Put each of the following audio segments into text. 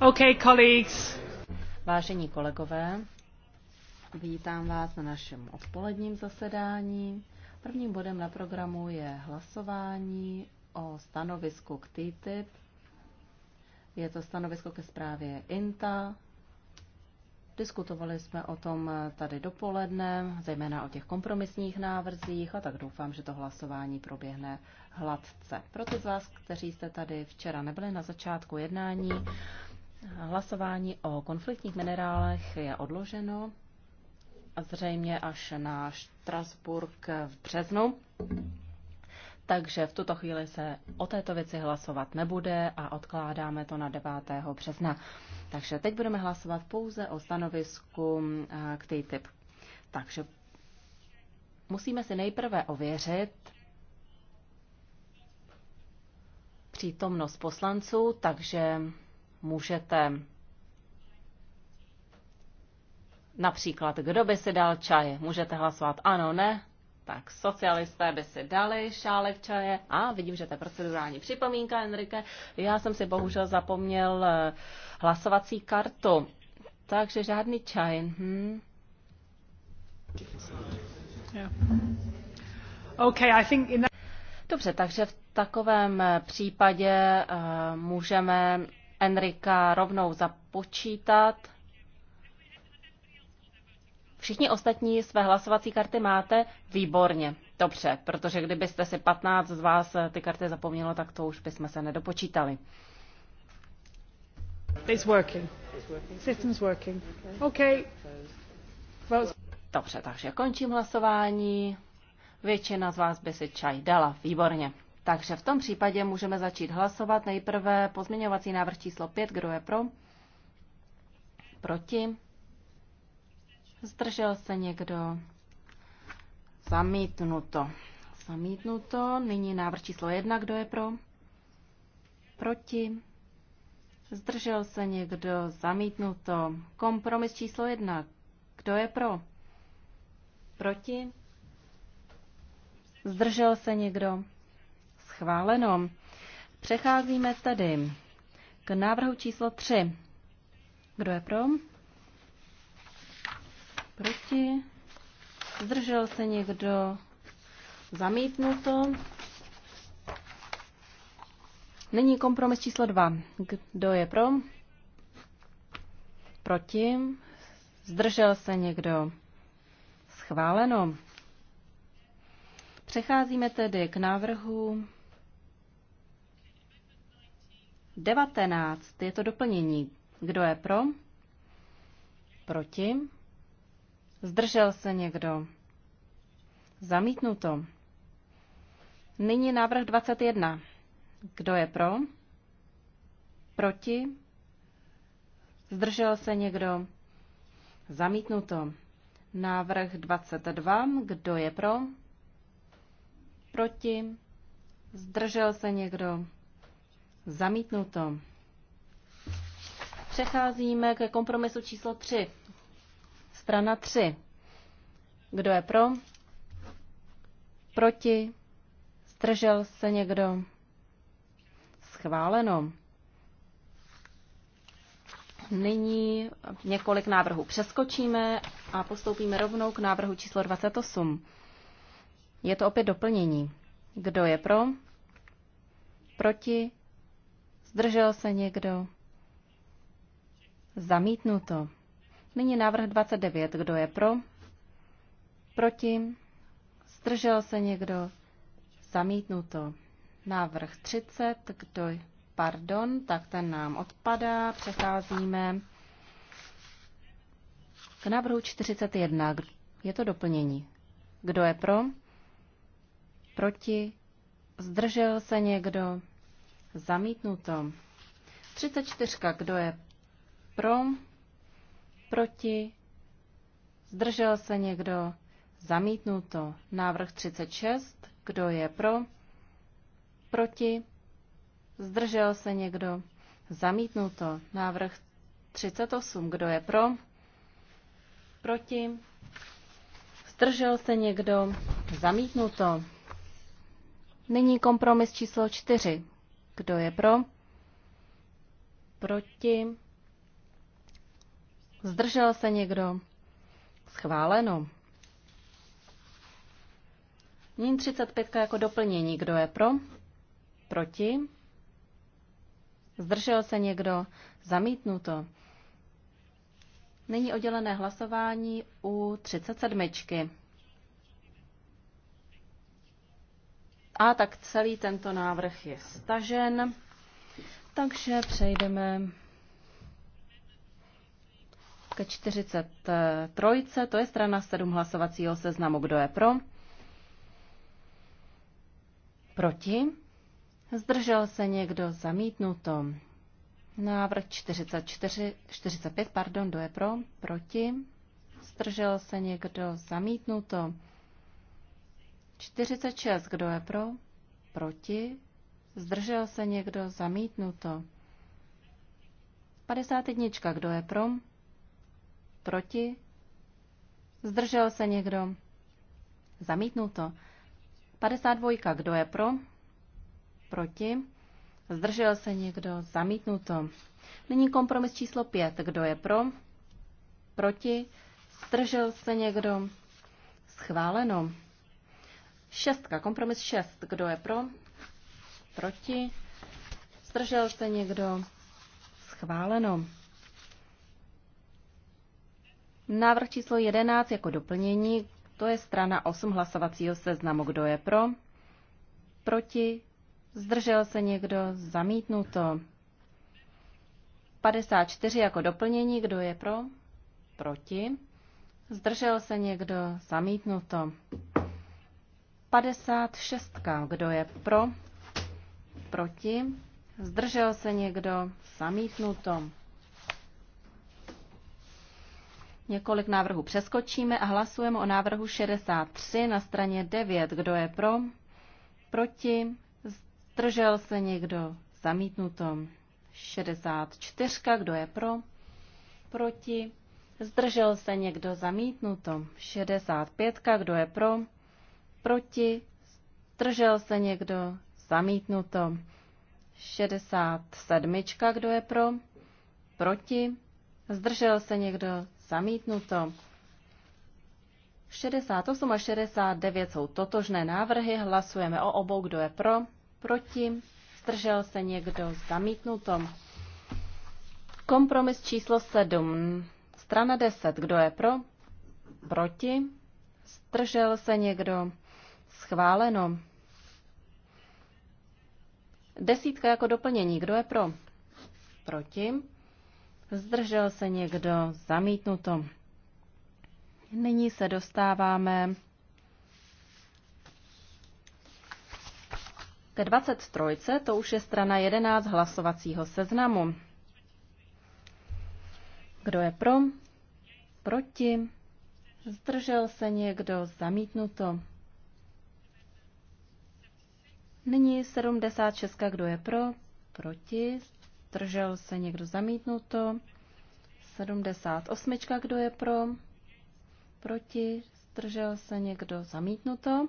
Okay, colleagues. Vážení kolegové, vítám vás na našem odpoledním zasedání. Prvním bodem na programu je hlasování o stanovisku k TTIP. Je to stanovisko ke zprávě INTA. Diskutovali jsme o tom tady dopoledne, zejména o těch kompromisních návrzích a tak doufám, že to hlasování proběhne hladce. Pro ty z vás, kteří jste tady včera nebyli na začátku jednání, Hlasování o konfliktních minerálech je odloženo a zřejmě až na Strasburg v březnu. Takže v tuto chvíli se o této věci hlasovat nebude a odkládáme to na 9. března. Takže teď budeme hlasovat pouze o stanovisku eh, k té typ. Takže musíme si nejprve ověřit přítomnost poslanců, takže můžete například, kdo by si dal čaj, můžete hlasovat ano, ne, tak socialisté by si dali šálek čaje. A vidím, že to je procedurální připomínka, Enrique. Já jsem si bohužel zapomněl eh, hlasovací kartu. Takže žádný čaj. Hm. Yeah. Okay, I think in that... Dobře, takže v takovém případě uh, můžeme Enrika rovnou započítat. Všichni ostatní své hlasovací karty máte? Výborně, dobře, protože kdybyste si 15 z vás eh, ty karty zapomnělo, tak to už bychom se nedopočítali. It's working. System's working. Okay. Dobře, takže končím hlasování. Většina z vás by si čaj dala. Výborně. Takže v tom případě můžeme začít hlasovat. Nejprve pozměňovací návrh číslo 5. Kdo je pro? Proti? Zdržel se někdo? Zamítnuto. Zamítnuto. Nyní návrh číslo 1. Kdo je pro? Proti? Zdržel se někdo? Zamítnuto. Kompromis číslo 1. Kdo je pro? Proti? Zdržel se někdo? Schváleno. Přecházíme tedy k návrhu číslo 3. Kdo je pro? Proti? Zdržel se někdo? Zamítnuto. Není kompromis číslo 2. Kdo je pro? Proti? Zdržel se někdo? Schváleno. Přecházíme tedy k návrhu 19. Je to doplnění. Kdo je pro? Proti? Zdržel se někdo? Zamítnuto. Nyní návrh 21. Kdo je pro? Proti? Zdržel se někdo? Zamítnuto. Návrh 22. Kdo je pro? Proti? Zdržel se někdo? Zamítnuto. Přecházíme ke kompromisu číslo 3. Strana 3. Kdo je pro? Proti? Zdržel se někdo? Schváleno. Nyní několik návrhů přeskočíme a postoupíme rovnou k návrhu číslo 28. Je to opět doplnění. Kdo je pro? Proti? Zdržel se někdo? Zamítnuto. Nyní návrh 29. Kdo je pro? Proti? Zdržel se někdo? Zamítnuto. Návrh 30. Kdo je? Pardon, tak ten nám odpadá. Přecházíme k návrhu 41. Je to doplnění. Kdo je pro? Proti? Zdržel se někdo? Zamítnuto. 34. Kdo je pro? Proti? Zdržel se někdo? Zamítnuto. Návrh 36. Kdo je pro? Proti? Zdržel se někdo? Zamítnuto. Návrh 38. Kdo je pro? Proti? Zdržel se někdo? Zamítnuto. Nyní kompromis číslo 4. Kdo je pro? Proti? Zdržel se někdo? Schváleno. Nyní 35 jako doplnění. Kdo je pro? Proti? Zdržel se někdo? Zamítnuto. Nyní oddělené hlasování u 37. A tak celý tento návrh je stažen. Takže přejdeme ke 43. To je strana 7 hlasovacího seznamu. Kdo je pro? Proti? Zdržel se někdo zamítnuto? Návrh 44, 45, pardon, kdo je pro? Proti? Zdržel se někdo zamítnuto? 46. Kdo je pro? Proti? Zdržel se někdo? Zamítnuto. 51. Kdo je pro? Proti? Zdržel se někdo? Zamítnuto. 52. Kdo je pro? Proti? Zdržel se někdo? Zamítnuto. Nyní kompromis číslo 5. Kdo je pro? Proti? Zdržel se někdo? Schváleno. Šestka, kompromis šest. Kdo je pro? Proti? Zdržel se někdo? Schváleno. Návrh číslo 11 jako doplnění, to je strana 8 hlasovacího seznamu. Kdo je pro? Proti? Zdržel se někdo? Zamítnuto. 54 jako doplnění. Kdo je pro? Proti? Zdržel se někdo? Zamítnuto. 56. Kdo je pro? Proti? Zdržel se někdo? Zamítnuto. Několik návrhů přeskočíme a hlasujeme o návrhu 63 na straně 9. Kdo je pro? Proti? Zdržel se někdo? Zamítnuto. 64. Kdo je pro? Proti? Zdržel se někdo? Zamítnuto. 65. Kdo je pro? proti, zdržel se někdo, zamítnuto. 67. Kdo je pro? Proti? Zdržel se někdo? Zamítnuto. 68 a 69 jsou totožné návrhy. Hlasujeme o obou. Kdo je pro? Proti? Zdržel se někdo? Zamítnuto. Kompromis číslo 7. Strana 10. Kdo je pro? Proti? Zdržel se někdo? Schváleno. Desítka jako doplnění. Kdo je pro? Proti. Zdržel se někdo? Zamítnuto. Nyní se dostáváme ke 23. To už je strana 11 hlasovacího seznamu. Kdo je pro? Proti? Zdržel se někdo? Zamítnuto. Nyní 76. Kdo je pro? Proti. Držel se někdo zamítnuto? 78. Kdo je pro? Proti. Držel se někdo zamítnuto?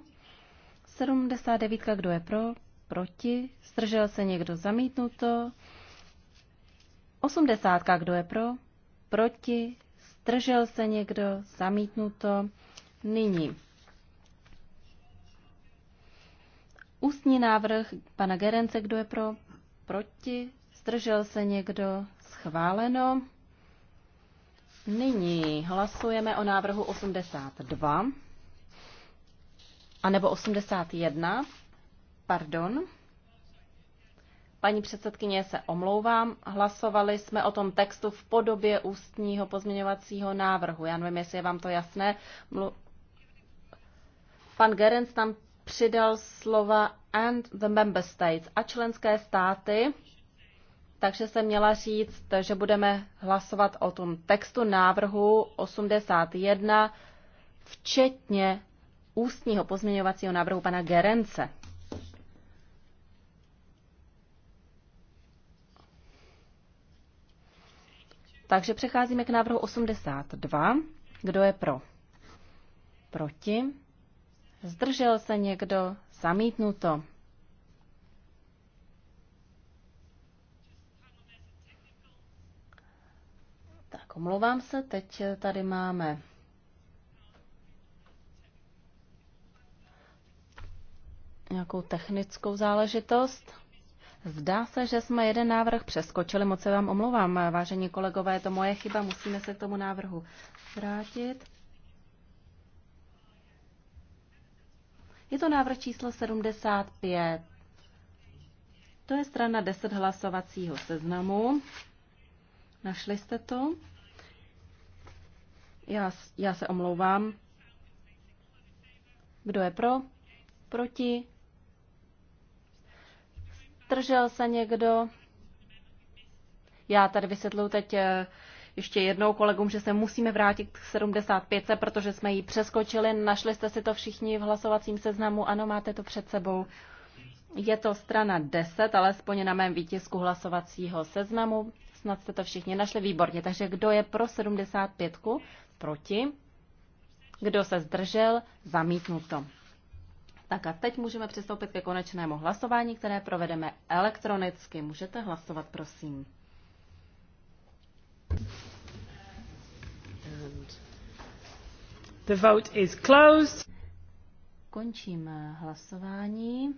79. Kdo je pro? Proti. Zdržel se někdo zamítnuto? 80. Kdo je pro? Proti. Zdržel se někdo zamítnuto? Nyní Ústní návrh pana Gerence, kdo je pro? Proti? Zdržel se někdo? Schváleno. Nyní hlasujeme o návrhu 82 a nebo 81, pardon. Paní předsedkyně, se omlouvám, hlasovali jsme o tom textu v podobě ústního pozměňovacího návrhu. Já nevím, jestli je vám to jasné. Mlu... Pan Gerenc tam přidal slova and the member states a členské státy, takže jsem měla říct, že budeme hlasovat o tom textu návrhu 81, včetně ústního pozměňovacího návrhu pana Gerence. Takže přecházíme k návrhu 82. Kdo je pro? Proti? Zdržel se někdo? Zamítnuto. Tak, omlouvám se, teď tady máme nějakou technickou záležitost. Zdá se, že jsme jeden návrh přeskočili, moc se vám omlouvám, vážení kolegové, je to moje chyba, musíme se k tomu návrhu vrátit. Je to návrh číslo 75. To je strana 10 hlasovacího seznamu. Našli jste to? Já, já se omlouvám. Kdo je pro? Proti? Držel se někdo? Já tady vysvětluji teď eh, ještě jednou kolegům, že se musíme vrátit k 75, protože jsme ji přeskočili. Našli jste si to všichni v hlasovacím seznamu. Ano, máte to před sebou. Je to strana 10, alespoň na mém výtisku hlasovacího seznamu. Snad jste to všichni našli výborně. Takže kdo je pro 75? Proti? Kdo se zdržel? Zamítnuto. Tak a teď můžeme přistoupit ke konečnému hlasování, které provedeme elektronicky. Můžete hlasovat, prosím. The vote is closed. Končím hlasování.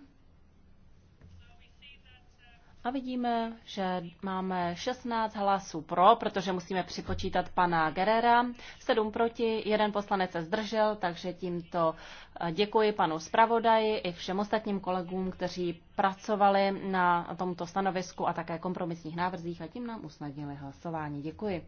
A vidíme, že máme 16 hlasů pro, protože musíme připočítat pana Gerera, 7 proti, jeden poslanec se zdržel, takže tímto eh, děkuji panu zpravodaji i všem ostatním kolegům, kteří pracovali na tomto stanovisku a také kompromisních návrzích a tím nám usnadnili hlasování. Děkuji.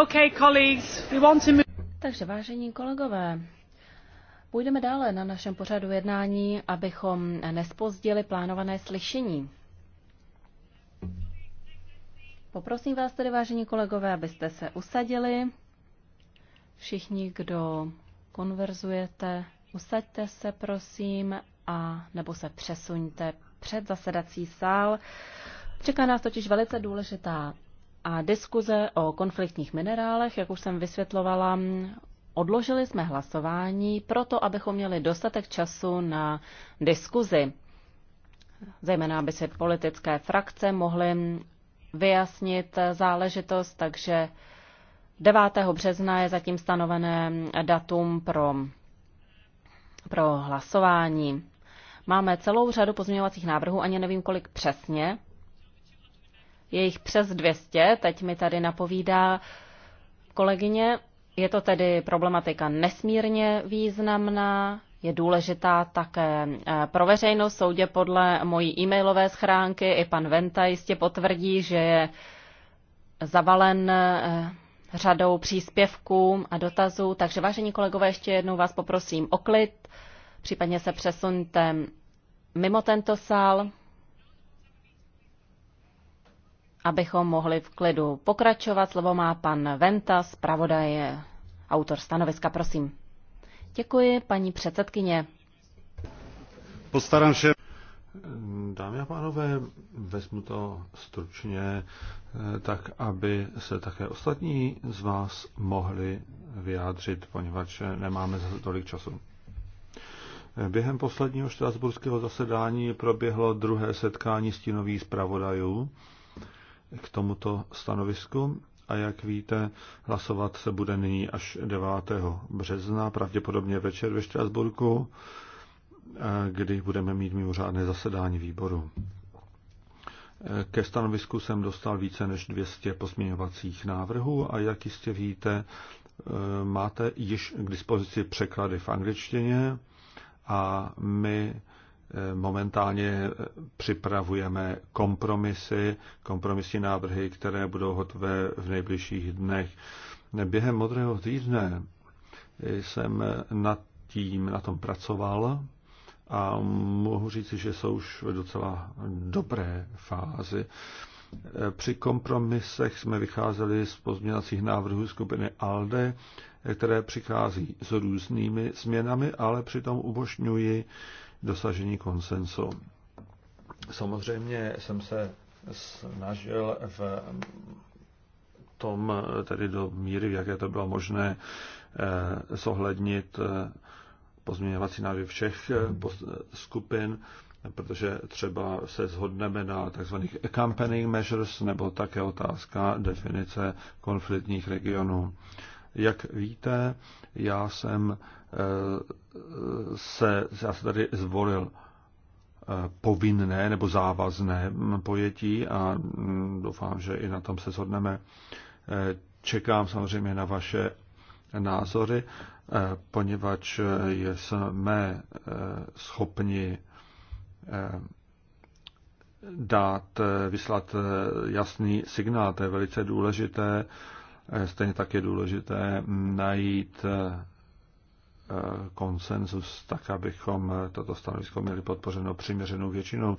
Okay, colleagues, we want to move... Takže vážení kolegové, půjdeme dále na našem pořadu jednání, abychom nespozdili plánované slyšení. Poprosím vás tedy, vážení kolegové, abyste se usadili. Všichni, kdo konverzujete, usaďte se, prosím, a nebo se přesuňte před zasedací sál. Čeká nás totiž velice důležitá a diskuze o konfliktních minerálech, jak už jsem vysvětlovala, odložili jsme hlasování proto, abychom měli dostatek času na diskuzi. Zejména, aby si politické frakce mohly vyjasnit záležitost, takže 9. března je zatím stanovené datum pro, pro hlasování. Máme celou řadu pozměňovacích návrhů, ani nevím kolik přesně, je jich přes 200, teď mi tady napovídá kolegyně. Je to tedy problematika nesmírně významná, je důležitá také eh, pro veřejnost. Soudě podle mojí e-mailové schránky i pan Venta jistě potvrdí, že je zavalen eh, řadou příspěvků a dotazů. Takže vážení kolegové, ještě jednou vás poprosím o klid, případně se přesuňte mimo tento sál abychom mohli v klidu pokračovat. Slovo má pan Venta, zpravodaj, autor stanoviska, prosím. Děkuji, paní předsedkyně. Postarám se. Dámy a pánové, vezmu to stručně, eh, tak aby se také ostatní z vás mohli vyjádřit, poněvadž nemáme zase tolik času. Eh, Během posledního štrasburského zasedání proběhlo druhé setkání stínových zpravodajů k tomuto stanovisku a jak víte, hlasovat se bude nyní až 9. března, pravděpodobně večer ve Štrasburku, eh, kdy budeme mít mimořádné zasedání výboru. Eh, ke stanovisku jsem dostal více než 200 pozměňovacích návrhů a jak jistě víte, eh, máte již k dispozici překlady v angličtině a my momentálně eh, připravujeme kompromisy, kompromisní návrhy, které budou hotové v nejbližších dnech. Během modrého týdne jsem nad tím na tom pracoval a mohu říci, že jsou už v docela dobré fázi. Eh, při kompromisech jsme vycházeli z pozměňovacích návrhů skupiny ALDE, eh, které přichází s různými změnami, ale přitom umožňují dosažení konsensu. Samozřejmě jsem se snažil v tom, tedy do míry, v jaké to bylo možné, eh, zohlednit eh, pozměňovací návrhy všech eh, skupin, protože třeba se zhodneme na tzv. accompanying measures nebo také otázka definice konfliktních regionů. Jak víte, já jsem se, já se tady zvolil eh, povinné nebo závazné pojetí a mm, doufám, že i na tom se shodneme. Eh, čekám samozřejmě na vaše názory, eh, poněvadž jsme schopni dát, vyslat jasný signál, to je velice důležité. Stejně tak je důležité najít konsenzus, tak abychom toto stanovisko měli podpořeno přiměřenou většinou.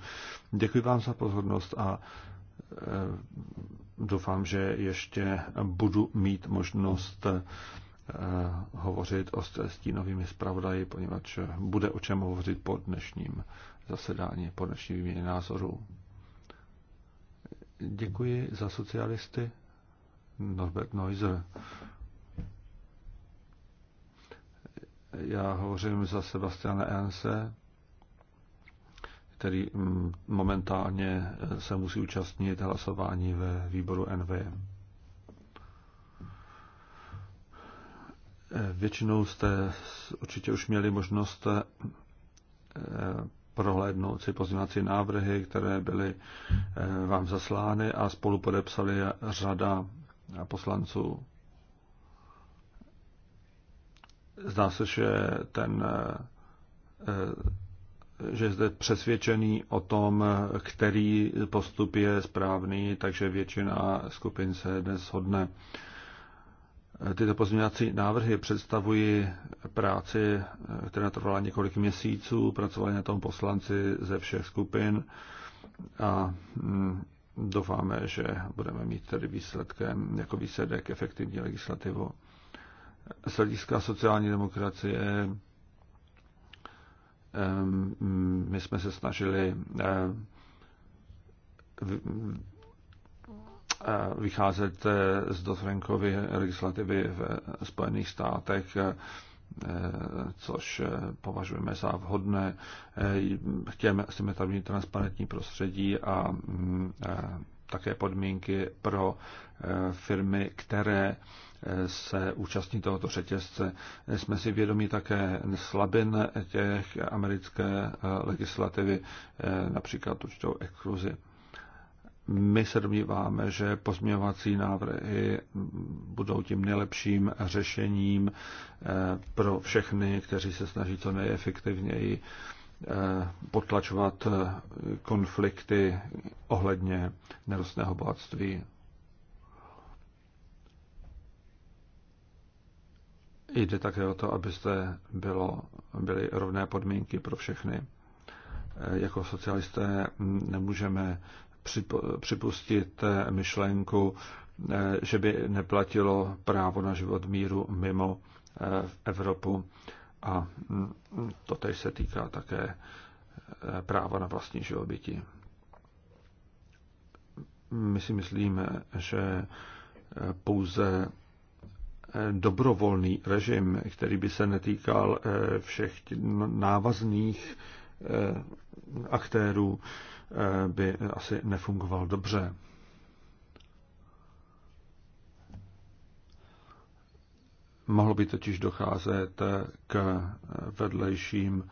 Děkuji vám za pozornost a eh, doufám, že ještě budu mít možnost eh, hovořit o stínovými zpravodaji, poněvadž bude o čem hovořit po dnešním zasedání, po dnešní výměně názorů. Děkuji za socialisty. Norbert Neuser. Já hovořím za Sebastiana Ense, který mm, momentálně eh, se musí účastnit hlasování ve výboru NV. Eh, většinou jste určitě už měli možnost eh, prohlédnout si pozměňovací návrhy, které byly vám zaslány a spolu řada poslanců. Zdá se, že ten eh, eh, že jste přesvědčený o tom, který postup je správný, takže většina skupin se dnes shodne. Eh, tyto pozměňovací návrhy představují práci, která trvala několik měsíců, pracovali na tom poslanci ze všech skupin a hm, doufáme, že budeme mít tedy výsledkem jako výsledek efektivní legislativu z hlediska sociální demokracie my jsme se snažili vycházet z Dothrankovy legislativy v Spojených státech, což považujeme za vhodné. Chceme tam mít transparentní prostředí a také podmínky pro firmy, které se účastní tohoto řetězce. Jsme si vědomi také slabin těch americké eh, legislativy, eh, například určitou exkluzi. My se domníváme, že pozměňovací návrhy budou tím nejlepším řešením eh, pro všechny, kteří se snaží co nejefektivněji potlačovat konflikty ohledně nerostného bohatství. Jde také o to, abyste bylo, byly rovné podmínky pro všechny. Jako socialisté nemůžeme připustit myšlenku, že by neplatilo právo na život míru mimo eh, Evropu. A mm, to tež se týká také eh, práva na vlastní živobytí. My si myslíme, že eh, pouze dobrovolný režim, který by se netýkal eh, všech návazných eh, aktérů, eh, by asi nefungoval dobře. Mohlo by totiž docházet k vedlejším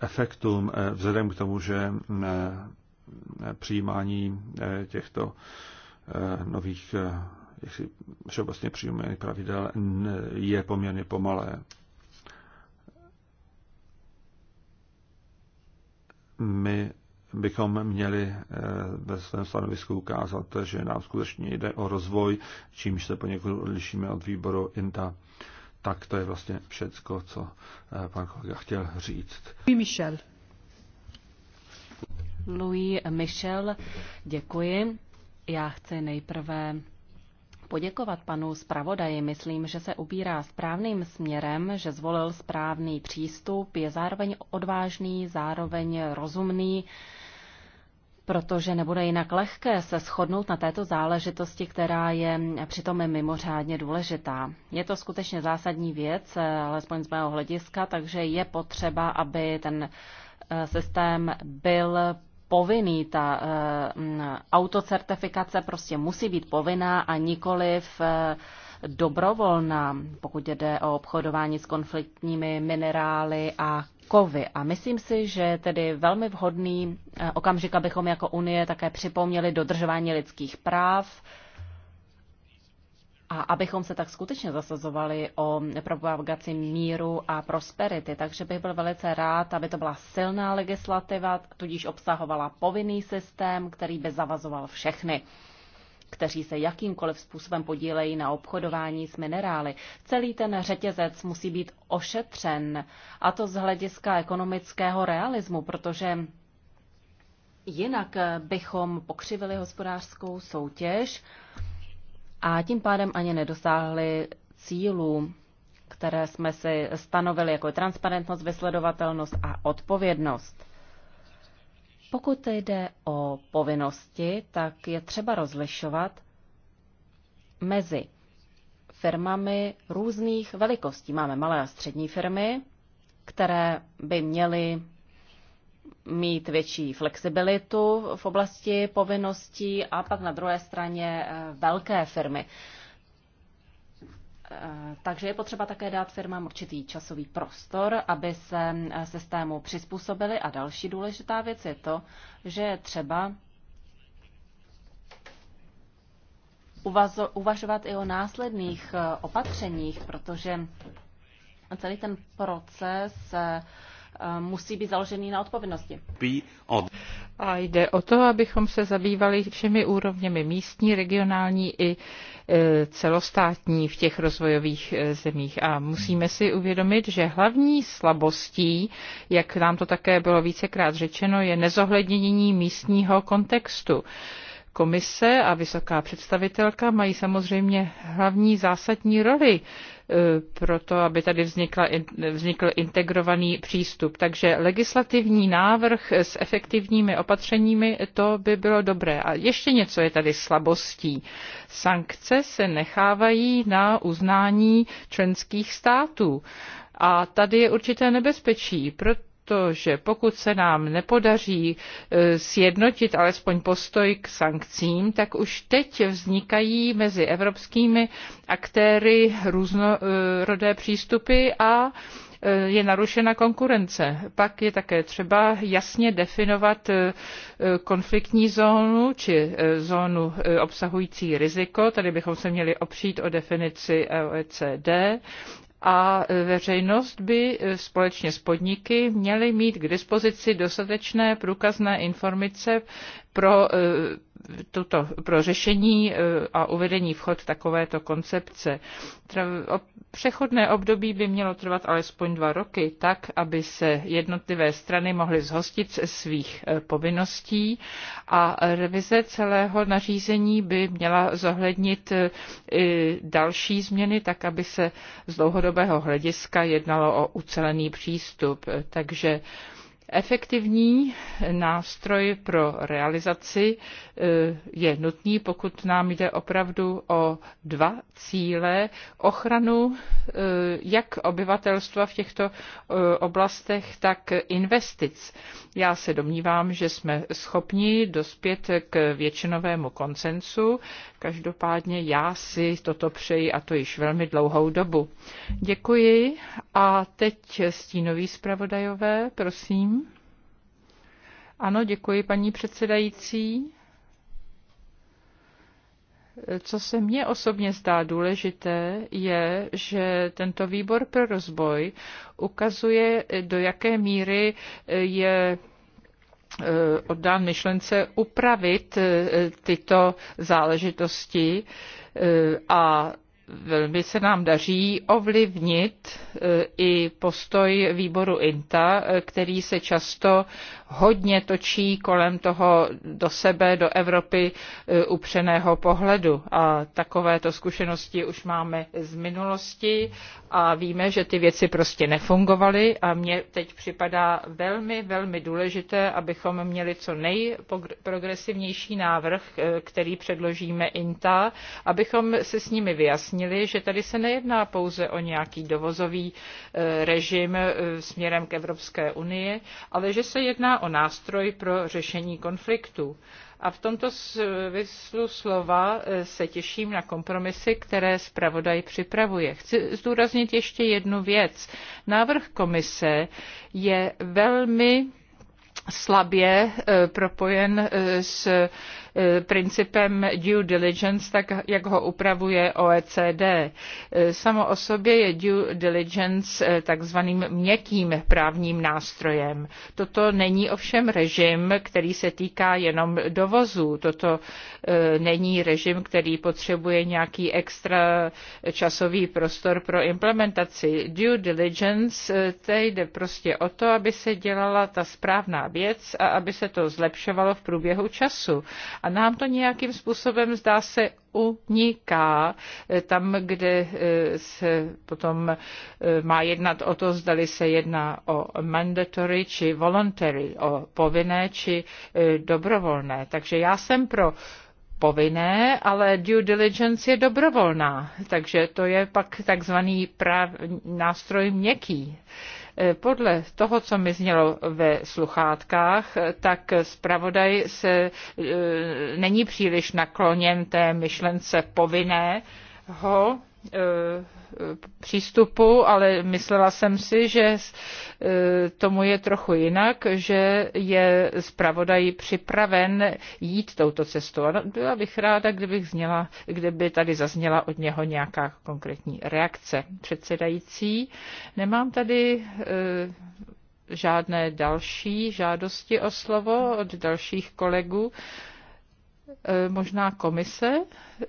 efektům vzhledem k tomu, že přijímání těchto nových jaksi všeobecně přijímaných pravidel je poměrně pomalé. My bychom měli eh, ve svém stanovisku ukázat, že nám skutečně jde o rozvoj, čímž se poněkud odlišíme od výboru INTA. Tak to je vlastně všecko, co eh, pan kolega chtěl říct. Michel. Louis Michel, děkuji. Já chci nejprve poděkovat panu zpravodaji. Myslím, že se ubírá správným směrem, že zvolil správný přístup, je zároveň odvážný, zároveň rozumný, protože nebude jinak lehké se shodnout na této záležitosti, která je přitom mimořádně důležitá. Je to skutečně zásadní věc, alespoň z mého hlediska, takže je potřeba, aby ten eh, systém byl povinný, ta eh, autocertifikace prostě musí být povinná a nikoliv eh, dobrovolná, pokud jde o obchodování s konfliktními minerály a kovy. A myslím si, že tedy velmi vhodný eh, okamžik, abychom jako Unie také připomněli dodržování lidských práv, a abychom se tak skutečně zasazovali o propagaci míru a prosperity. Takže bych byl velice rád, aby to byla silná legislativa, tudíž obsahovala povinný systém, který by zavazoval všechny kteří se jakýmkoliv způsobem podílejí na obchodování s minerály. Celý ten řetězec musí být ošetřen, a to z hlediska ekonomického realismu, protože jinak bychom pokřivili hospodářskou soutěž a tím pádem ani nedosáhli cílů, které jsme si stanovili jako transparentnost, vysledovatelnost a odpovědnost. Pokud jde o povinnosti, tak je třeba rozlišovat mezi firmami různých velikostí. Máme malé a střední firmy, které by měly mít větší flexibilitu v oblasti povinností a pak na druhé straně eh, velké firmy. Eh, takže je potřeba také dát firmám určitý časový prostor, aby se eh, systému přizpůsobili. A další důležitá věc je to, že je třeba uvažovat i o následných opatřeních, protože celý ten proces Eh, musí být založený na odpovědnosti. A jde o to, abychom se zabývali všemi úrovněmi místní, regionální i eh, celostátní v těch rozvojových eh, zemích. A musíme si uvědomit, že hlavní slabostí, jak nám to také bylo vícekrát řečeno, je nezohlednění místního kontextu. Komise a vysoká představitelka mají samozřejmě hlavní zásadní roli e, pro to, aby tady vznikla, vznikl integrovaný přístup. Takže legislativní návrh s efektivními opatřeními, to by bylo dobré. A ještě něco je tady slabostí. Sankce se nechávají na uznání členských států. A tady je určité nebezpečí, proto to, že pokud se nám nepodaří e, sjednotit alespoň postoj k sankcím, tak už teď vznikají mezi evropskými aktéry různorodé přístupy a e, je narušena konkurence. Pak je také třeba jasně definovat e, konfliktní zónu či zónu obsahující riziko. Tady bychom se měli opřít o definici OECD a veřejnost by e, společně s podniky měly mít k dispozici dostatečné průkazné informace pro e, tuto, pro řešení e, a uvedení vchod takovéto koncepce. Přechodné období by mělo trvat alespoň dva roky, tak, aby se jednotlivé strany mohly zhostit svých e, povinností a revize celého nařízení by měla zohlednit i další změny, tak, aby se z dlouhodobého hlediska jednalo o ucelený přístup. Takže Efektivní nástroj pro realizaci eh, je nutný, pokud nám jde opravdu o dva cíle. Ochranu eh, jak obyvatelstva v těchto eh, oblastech, tak investic. Já se domnívám, že jsme schopni dospět k většinovému konsensu. Každopádně já si toto přeji a to již velmi dlouhou dobu. Děkuji a teď stínový zpravodajové, prosím. Ano, děkuji paní předsedající. Co se mně osobně zdá důležité, je, že tento výbor pro rozboj ukazuje, do jaké míry je Eh, oddán myšlence upravit eh, tyto záležitosti eh, a velmi se nám daří ovlivnit i postoj výboru INTA, který se často hodně točí kolem toho do sebe, do Evropy e, upřeného pohledu. A takovéto zkušenosti už máme z minulosti a víme, že ty věci prostě nefungovaly a mně teď připadá velmi, velmi důležité, abychom měli co nejprogresivnější návrh, e, který předložíme INTA, abychom se s nimi vyjasnili, že tady se nejedná pouze o nějaký dovozový e, režim směrem k Evropské unii, ale že se jedná o nástroj pro řešení konfliktů. A v tomto smyslu slova eh, se těším na kompromisy, které zpravodaj připravuje. Chci zdůraznit ještě jednu věc. Návrh komise je velmi slabě eh, propojen eh, s Eh, principem due diligence, tak jak ho upravuje OECD. Eh, samo o sobě je due diligence eh, takzvaným měkkým právním nástrojem. Toto není ovšem režim, který se týká jenom dovozu. Toto není režim, který potřebuje nějaký extra časový prostor pro implementaci. Due diligence, to jde prostě o to, aby se dělala ta správná věc a aby se to zlepšovalo v průběhu času. A nám to nějakým způsobem zdá se uniká e, tam, kde e, se potom e, má jednat o to, zdali se jedná o mandatory či voluntary, o povinné či dobrovolné. Takže já jsem pro povinné, ale due diligence je dobrovolná, takže to je pak takzvaný práv, nástroj měkký. Podle toho, co mi znělo ve sluchátkách, tak zpravodaj se e, není příliš nakloněn té myšlence povinného přístupu, ale myslela jsem si, že eh, tomu je trochu jinak, že je zpravodaj připraven jít touto cestou. A byla bych ráda, kdybych zněla, kdyby tady zazněla od něho nějaká konkrétní reakce. Předsedající, nemám tady eh, žádné další žádosti o slovo od dalších kolegů. Eh, možná komise eh,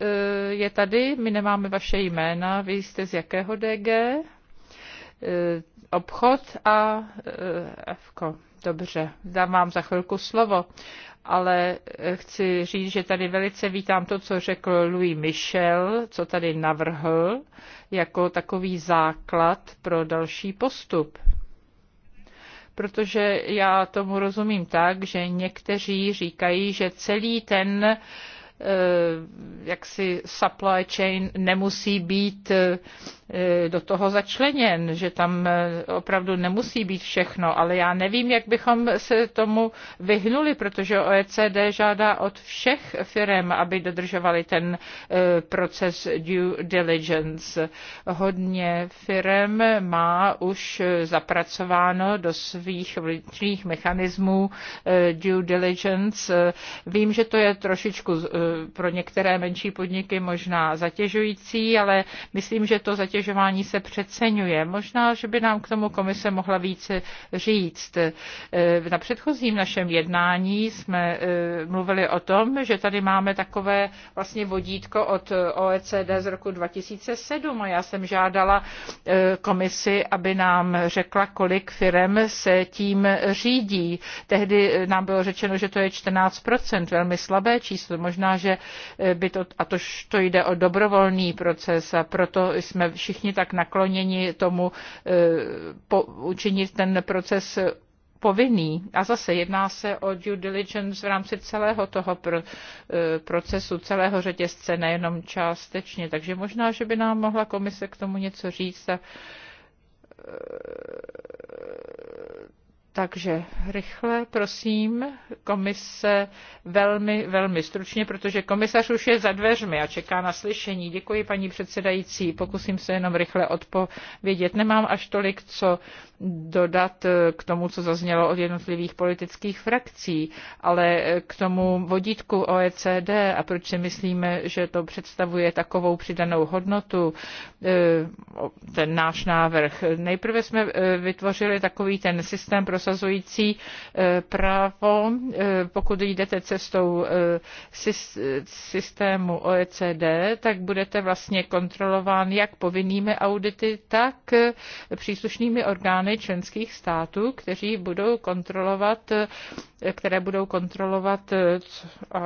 je tady, my nemáme vaše jména, vy jste z jakého DG? Eh, obchod a FKO. Dobře, dám vám za chvilku slovo, ale chci říct, že tady velice vítám to, co řekl Louis Michel, co tady navrhl jako takový základ pro další postup protože já tomu rozumím tak, že někteří říkají, že celý ten Eh, jaksi supply chain nemusí být eh, do toho začleněn, že tam eh, opravdu nemusí být všechno, ale já nevím, jak bychom se tomu vyhnuli, protože OECD žádá od všech firm, aby dodržovali ten proces due diligence. Hodně firm má už zapracováno do svých vnitřních mechanismů due diligence. Vím, že to je trošičku pro některé menší podniky možná zatěžující, ale myslím, že to zatěžování se přeceňuje. Možná, že by nám k tomu komise mohla více říct. E, na předchozím našem jednání jsme e, mluvili o tom, že tady máme takové vlastně vodítko od OECD z roku 2007 a já jsem žádala e, komisi, aby nám řekla, kolik firm se tím řídí. Tehdy nám bylo řečeno, že to je 14%, velmi slabé číslo. Možná, že eh, by to, a to, to jde o dobrovolný proces a proto jsme všichni tak nakloněni tomu eh, po, učinit ten proces povinný. A zase jedná se o due diligence v rámci celého toho pro, eh, procesu, celého řetězce, nejenom částečně. Takže možná, že by nám mohla komise k tomu něco říct. A, takže rychle, prosím, komise velmi, velmi stručně, protože komisař už je za dveřmi a čeká na slyšení. Děkuji, paní předsedající. Pokusím se jenom rychle odpovědět. Nemám až tolik, co dodat eh, k tomu, co zaznělo od jednotlivých politických frakcí, ale eh, k tomu vodítku OECD a proč si myslíme, že to představuje takovou přidanou hodnotu, eh, ten náš návrh. Nejprve jsme vytvořili takový ten systém pro prosazující e, právo, e, pokud jdete cestou e, systému OECD, tak budete vlastně kontrolován jak povinnými audity, tak příslušnými orgány členských států, kteří budou kontrolovat, které budou kontrolovat,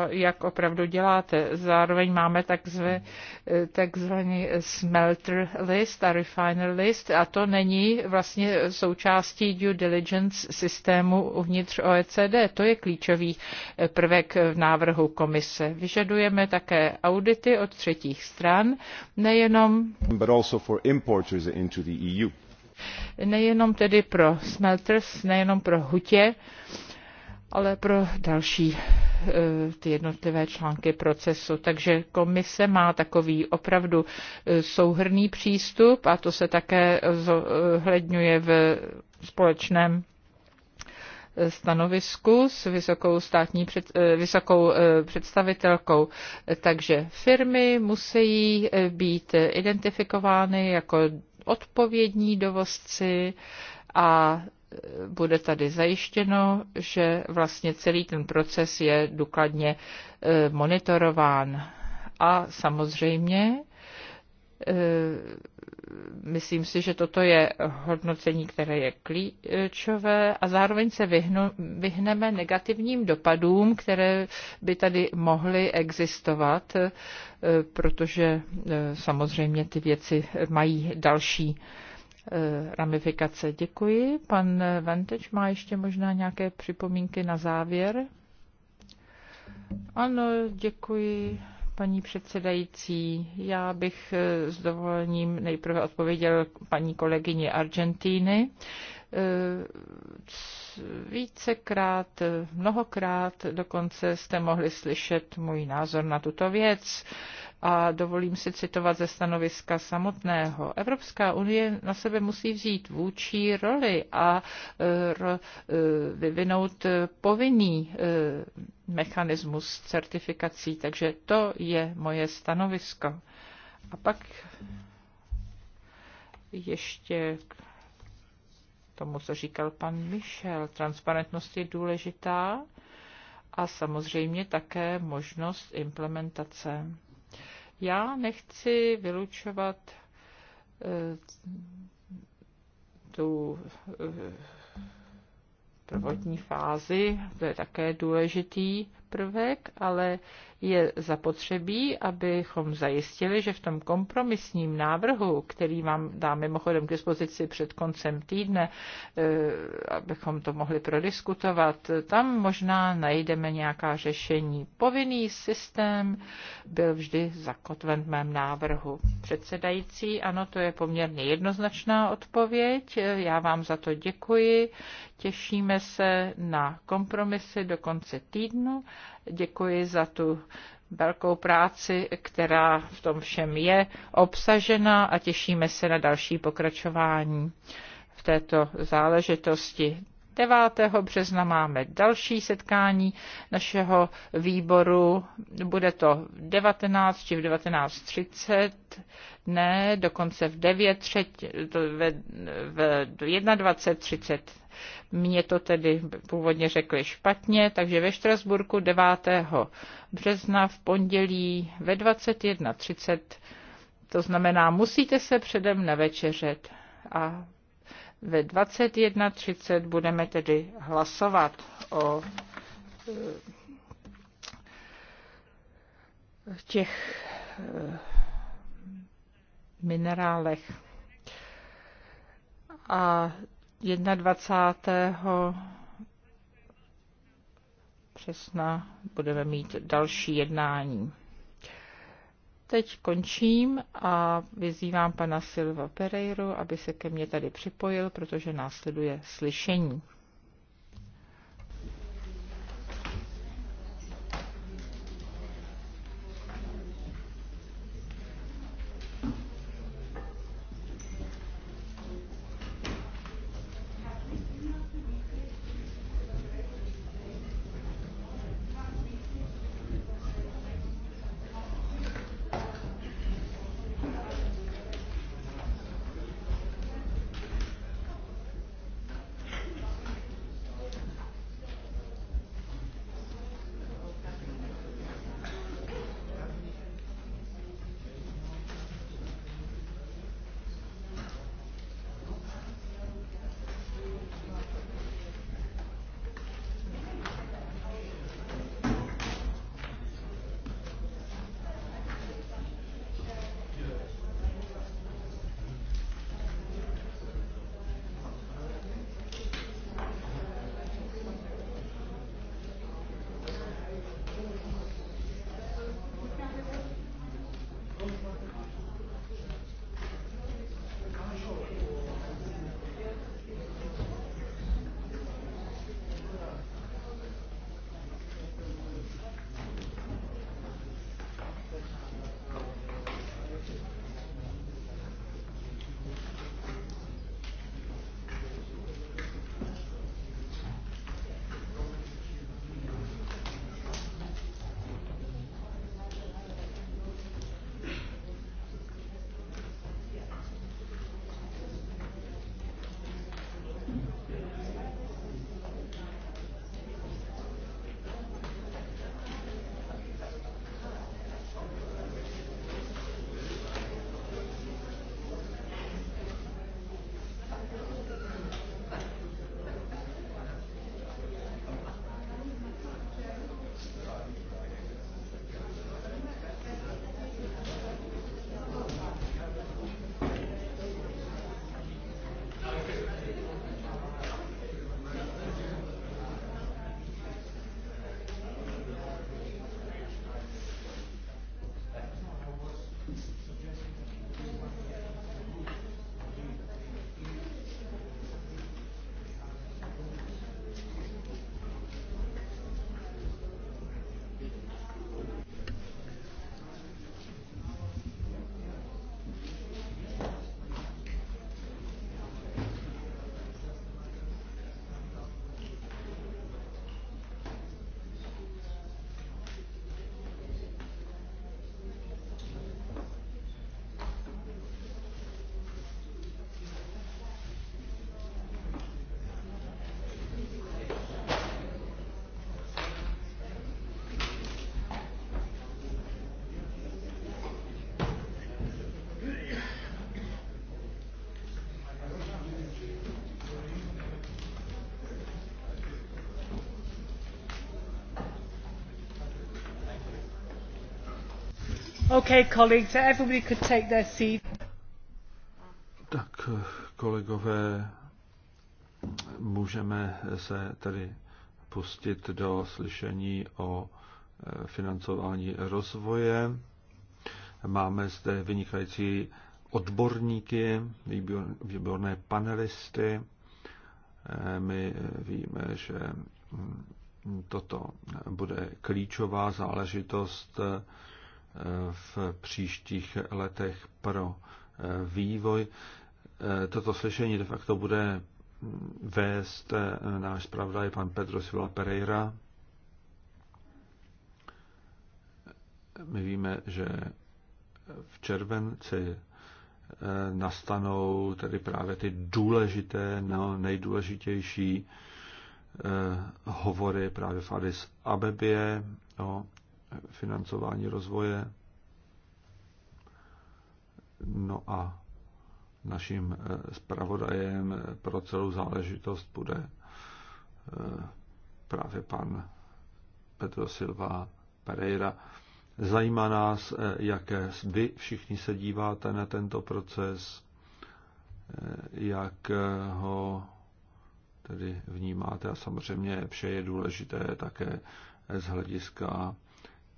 jak opravdu děláte. Zároveň máme takzvaný, takzvaný smelter list a refiner list a to není vlastně součástí due diligence systému uvnitř OECD. To je klíčový eh, prvek v návrhu komise. Vyžadujeme také audity od třetích stran, nejenom e nejenom tedy pro smelters, nejenom pro hutě, ale pro další eh, ty jednotlivé články procesu. Takže komise má takový opravdu eh, souhrný přístup a to se také zohledňuje v společném stanovisku s vysokou, státní před, eh, vysokou eh, představitelkou. Takže firmy musí eh, být identifikovány jako odpovědní dovozci a bude tady zajištěno, že vlastně celý ten proces je důkladně monitorován. A samozřejmě Myslím si, že toto je hodnocení, které je klíčové a zároveň se vyhnu, vyhneme negativním dopadům, které by tady mohly existovat, eh, protože eh, samozřejmě ty věci mají další eh, ramifikace. Děkuji. Pan Venteč má ještě možná nějaké připomínky na závěr. Ano, děkuji paní předsedající. Já bych eh, s dovolením nejprve odpověděl paní kolegyni Argentíny. Eh, vícekrát, eh, mnohokrát dokonce jste mohli slyšet můj názor na tuto věc a dovolím si citovat ze stanoviska samotného. Evropská unie na sebe musí vzít vůči roli a e, e, vyvinout povinný e, mechanismus certifikací, takže to je moje stanovisko. A pak ještě k tomu, co říkal pan Michel. Transparentnost je důležitá a samozřejmě také možnost implementace. Já nechci vylučovat eh, tu eh, prvotní fázi, to je také důležitý prvek, ale je zapotřebí, abychom zajistili, že v tom kompromisním návrhu, který vám dám mimochodem k dispozici před koncem týdne, eh, abychom to mohli prodiskutovat, tam možná najdeme nějaká řešení. Povinný systém byl vždy zakotven v mém návrhu. Předsedající, ano, to je poměrně jednoznačná odpověď. Eh, já vám za to děkuji. Těšíme se na kompromisy do konce týdnu Děkuji za tu velkou práci, která v tom všem je obsažena a těšíme se na další pokračování v této záležitosti. 9. března máme další setkání našeho výboru. Bude to v 19 či v 19.30, ne, dokonce v 9, třetí, v, v 21.30. Mně to tedy původně řekli špatně, takže ve Štrasburku 9. března v pondělí ve 21.30. To znamená, musíte se předem navečeřet a ve 21.30 budeme tedy hlasovat o eh, těch eh, minerálech. A 21. přesna budeme mít další jednání. Teď končím a vyzývám pana Silva Pereiru, aby se ke mně tady připojil, protože následuje slyšení. Tak, kolegové, můžeme se tedy pustit do slyšení o eh, financování rozvoje. Máme zde vynikající odborníky, výborné panelisty. Eh, my víme, že mm, toto bude klíčová záležitost eh, v příštích letech pro eh, vývoj. Eh, toto slyšení de facto bude mm, vést eh, náš zpravodaj pan Pedro Silva Pereira. My víme, že v červenci nastanou tedy právě ty důležité, no, nejdůležitější hovory právě v Addis Abebě o financování rozvoje. No a naším eh, zpravodajem eh, pro celou záležitost bude eh, právě pan Pedro Silva Pereira. Zajímá nás, jak vy všichni se díváte na tento proces, jak ho tedy vnímáte a samozřejmě vše je důležité také z hlediska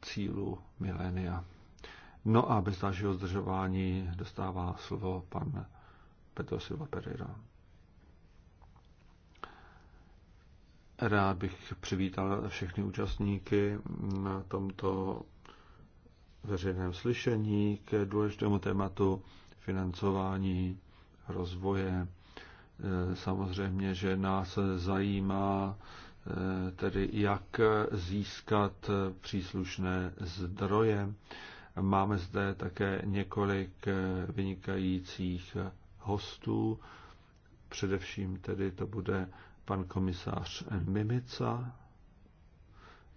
cílu milénia. No a bez dalšího zdržování dostává slovo pan Petro Silva Pereira. Rád bych přivítal všechny účastníky na tomto veřejném slyšení k důležitému tématu financování rozvoje. Samozřejmě, že nás zajímá Eh, tedy jak získat eh, příslušné zdroje. Máme zde také několik eh, vynikajících hostů, především tedy to bude pan komisář Mimica.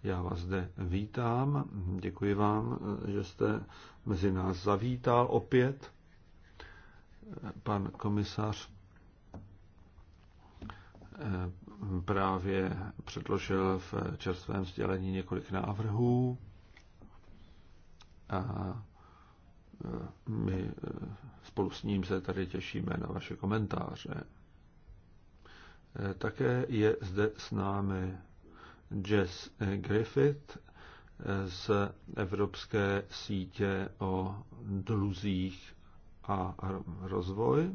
Já vás zde vítám, děkuji vám, že jste mezi nás zavítal opět. Pan komisář právě předložil v čerstvém sdělení několik návrhů a e, my e, spolu s ním se tady těšíme na vaše komentáře. E, také je zde s námi Jess Griffith z Evropské sítě o dluzích a rozvoj.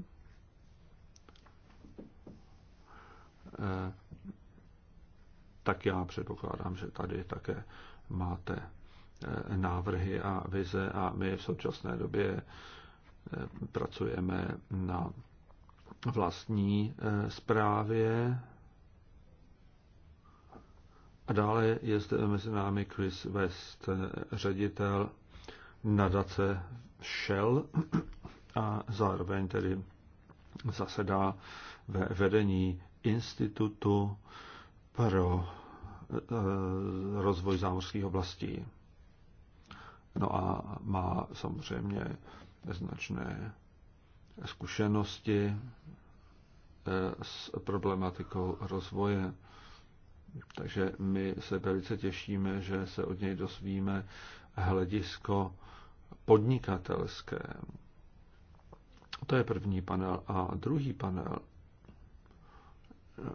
Eh, tak já předpokládám, že tady také máte eh, návrhy a vize a my v současné době eh, pracujeme na vlastní zprávě. A dále je zde mezi námi Chris West, ředitel nadace Shell a zároveň tedy zasedá ve vedení Institutu pro eh, rozvoj zámořských oblastí. No a má samozřejmě značné zkušenosti eh, s problematikou rozvoje. Takže my se velice těšíme, že se od něj dozvíme hledisko podnikatelské. To je první panel. A druhý panel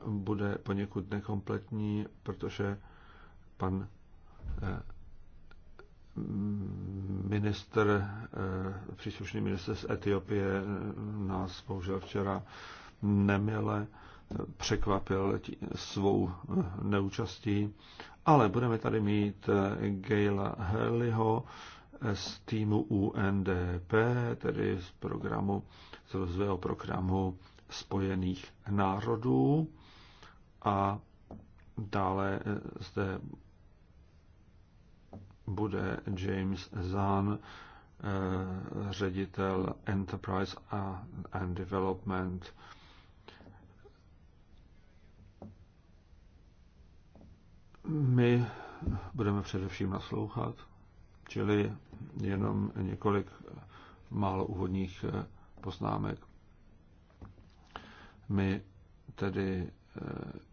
bude poněkud nekompletní, protože pan eh, minister, eh, příslušný minister z Etiopie eh, nás bohužel včera nemile překvapil svou neúčastí, ale budeme tady mít Gaila Hurleyho z týmu UNDP, tedy z programu, z rozvého programu spojených národů a dále eh, zde bude James Zahn, eh, ředitel Enterprise and Development. My budeme především naslouchat, čili jenom několik málo úvodních eh, poznámek. My tedy eh,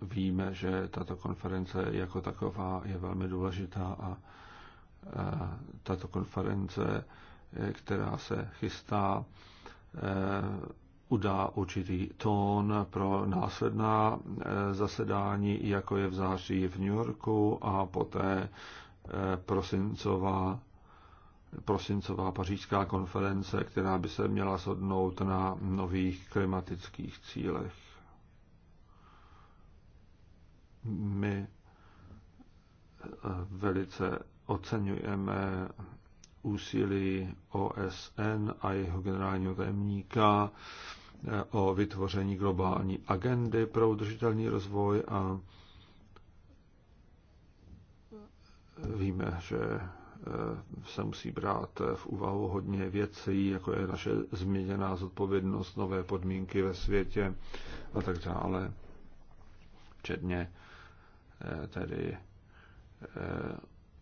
víme, že tato konference jako taková je velmi důležitá a eh, tato konference, eh, která se chystá, udá určitý tón pro následná zasedání, jako je v září v New Yorku a poté prosincová prosincová pařížská konference, která by se měla shodnout na nových klimatických cílech. My eh, velice oceňujeme úsilí OSN a jeho generálního tajemníka eh, o vytvoření globální agendy pro udržitelný rozvoj a víme, že Eh, se musí brát v úvahu hodně věcí, jako je naše změněná zodpovědnost, nové podmínky ve světě a tak dále, včetně eh, tedy eh,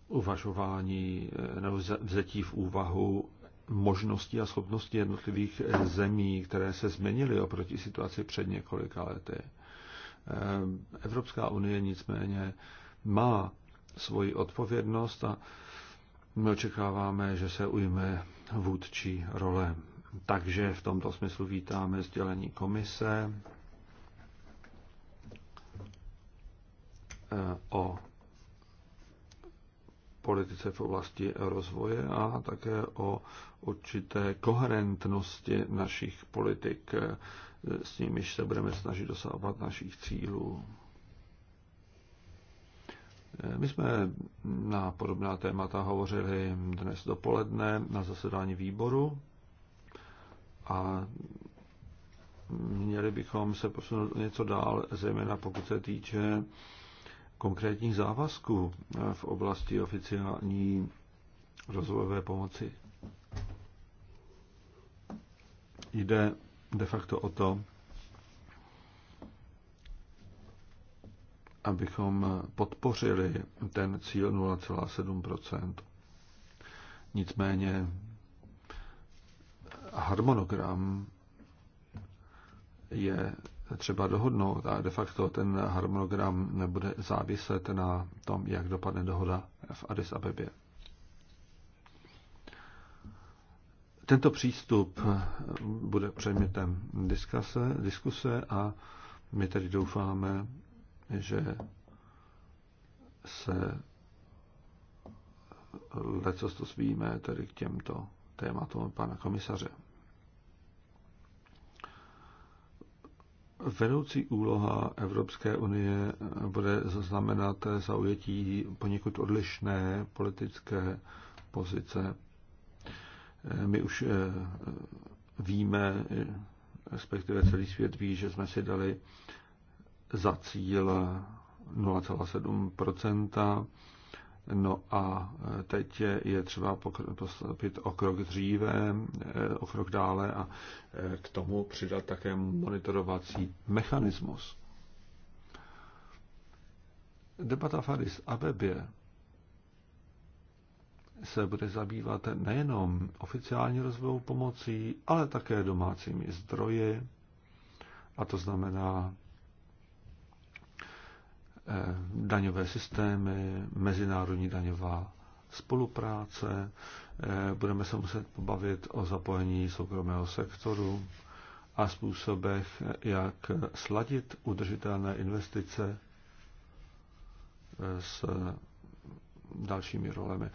uvažování nebo vzetí v úvahu možností a schopností jednotlivých zemí, které se změnily oproti situaci před několika lety. Evropská unie nicméně má svoji odpovědnost a my očekáváme, že se ujme vůdčí role. Takže v tomto smyslu vítáme sdělení komise eh, o politice v oblasti rozvoje a také o určité koherentnosti našich politik, eh, s nimiž se budeme snažit dosahovat našich cílů. My jsme na podobná témata hovořili dnes dopoledne na zasedání výboru a měli bychom se posunout něco dál, zejména pokud se týče konkrétních závazků v oblasti oficiální rozvojové pomoci. Jde de facto o to, abychom podpořili ten cíl 0,7 Nicméně harmonogram je třeba dohodnout a de facto ten harmonogram nebude záviset na tom, jak dopadne dohoda v Addis Abebě. Tento přístup bude předmětem diskuse, diskuse a my tedy doufáme, že se lecos to svíme tedy k těmto tématům pana komisaře. Vedoucí úloha Evropské unie bude znamenat zaujetí poněkud odlišné politické pozice. My už eh, víme, respektive celý svět ví, že jsme si dali za cíl 0,7 No a teď je třeba postoupit o krok dříve, o krok dále a k tomu přidat také monitorovací mechanismus. Debata v Addis Abebě se bude zabývat nejenom oficiální rozvojovou pomocí, ale také domácími zdroji, a to znamená Eh, daňové systémy, mezinárodní daňová spolupráce, eh, budeme se muset pobavit o zapojení soukromého sektoru a způsobech, jak sladit udržitelné investice eh, s dalšími rolemi.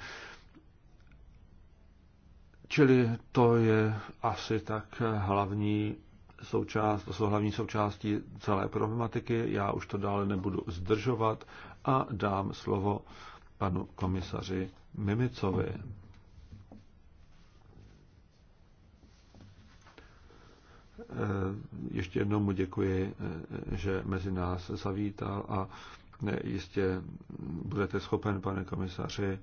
Čili to je asi tak hlavní součást, to jsou hlavní součástí celé problematiky. Já už to dále nebudu zdržovat a dám slovo panu komisaři Mimicovi. Eh, ještě jednou mu děkuji, eh, že mezi nás zavítal a eh, jistě budete schopen, pane komisaři,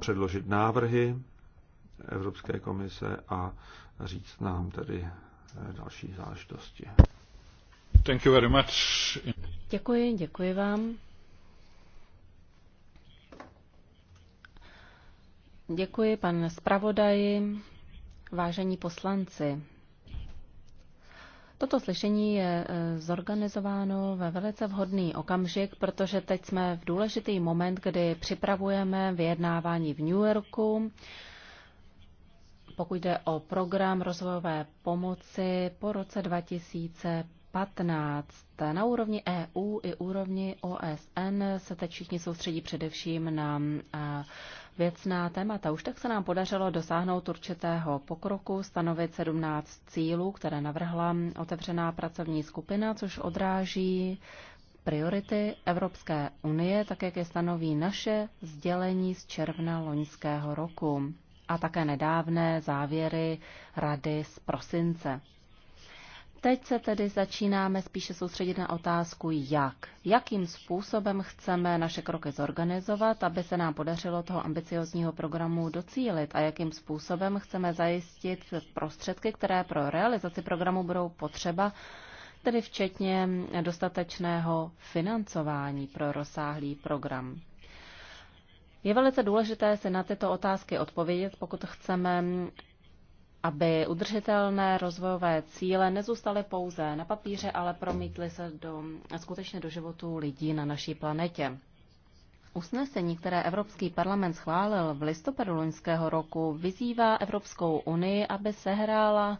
předložit návrhy Evropské komise a říct nám tedy, Eh, další záležitosti. Thank you very much. Děkuji, děkuji vám. Děkuji, pan zpravodaji, vážení poslanci. Toto slyšení je eh, zorganizováno ve velice vhodný okamžik, protože teď jsme v důležitý moment, kdy připravujeme vyjednávání v New Yorku pokud jde o program rozvojové pomoci po roce 2015. Na úrovni EU i úrovni OSN se teď všichni soustředí především na věcná témata. Už tak se nám podařilo dosáhnout určitého pokroku, stanovit 17 cílů, které navrhla otevřená pracovní skupina, což odráží priority Evropské unie, tak jak je stanoví naše sdělení z června loňského roku a také nedávné závěry rady z prosince. Teď se tedy začínáme spíše soustředit na otázku jak. Jakým způsobem chceme naše kroky zorganizovat, aby se nám podařilo toho ambiciozního programu docílit a jakým způsobem chceme zajistit prostředky, které pro realizaci programu budou potřeba, tedy včetně dostatečného financování pro rozsáhlý program. Je velice důležité si na tyto otázky odpovědět, pokud chceme, aby udržitelné rozvojové cíle nezůstaly pouze na papíře, ale promítly se do, skutečně do životu lidí na naší planetě. Usnesení, které Evropský parlament schválil v listopadu loňského roku, vyzývá Evropskou unii, aby sehrála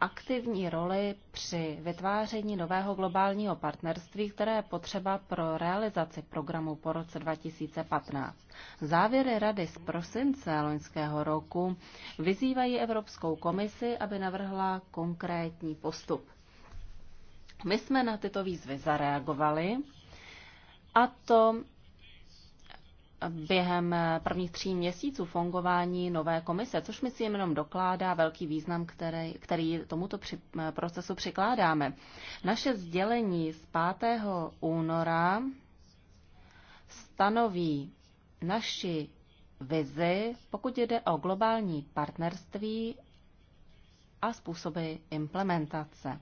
aktivní roli při vytváření nového globálního partnerství, které je potřeba pro realizaci programu po roce 2015. Závěry Rady z prosince loňského roku vyzývají Evropskou komisi, aby navrhla konkrétní postup. My jsme na tyto výzvy zareagovali a to během eh, prvních tří měsíců fungování nové komise, což myslím jenom dokládá velký význam, který, který tomuto při, eh, procesu přikládáme. Naše sdělení z 5. února stanoví naši vizi, pokud jde o globální partnerství a způsoby implementace.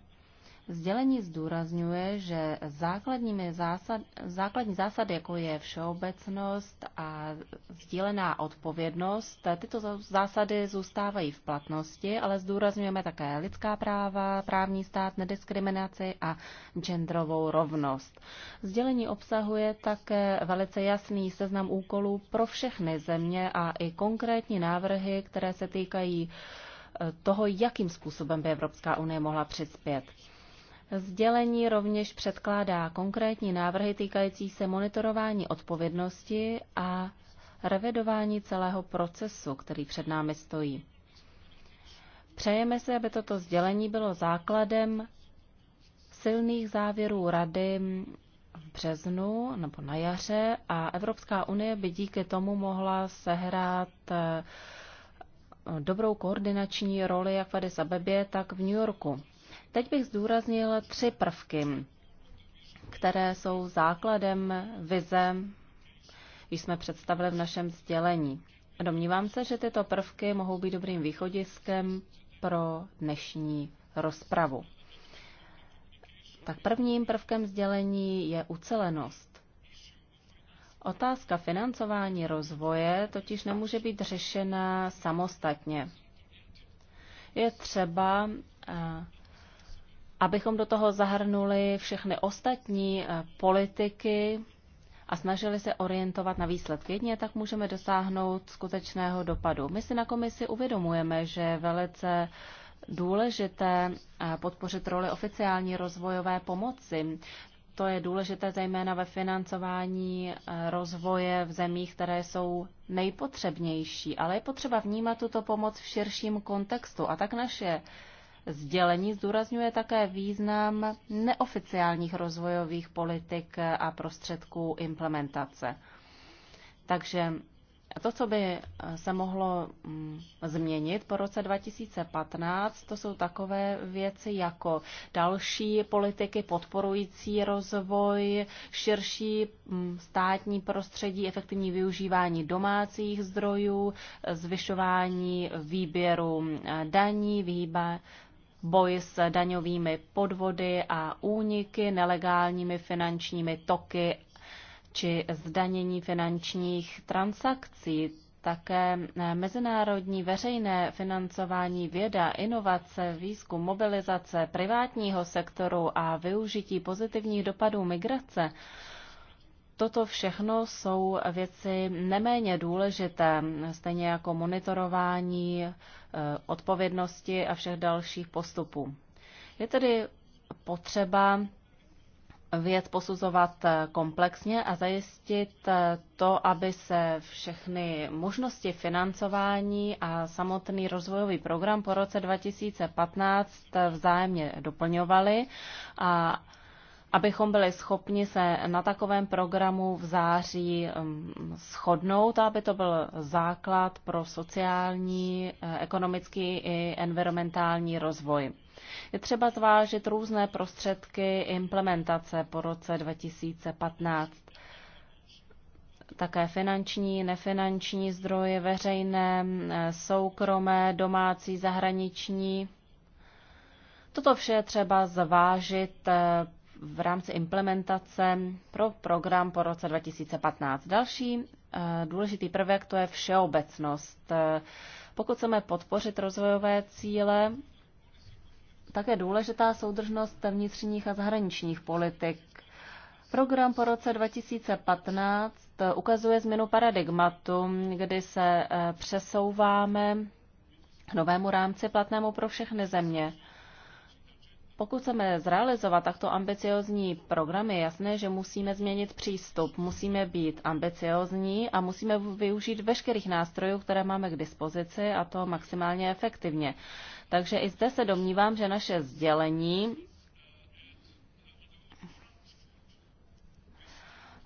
Sdělení zdůrazňuje, že základními zásad, základní zásady, jako je všeobecnost a sdílená odpovědnost, tyto zásady zůstávají v platnosti, ale zdůrazňujeme také lidská práva, právní stát, nediskriminaci a genderovou rovnost. Sdělení obsahuje také velice jasný seznam úkolů pro všechny země a i konkrétní návrhy, které se týkají eh, toho, jakým způsobem by Evropská unie mohla přispět. Sdělení rovněž předkládá konkrétní návrhy týkající se monitorování odpovědnosti a revidování celého procesu, který před námi stojí. Přejeme se, aby toto sdělení bylo základem silných závěrů Rady v březnu nebo na jaře a Evropská unie by díky tomu mohla sehrát eh, dobrou koordinační roli jak v Addis Abebě, tak v New Yorku. Teď bych zdůraznil tři prvky, které jsou základem vize, když jsme představili v našem sdělení. Domnívám se, že tyto prvky mohou být dobrým východiskem pro dnešní rozpravu. Tak prvním prvkem sdělení je ucelenost. Otázka financování rozvoje totiž nemůže být řešena samostatně. Je třeba eh, abychom do toho zahrnuli všechny ostatní eh, politiky a snažili se orientovat na výsledky. jedně, tak můžeme dosáhnout skutečného dopadu. My si na komisi uvědomujeme, že je velice důležité eh, podpořit roli oficiální rozvojové pomoci. To je důležité zejména ve financování eh, rozvoje v zemích, které jsou nejpotřebnější, ale je potřeba vnímat tuto pomoc v širším kontextu. A tak naše sdělení zdůrazňuje také význam neoficiálních rozvojových politik a prostředků implementace. Takže to, co by se mohlo mm, změnit po roce 2015, to jsou takové věci jako další politiky podporující rozvoj, širší mm, státní prostředí, efektivní využívání domácích zdrojů, zvyšování výběru mm, daní, výba, boj s daňovými podvody a úniky, nelegálními finančními toky či zdanění finančních transakcí. Také eh, mezinárodní veřejné financování věda, inovace, výzkum, mobilizace privátního sektoru a využití pozitivních dopadů migrace Toto všechno jsou věci neméně důležité, stejně jako monitorování eh, odpovědnosti a všech dalších postupů. Je tedy potřeba věc posuzovat eh, komplexně a zajistit eh, to, aby se všechny možnosti financování a samotný rozvojový program po roce 2015 vzájemně doplňovaly a abychom byli schopni se na takovém programu v září um, shodnout, aby to byl základ pro sociální, eh, ekonomický i environmentální rozvoj. Je třeba zvážit různé prostředky implementace po roce 2015 také finanční, nefinanční zdroje, veřejné, eh, soukromé, domácí, zahraniční. Toto vše třeba zvážit eh, v rámci implementace pro program po roce 2015. Další eh, důležitý prvek to je všeobecnost. Eh, pokud chceme podpořit rozvojové cíle, také důležitá soudržnost vnitřních a zahraničních politik. Program po roce 2015 eh, ukazuje změnu paradigmatu, kdy se přesouváme k novému rámci platnému pro všechny země pokud chceme zrealizovat takto ambiciozní program, je jasné, že musíme změnit přístup, musíme být ambiciozní a musíme využít veškerých nástrojů, které máme k dispozici a to maximálně efektivně. Takže i zde se domnívám, že naše sdělení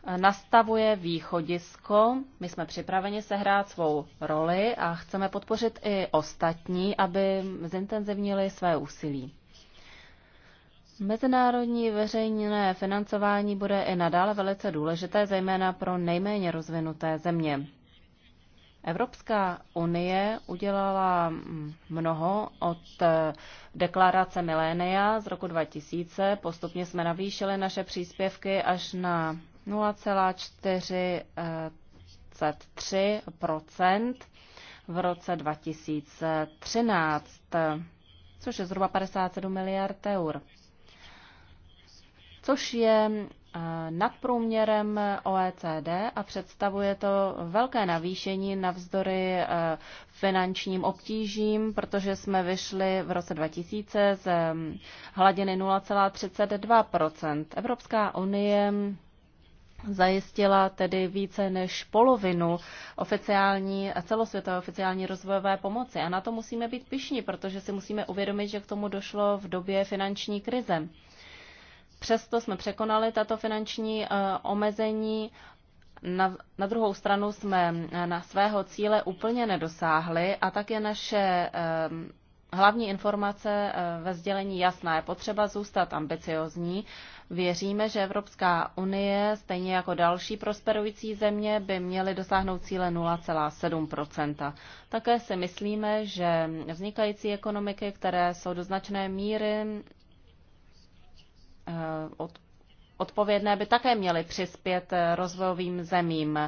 eh, nastavuje východisko. My jsme připraveni sehrát svou roli a chceme podpořit i ostatní, aby zintenzivnili své úsilí. Mezinárodní veřejné financování bude i nadále velice důležité, zejména pro nejméně rozvinuté země. Evropská unie udělala mnoho od eh, deklarace milénia z roku 2000. Postupně jsme navýšili naše příspěvky až na 0,43 eh, v roce 2013, což je zhruba 57 miliard eur což je eh, nad průměrem OECD a představuje to velké navýšení navzdory eh, finančním obtížím, protože jsme vyšli v roce 2000 z mm, hladiny 0,32 Evropská unie zajistila tedy více než polovinu oficiální, celosvětové oficiální rozvojové pomoci. A na to musíme být pišní, protože si musíme uvědomit, že k tomu došlo v době finanční krize. Přesto jsme překonali tato finanční eh, omezení. Na, na druhou stranu jsme eh, na svého cíle úplně nedosáhli a tak je naše eh, hlavní informace ve sdělení jasná. Je potřeba zůstat ambiciozní. Věříme, že Evropská unie, stejně jako další prosperující země, by měly dosáhnout cíle 0,7 Také si myslíme, že vznikající ekonomiky, které jsou do značné míry Eh, od odpovědné by také měly přispět eh, rozvojovým zemím.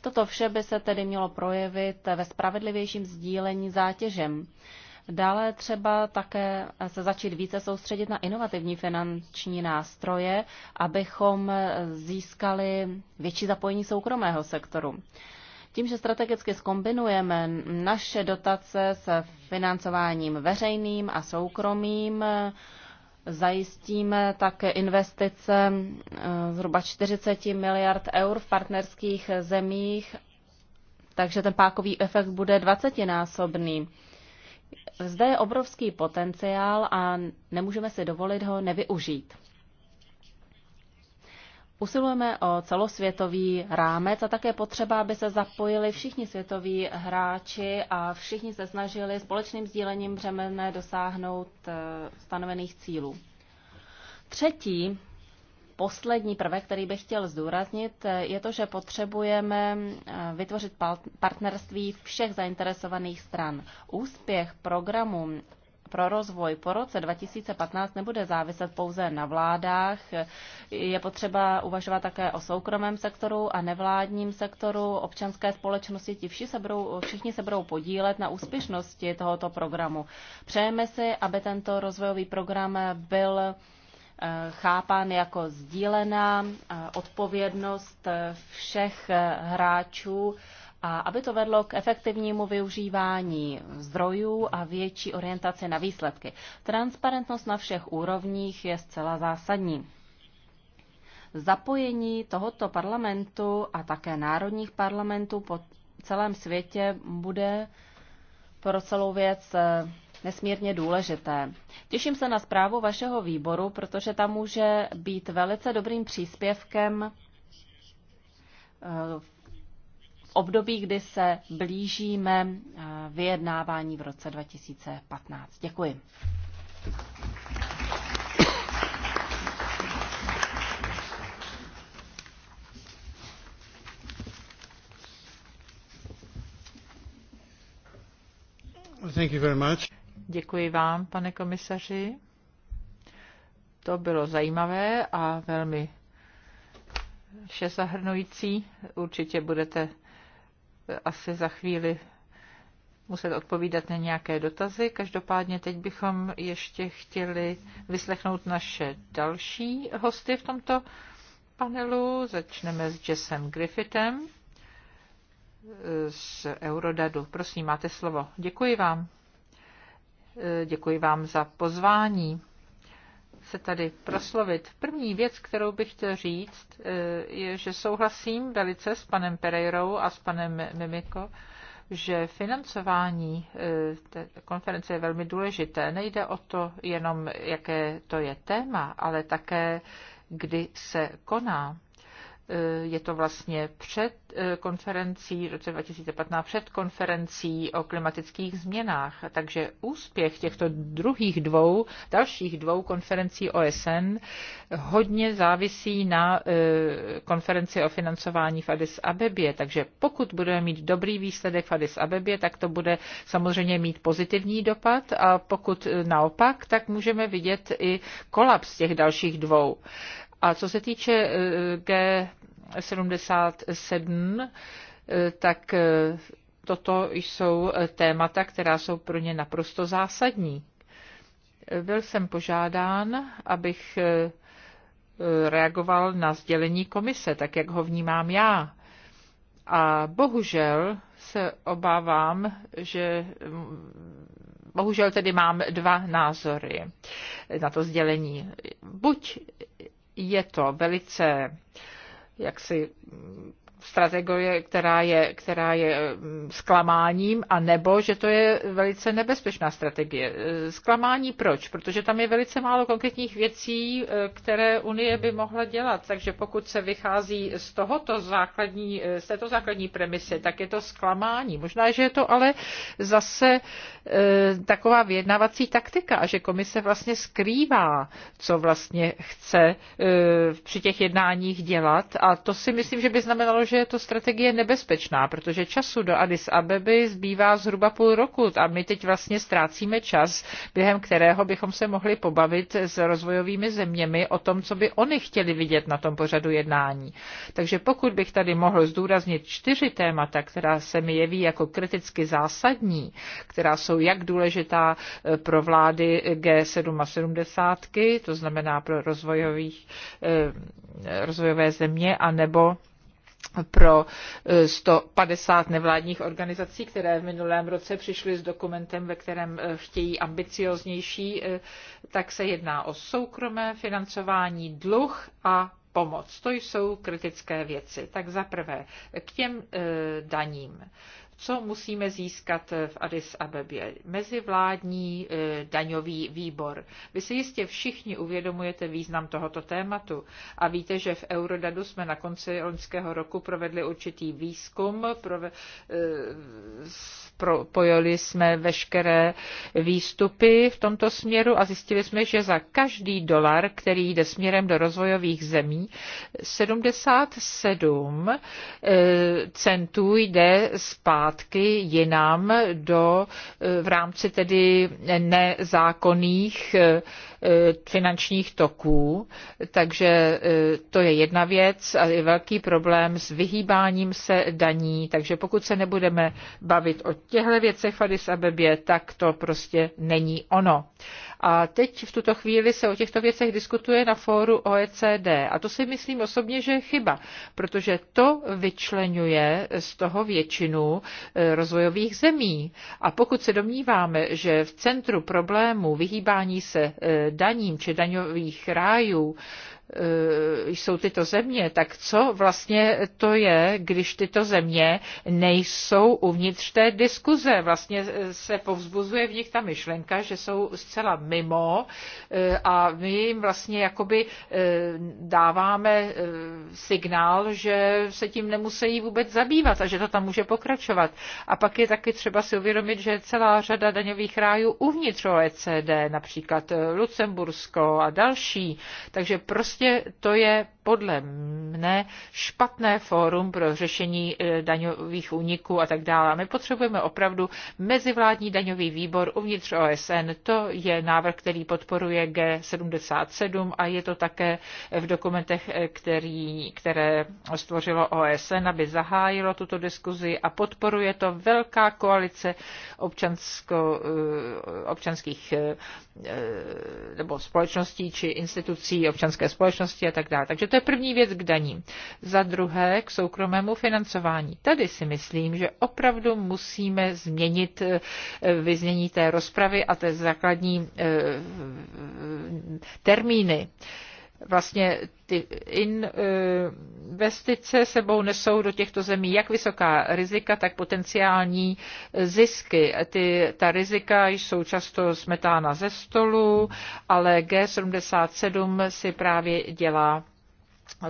Toto vše by se tedy mělo projevit ve spravedlivějším sdílení zátěžem. Dále třeba také se začít více soustředit na inovativní finanční nástroje, abychom eh, získali větší zapojení soukromého sektoru. Tím, že strategicky skombinujeme naše dotace s financováním veřejným a soukromým, zajistíme také investice eh, zhruba 40 miliard eur v partnerských zemích, takže ten pákový efekt bude 20-násobný. Zde je obrovský potenciál a nemůžeme si dovolit ho nevyužít. Usilujeme o celosvětový rámec a také potřeba, aby se zapojili všichni světoví hráči a všichni se snažili společným sdílením břemene dosáhnout eh, stanovených cílů. Třetí, poslední prvek, který bych chtěl zdůraznit, eh, je to, že potřebujeme eh, vytvořit partnerství všech zainteresovaných stran. Úspěch programu pro rozvoj po roce 2015 nebude záviset pouze na vládách. Je potřeba uvažovat také o soukromém sektoru a nevládním sektoru, občanské společnosti. Ti vši se budou, všichni se budou podílet na úspěšnosti tohoto programu. Přejeme si, aby tento rozvojový program byl eh, chápán jako sdílená eh, odpovědnost eh, všech hráčů a aby to vedlo k efektivnímu využívání zdrojů a větší orientaci na výsledky. Transparentnost na všech úrovních je zcela zásadní. Zapojení tohoto parlamentu a také národních parlamentů po celém světě bude pro celou věc eh, nesmírně důležité. Těším se na zprávu vašeho výboru, protože ta může být velice dobrým příspěvkem v eh, období, kdy se blížíme eh, vyjednávání v roce 2015. Děkuji. Thank you very much. Děkuji vám, pane komisaři. To bylo zajímavé a velmi vše zahrnující. Určitě budete asi za chvíli muset odpovídat na nějaké dotazy. Každopádně teď bychom ještě chtěli vyslechnout naše další hosty v tomto panelu. Začneme s Jessem Griffithem z Eurodadu. Prosím, máte slovo. Děkuji vám. Děkuji vám za pozvání se tady proslovit. První věc, kterou bych chtěl říct, eh, je, že souhlasím velice s panem Pereirou a s panem Mimiko, že financování eh, té konference je velmi důležité. Nejde o to jenom, jaké to je téma, ale také, kdy se koná. Eh, je to vlastně před eh, konferencí, v roce 2015 před konferencí o klimatických změnách. Takže úspěch těchto druhých dvou, dalších dvou konferencí OSN hodně závisí na eh, konferenci o financování v Addis Abebě. Takže pokud budeme mít dobrý výsledek v Addis Abebě, tak to bude samozřejmě mít pozitivní dopad a pokud naopak, tak můžeme vidět i kolaps těch dalších dvou. A co se týče eh, G77, eh, tak eh, toto jsou témata, která jsou pro ně naprosto zásadní. Byl jsem požádán, abych reagoval na sdělení komise, tak jak ho vnímám já. A bohužel se obávám, že mm, bohužel tedy mám dva názory na to sdělení. Buď je to velice jaksi strategie, která je, která je mm, zklamáním, a nebo, že to je velice nebezpečná strategie. E, zklamání proč? Protože tam je velice málo konkrétních věcí, e, které Unie by mohla dělat. Takže pokud se vychází z, tohoto základní, e, z této základní premisy, tak je to zklamání. Možná, že je to ale zase taková vyjednávací taktika, a že komise vlastně skrývá, co vlastně chce při těch jednáních dělat. A to si myslím, že by znamenalo, že že je to strategie nebezpečná, protože času do Addis Abeby zbývá zhruba půl roku a my teď vlastně ztrácíme čas, během kterého bychom se mohli pobavit s rozvojovými zeměmi o tom, co by oni chtěli vidět na tom pořadu jednání. Takže pokud bych tady mohl zdůraznit čtyři témata, která se mi jeví jako kriticky zásadní, která jsou jak důležitá eh, pro vlády G7 a 70, to znamená pro rozvojových, eh, rozvojové země, anebo pro 150 eh, nevládních organizací, které v minulém roce přišly s dokumentem, ve kterém eh, chtějí ambicióznější. Eh, tak se jedná o soukromé financování, dluh a pomoc. To jsou kritické věci. Tak za prvé k těm daním co musíme získat eh, v Addis Abebě? Mezivládní eh, daňový výbor. Vy si jistě všichni uvědomujete význam tohoto tématu a víte, že v Eurodadu jsme na konci loňského roku provedli určitý výzkum, spojili eh, propojili jsme veškeré výstupy v tomto směru a zjistili jsme, že za každý dolar, který jde směrem do rozvojových zemí, 77 centů jde zpátky zpátky jinam do, eh, v rámci tedy nezákonných eh, E, finančních toků, takže e, to je jedna věc a je velký problém s vyhýbáním se daní, takže pokud se nebudeme bavit o těchto věcech v Addis Abebě, tak to prostě není ono. A teď v tuto chvíli se o těchto věcech diskutuje na fóru OECD. A to si myslím osobně, že je chyba, protože to vyčlenuje z toho většinu e, rozvojových zemí. A pokud se domníváme, že v centru problému vyhýbání se daním či daňových rájů, Eh, jsou tyto země, tak co vlastně to je, když tyto země nejsou uvnitř té diskuze? Vlastně eh, se povzbuzuje v nich ta myšlenka, že jsou zcela mimo eh, a my jim vlastně jakoby dáváme signál, že se tím nemusí vůbec zabývat a že to tam může pokračovat. A pak je taky třeba si uvědomit, že celá řada daňových rájů uvnitř OECD, například Lucembursko a další. Takže prostě Prostě to je podle mne špatné fórum pro řešení e, daňových úniků a tak dále. My potřebujeme opravdu mezivládní daňový výbor uvnitř OSN. To je návrh, který podporuje G77 a je to také v dokumentech, e, který, které stvořilo OSN, aby zahájilo tuto diskuzi a podporuje to velká koalice občansko, e, občanských nebo společností či institucí občanské společnosti a tak dále. Takže to je první věc k daním. Za druhé k soukromému financování. Tady si myslím, že opravdu musíme změnit eh, vyznění té rozpravy a té základní eh, termíny vlastně ty investice sebou nesou do těchto zemí jak vysoká rizika, tak potenciální zisky. Ty, ta rizika jsou často smetána ze stolu, ale G77 si právě dělá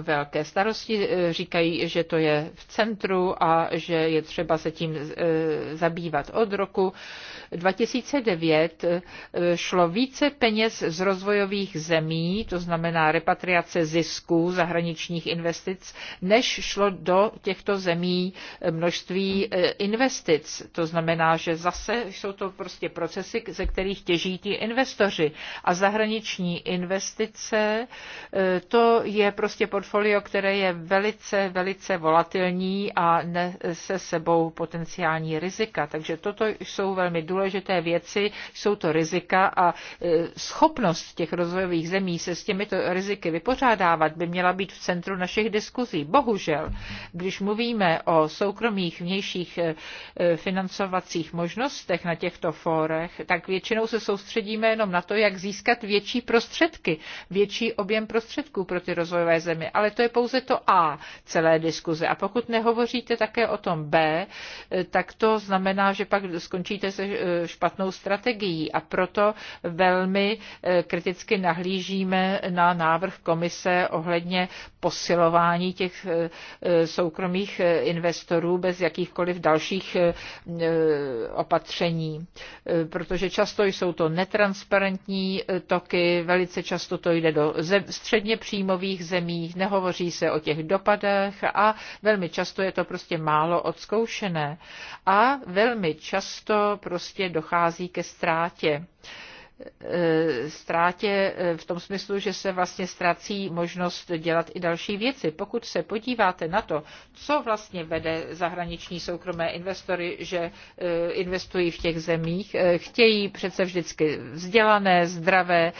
velké starosti. Eh, říkají, že to je v centru a že je třeba se tím eh, zabývat. Od roku 2009 eh, šlo více peněz z rozvojových zemí, to znamená repatriace zisků zahraničních investic, než šlo do těchto zemí množství investic. To znamená, že zase jsou to prostě procesy, ze kterých těží ti investoři. A zahraniční investice, to je prostě portfolio, které je velice, velice volatilní a nese sebou potenciální rizika. Takže toto jsou velmi důležité věci, jsou to rizika a e, schopnost těch rozvojových zemí se s těmito riziky vypořádávat by měla být v centru našich diskuzí. Bohužel, když mluvíme o soukromých vnějších e, e, financovacích možnostech na těchto fórech, tak většinou se soustředíme jenom na to, jak získat větší prostředky, větší objem prostředků pro ty rozvojové země strany, ale to je pouze to A celé diskuze. A pokud nehovoříte také o tom B, eh, tak to znamená, že pak skončíte se eh, špatnou strategií a proto velmi eh, kriticky nahlížíme na návrh komise ohledně posilování těch soukromých investorů bez jakýchkoliv dalších opatření, protože často jsou to netransparentní toky, velice často to jde do středně příjmových zemí, nehovoří se o těch dopadech a velmi často je to prostě málo odzkoušené. A velmi často prostě dochází ke ztrátě. Eh, ztrátě eh, v tom smyslu, že se vlastně ztrací možnost dělat i další věci. Pokud se podíváte na to, co vlastně vede zahraniční soukromé investory, že eh, investují v těch zemích, chtějí přece vždycky vzdělané, zdravé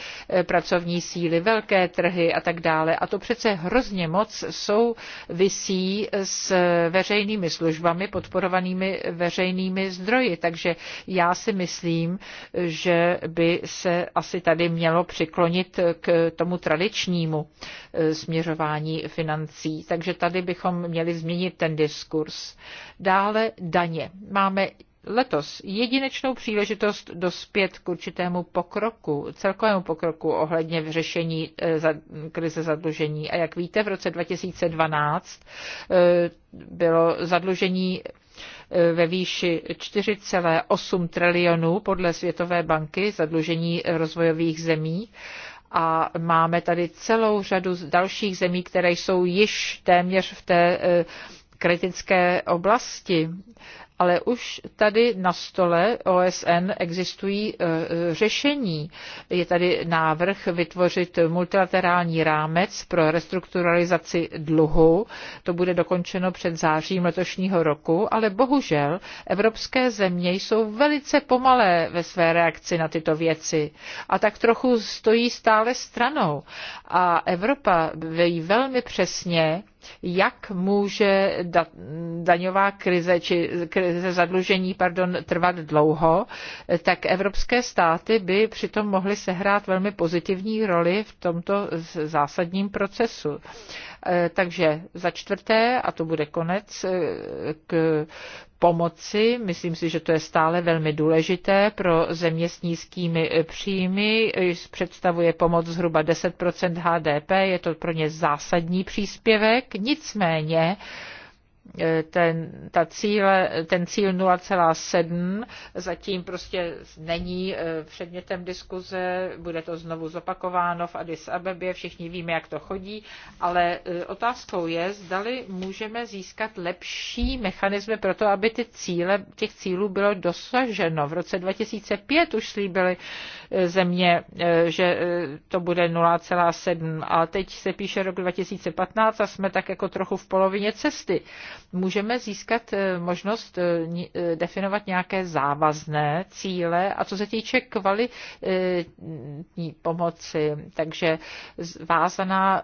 pracovní síly, velké trhy a tak dále. A to přece hrozně moc souvisí s veřejnými službami podporovanými veřejnými zdroji. Takže já si myslím, že by se asi tady mělo přiklonit k tomu tradičnímu e, směřování financí. Takže tady bychom měli změnit ten diskurs. Dále daně. Máme letos jedinečnou příležitost dospět k určitému pokroku, celkovému pokroku ohledně vyřešení eh, krize zadlužení. A jak víte, v roce 2012 eh, bylo zadlužení eh, ve výši 4,8 trilionů podle Světové banky zadlužení rozvojových zemí a máme tady celou řadu dalších zemí, které jsou již téměř v té kritické oblasti ale už tady na stole OSN existují e, e, řešení. Je tady návrh vytvořit multilaterální rámec pro restrukturalizaci dluhu. To bude dokončeno před zářím letošního roku, ale bohužel evropské země jsou velice pomalé ve své reakci na tyto věci a tak trochu stojí stále stranou. A Evropa ví velmi přesně, jak může daňová krize či krize zadlužení pardon, trvat dlouho, tak evropské státy by přitom mohly sehrát velmi pozitivní roli v tomto zásadním procesu. Eh, takže za čtvrté, a to bude konec eh, k pomoci. Myslím si, že to je stále velmi důležité pro země s nízkými eh, příjmy. Představuje pomoc zhruba 10 HDP, je to pro ně zásadní příspěvek. Nicméně Eh, ten, ta cíle, ten cíl 0,7 zatím prostě není eh, předmětem diskuze, bude to znovu zopakováno v Addis Abebě, všichni víme, jak to chodí, ale eh, otázkou je, zdali můžeme získat lepší mechanizmy pro to, aby ty cíle, těch cílů bylo dosaženo. V roce 2005 už slíbili země, že to bude 0,7 a teď se píše rok 2015 a jsme tak jako trochu v polovině cesty můžeme získat eh, možnost eh, eh, definovat nějaké závazné cíle a co se týče kvalitní pomoci, takže vázaná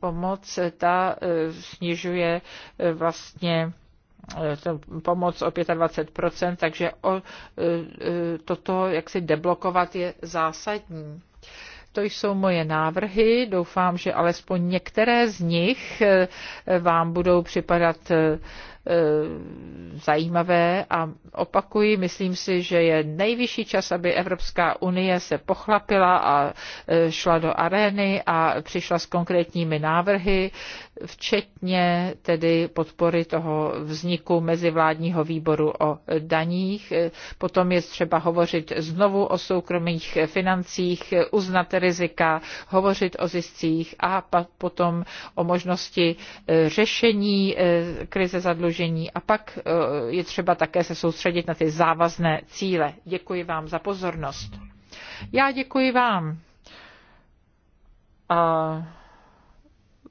pomoc ta snižuje vlastně pomoc o 25%, takže o, toto, jak si deblokovat, je zásadní. To jsou moje návrhy. Doufám, že alespoň některé z nich eh, vám budou připadat eh, Eh, zajímavé a opakuji, myslím si, že je nejvyšší čas, aby Evropská unie se pochlapila a eh, šla do arény a přišla s konkrétními návrhy, včetně tedy podpory toho vzniku mezivládního výboru o daních. Eh, potom je třeba hovořit znovu o soukromých financích, uznat rizika, hovořit o ziscích a potom o možnosti řešení krize zadlužení zadlužení a pak eh, je třeba také se soustředit na ty závazné cíle. Děkuji vám za pozornost. Já děkuji vám. A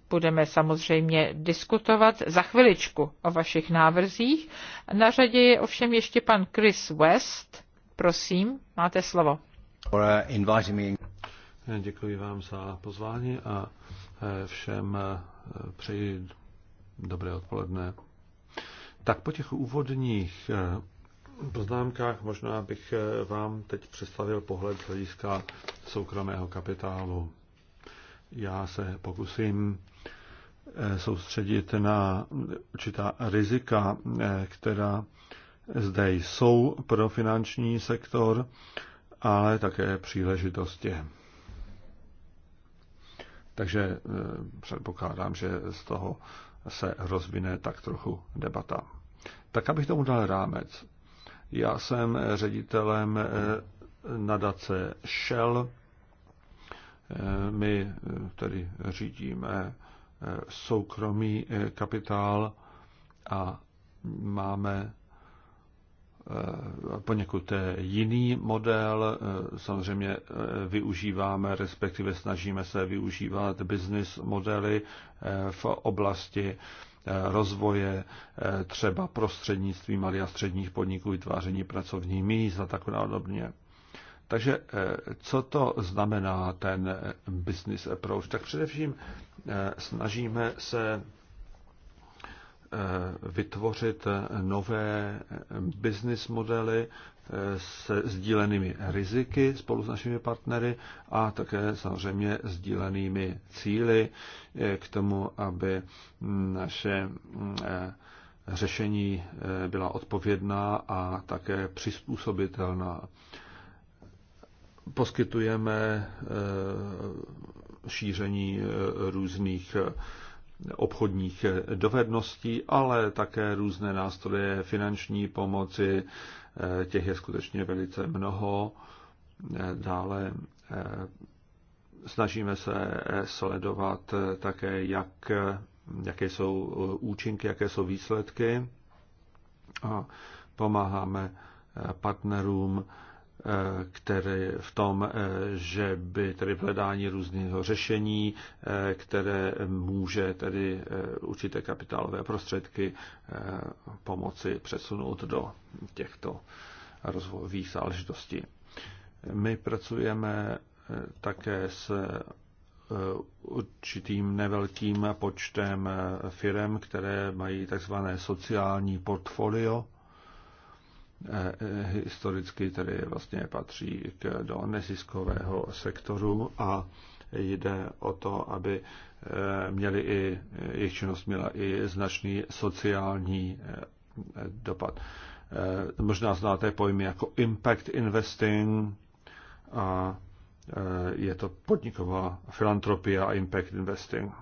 budeme samozřejmě diskutovat za chviličku o vašich návrzích. Na řadě je ovšem ještě pan Chris West. Prosím, máte slovo. Děkuji vám za pozvání a eh, všem eh, přeji dobré odpoledne. Tak po těch úvodních eh, poznámkách možná bych eh, vám teď představil pohled z hlediska soukromého kapitálu. Já se pokusím eh, soustředit na určitá rizika, která zde jsou pro finanční sektor, ale také příležitosti. Takže předpokládám, že z toho se rozvine tak trochu debata. Tak abych tomu dal rámec. Já jsem ředitelem eh, nadace Shell. Eh, my eh, tedy řídíme soukromý kapitál a máme Eh, poněkud eh, jiný model. Eh, samozřejmě využíváme, respektive snažíme se využívat business modely v oblasti rozvoje třeba prostřednictvím malých a středních podniků vytváření pracovních míst a tak podobně. Takže co to znamená ten business approach? Tak především snažíme se Eh, vytvořit nové business modely eh, s sdílenými riziky spolu s našimi partnery a také samozřejmě sdílenými cíly eh, k tomu, aby naše řešení byla odpovědná a také přizpůsobitelná. Poskytujeme šíření různých obchodních dovedností, ale také různé nástroje finanční pomoci, těch je skutečně velice mnoho. Dále eh, snažíme se sledovat také, jak, jaké jsou účinky, jaké jsou výsledky a pomáháme eh, partnerům Eh, který v tom, eh, že by tedy v hledání různého řešení, eh, které může tedy určité kapitálové prostředky pomoci přesunout do těchto rozvojových záležitostí. My pracujeme také s určitým nevelkým počtem firm, které mají takzvané sociální portfolio, Eh, eh, historicky tedy vlastně patří k, do neziskového sektoru a jde o to, aby eh, měli i, jejich činnost měla i značný sociální dopad. Možná znáte pojmy jako impact investing a je to podniková filantropie a impact investing.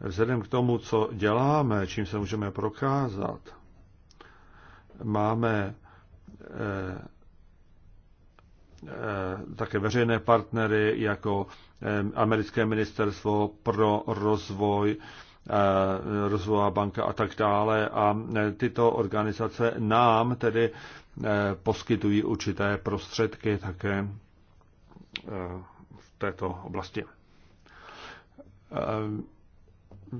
Vzhledem k tomu, co děláme, čím se můžeme prokázat, Máme eh, eh, také veřejné partnery jako eh, americké ministerstvo pro rozvoj, rozvojová banka a tak dále. A tyto organizace nám tedy poskytují určité prostředky také v této oblasti.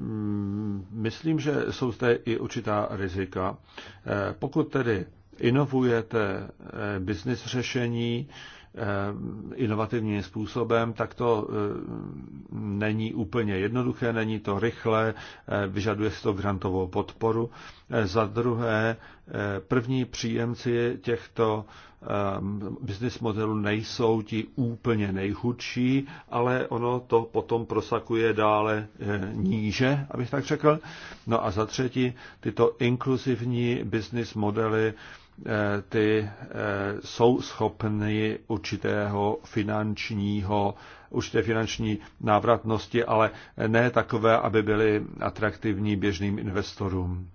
Mm, myslím, že jsou zde i určitá rizika. Eh, pokud tedy inovujete eh, business řešení, Eh, inovativním způsobem, tak to eh, není úplně jednoduché, není to rychle, eh, vyžaduje si to grantovou podporu. Za druhé, první příjemci těchto business modelů nejsou ti úplně nejchudší, ale ono to potom prosakuje dále níže, abych tak řekl. No a za třetí, tyto inkluzivní business modely Eh, ty eh, jsou schopny určitého finančního, určité finanční návratnosti, ale ne takové, aby byly atraktivní běžným investorům.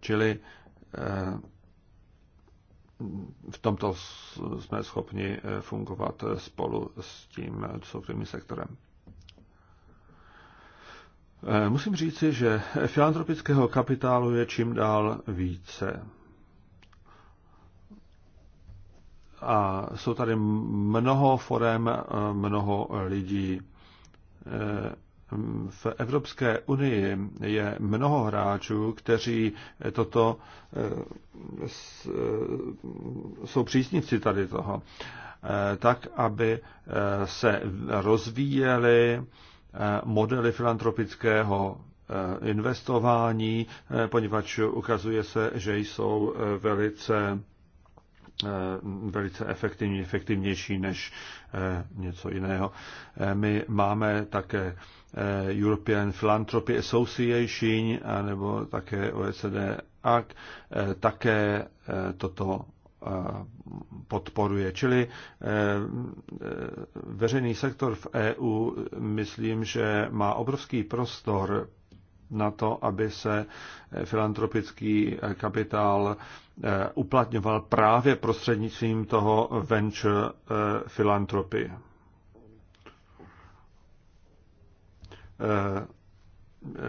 Čili eh, v tomto jsme schopni fungovat spolu s tím soukromým sektorem. Musím říci, že filantropického kapitálu je čím dál více. A jsou tady mnoho forem, mnoho lidí. V Evropské unii je mnoho hráčů, kteří toto jsou příznivci tady toho, tak, aby se rozvíjely modely filantropického investování, poněvadž ukazuje se, že jsou velice Eh, velice efektivní, efektivnější než eh, něco jiného. Eh, my máme také European Philanthropy Association nebo také OECD AC, také toto podporuje. Čili veřejný sektor v EU, myslím, že má obrovský prostor na to, aby se filantropický kapitál eh, uplatňoval právě prostřednictvím toho venture eh, filantropy. Eh,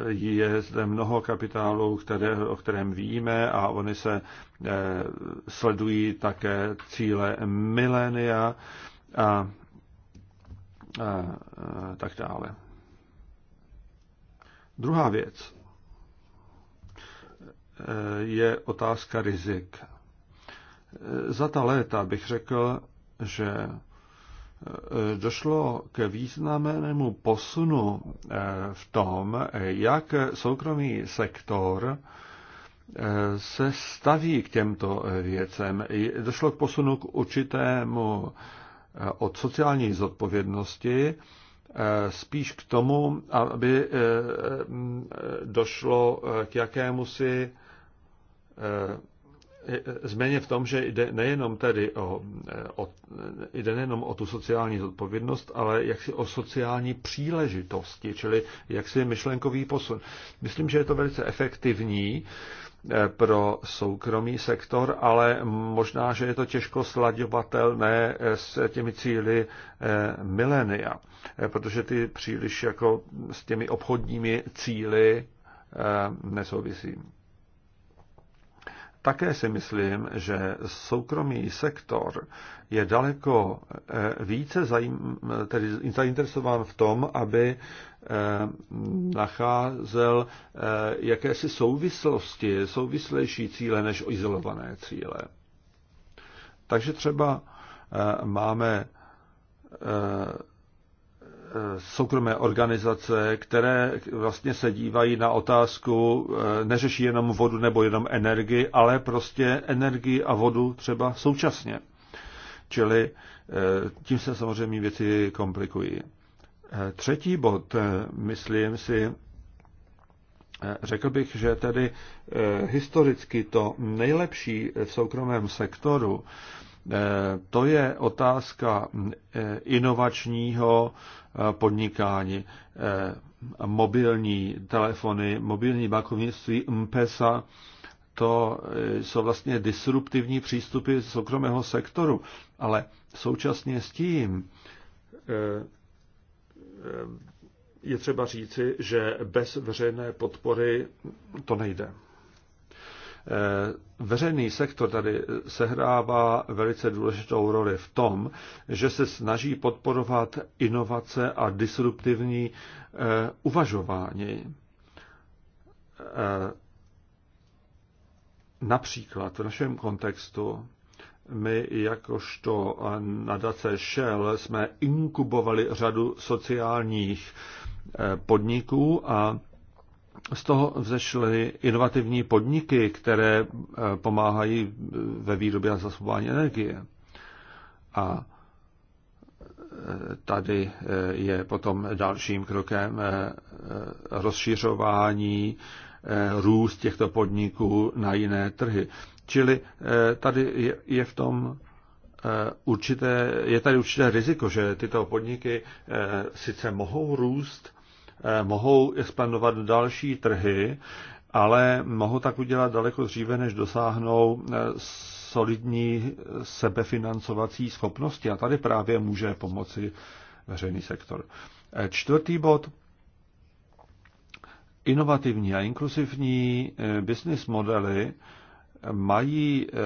je zde mnoho kapitálů, které, o kterém víme a oni se sledují také cíle milénia a, a, a tak dále. Druhá věc eh, je otázka rizik. Eh, za ta léta bych řekl, že eh, došlo k významnému posunu v tom, jak soukromý sektor se staví k těmto věcem. Došlo k posunu k určitému od sociální zodpovědnosti Eh, spíš k tomu, aby eh, mm, došlo eh, k jakému si změně v tom, že jde nejenom tedy o, o, jde nejenom o tu sociální zodpovědnost, ale jaksi o sociální příležitosti, čili jaksi myšlenkový posun. Myslím, že je to velice efektivní pro soukromý sektor, ale možná, že je to těžko sladěvatelné s těmi cíly eh, milenia, eh, protože ty příliš jako s těmi obchodními cíly eh, nesouvisí. Také si myslím, že soukromý sektor je daleko více zajím, tedy zainteresován v tom, aby Eh, nacházel eh, jakési souvislosti, souvislejší cíle než izolované cíle. Takže třeba eh, máme soukromé organizace, které vlastně se dívají na otázku, neřeší jenom vodu nebo jenom energii, ale prostě energii a vodu třeba současně. Čili tím se samozřejmě věci komplikují. Eh, třetí bod, eh, myslím si, eh, řekl bych, že tedy historicky to nejlepší v soukromém sektoru, to je otázka inovačního podnikání. Mobilní telefony, mobilní bankovnictví, MPESA, to jsou vlastně disruptivní přístupy z soukromého sektoru, ale současně s tím Eh, je třeba říci, že bez veřejné podpory to nejde. Eh, veřejný sektor tady sehrává velice důležitou roli v tom, že se snaží podporovat inovace a disruptivní eh, uvažování. Například v našem kontextu my jakožto nadace Shell jsme inkubovali řadu sociálních eh, podniků a z toho vzešly inovativní podniky, které eh, pomáhají eh, ve výrobě a zasobování energie. A tady je potom dalším krokem rozšiřování růst těchto podniků na jiné trhy. Čili eh, tady je v tom eh, určité, je tady určité riziko, že tyto podniky eh, sice mohou růst, mohou expandovat další trhy, ale mohou tak udělat daleko dříve, než dosáhnou solidní sebefinancovací schopnosti. A tady právě může pomoci veřejný sektor. Čtvrtý bod. Inovativní a inkluzivní business modely mají, eh,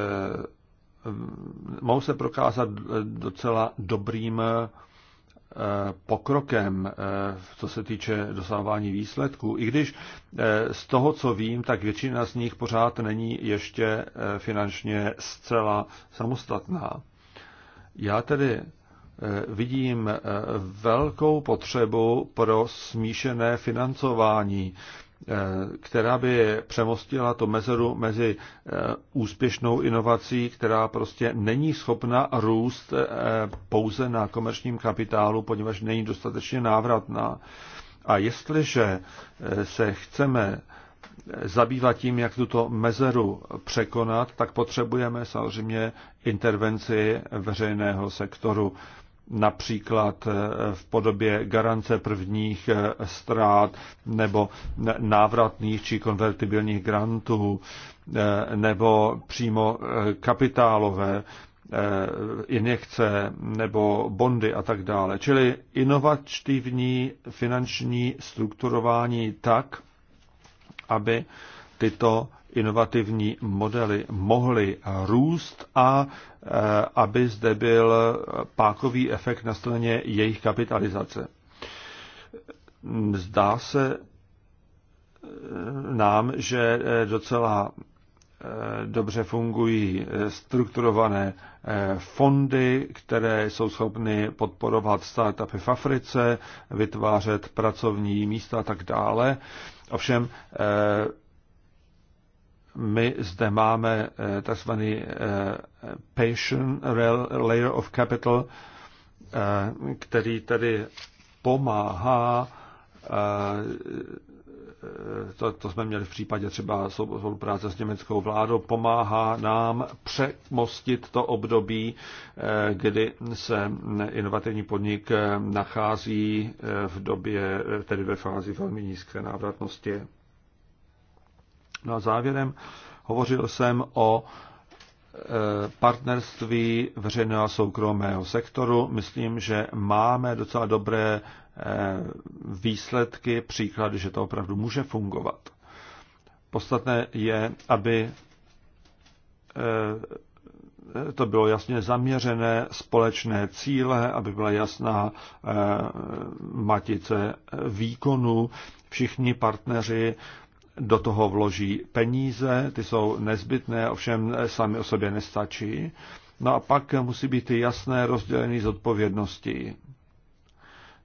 mohou se prokázat docela dobrým eh, pokrokem, eh, co se týče dosahování výsledků. I když z toho, co vím, tak většina z nich pořád není ještě finančně zcela samostatná. Já tedy vidím velkou potřebu pro smíšené financování. Eh, která by přemostila to mezeru mezi eh, úspěšnou inovací, která prostě není schopna růst eh, pouze na komerčním kapitálu, poněvadž není dostatečně návratná. A jestliže se chceme zabývat tím, jak tuto mezeru překonat, tak potřebujeme samozřejmě intervenci veřejného sektoru například eh, v podobě garance prvních eh, ztrát nebo návratných či konvertibilních grantů eh, nebo přímo kapitálové injekce nebo bondy a tak dále. Čili inovativní finanční strukturování tak, aby tyto inovativní modely mohly růst a e, aby zde byl pákový efekt na straně jejich kapitalizace. Zdá se e, nám, že e, docela dobře fungují strukturované fondy, které jsou schopny podporovat startupy v Africe, vytvářet pracovní místa a tak dále. Ovšem my zde máme eh, tzv. Eh, patient layer of capital, eh, který tedy pomáhá, to, to jsme měli v případě třeba spolupráce s německou vládou, pomáhá nám přemostit to období, kdy se inovativní podnik nachází v době, tedy ve fázi velmi nízké návratnosti. No a závěrem hovořil jsem o e, partnerství veřejného a soukromého sektoru. Myslím, že máme docela dobré e, výsledky, příklady, že to opravdu může fungovat. Podstatné je, aby e, to bylo jasně zaměřené, společné cíle, aby byla jasná matice výkonu. Všichni partneři do toho vloží peníze, ty jsou nezbytné, ovšem sami o sobě nestačí. No a pak musí být jasné rozdělení zodpovědností.